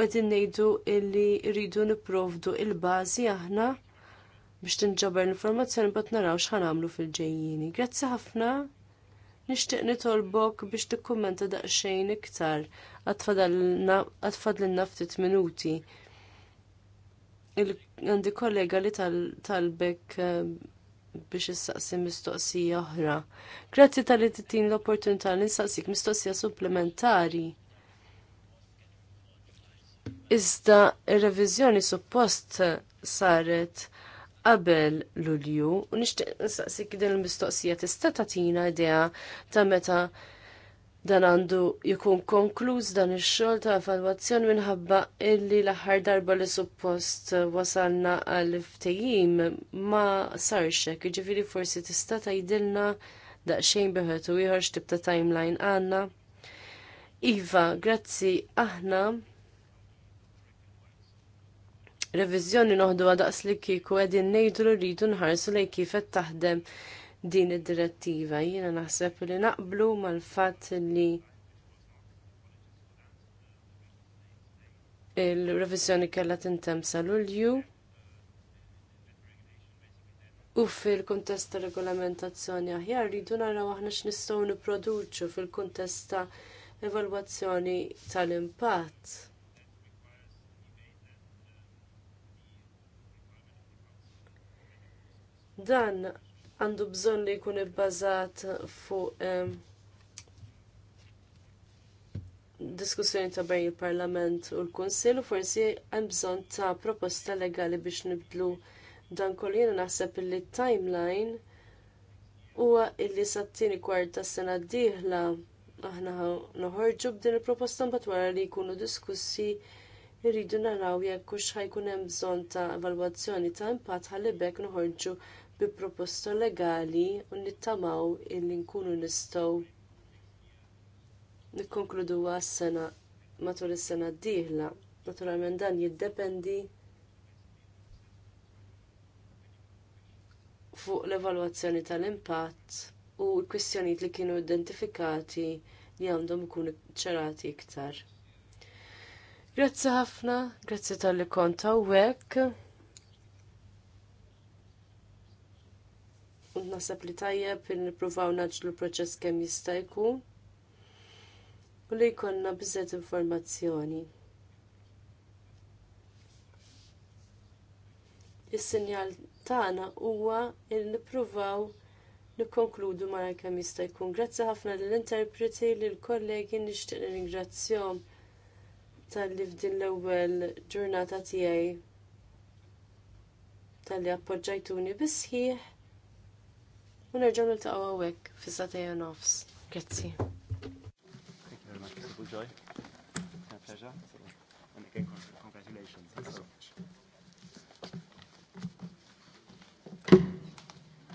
Speaker 3: Qegħdin ngħidu li rridu nipprovdu il-bażi aħna biex tinġabar l-informazzjoni bat naraw x'ħan nagħmlu fil-ġejjieni. Grazzi ħafna nixtieq nitolbok biex tikkummenta daqsxejn iktar l ftit minuti għandi kollega li talbek tal eh, biex issaqsi mistoqsija oħra. Grazzi tal-li tittin l-opportunità li nistaqsik mistoqsija supplementari. Iżda ir-reviżjoni suppost saret qabel Lulju u nixtieq nistaqsik din il-mistoqsija tista' tagħtina idea ta' meta dan għandu jkun konkluż dan ix-xogħol ta' evalwazzjoni minħabba illi l-aħħar darba li suppost wasalna għal ftehim ma sarx hekk, jiġifieri forsi tista' tgħidilna daqsxejn beħet u ieħor x'tib ta' timeline għandna. Iva, grazzi aħna Reviżjoni noħdu għadaqs li kieku qegħdin ngħidu li rridu nħarsu lejn kif qed taħdem din id-direttiva. Jiena naħseb li naqblu mal-fatt li il-revizjoni kellha tintem sal-Ulju u fil-kuntest ta' regolamentazzjoni aħjar rridu naraw aħna x'nistgħu nipproduċu fil-kuntest ta' evalwazzjoni tal-impatt. Dan għandu bżonn li jkun ibbażat fuq um, diskussjoni ta' bejn il-Parlament u l-Kunsill u forsi hemm bżonn ta' proposta legali biex nibdlu dan kollu jiena naħseb li t timeline huwa illi sat-tieni kwart tas sena d-dieħla aħna noħorġu b'din il-proposta mbagħad wara li jkunu diskussi irridu naraw jekk hux ħajkun hemm bżonn ta' evalwazzjoni ta' impatt ħalli bekk noħorġu bi proposta legali u nittamaw illi nkunu nistgħu nikkonkludu għas-sena matul is-sena d-dieħla. Naturalment dan jiddependi fuq l-evalwazzjoni tal-impatt u l-kwistjonijiet li kienu identifikati li għandhom ikunu ċerati iktar. Grazzi ħafna, grazzi tal-li konta u kont nasab li tajjeb nippruvaw naġlu proċess kemm jista' jkun u li jkollna biżżejjed informazzjoni. Is-sinjal tagħna huwa li nippruvaw nikkonkludu mara kemm jista' jkun. Grazzi ħafna lill-interpreti lill kollegi nixtieq ringrazzjom tal-li f'din l-ewwel ġurnata tiegħi tal-li appoġġajtuni bisħiħ u nerġgħu niltaqgħu għawek fissa tajja nofs. Grazzi. Thank
Speaker 4: you very much, Mr. Bujoy. My pleasure. And again, congratulations.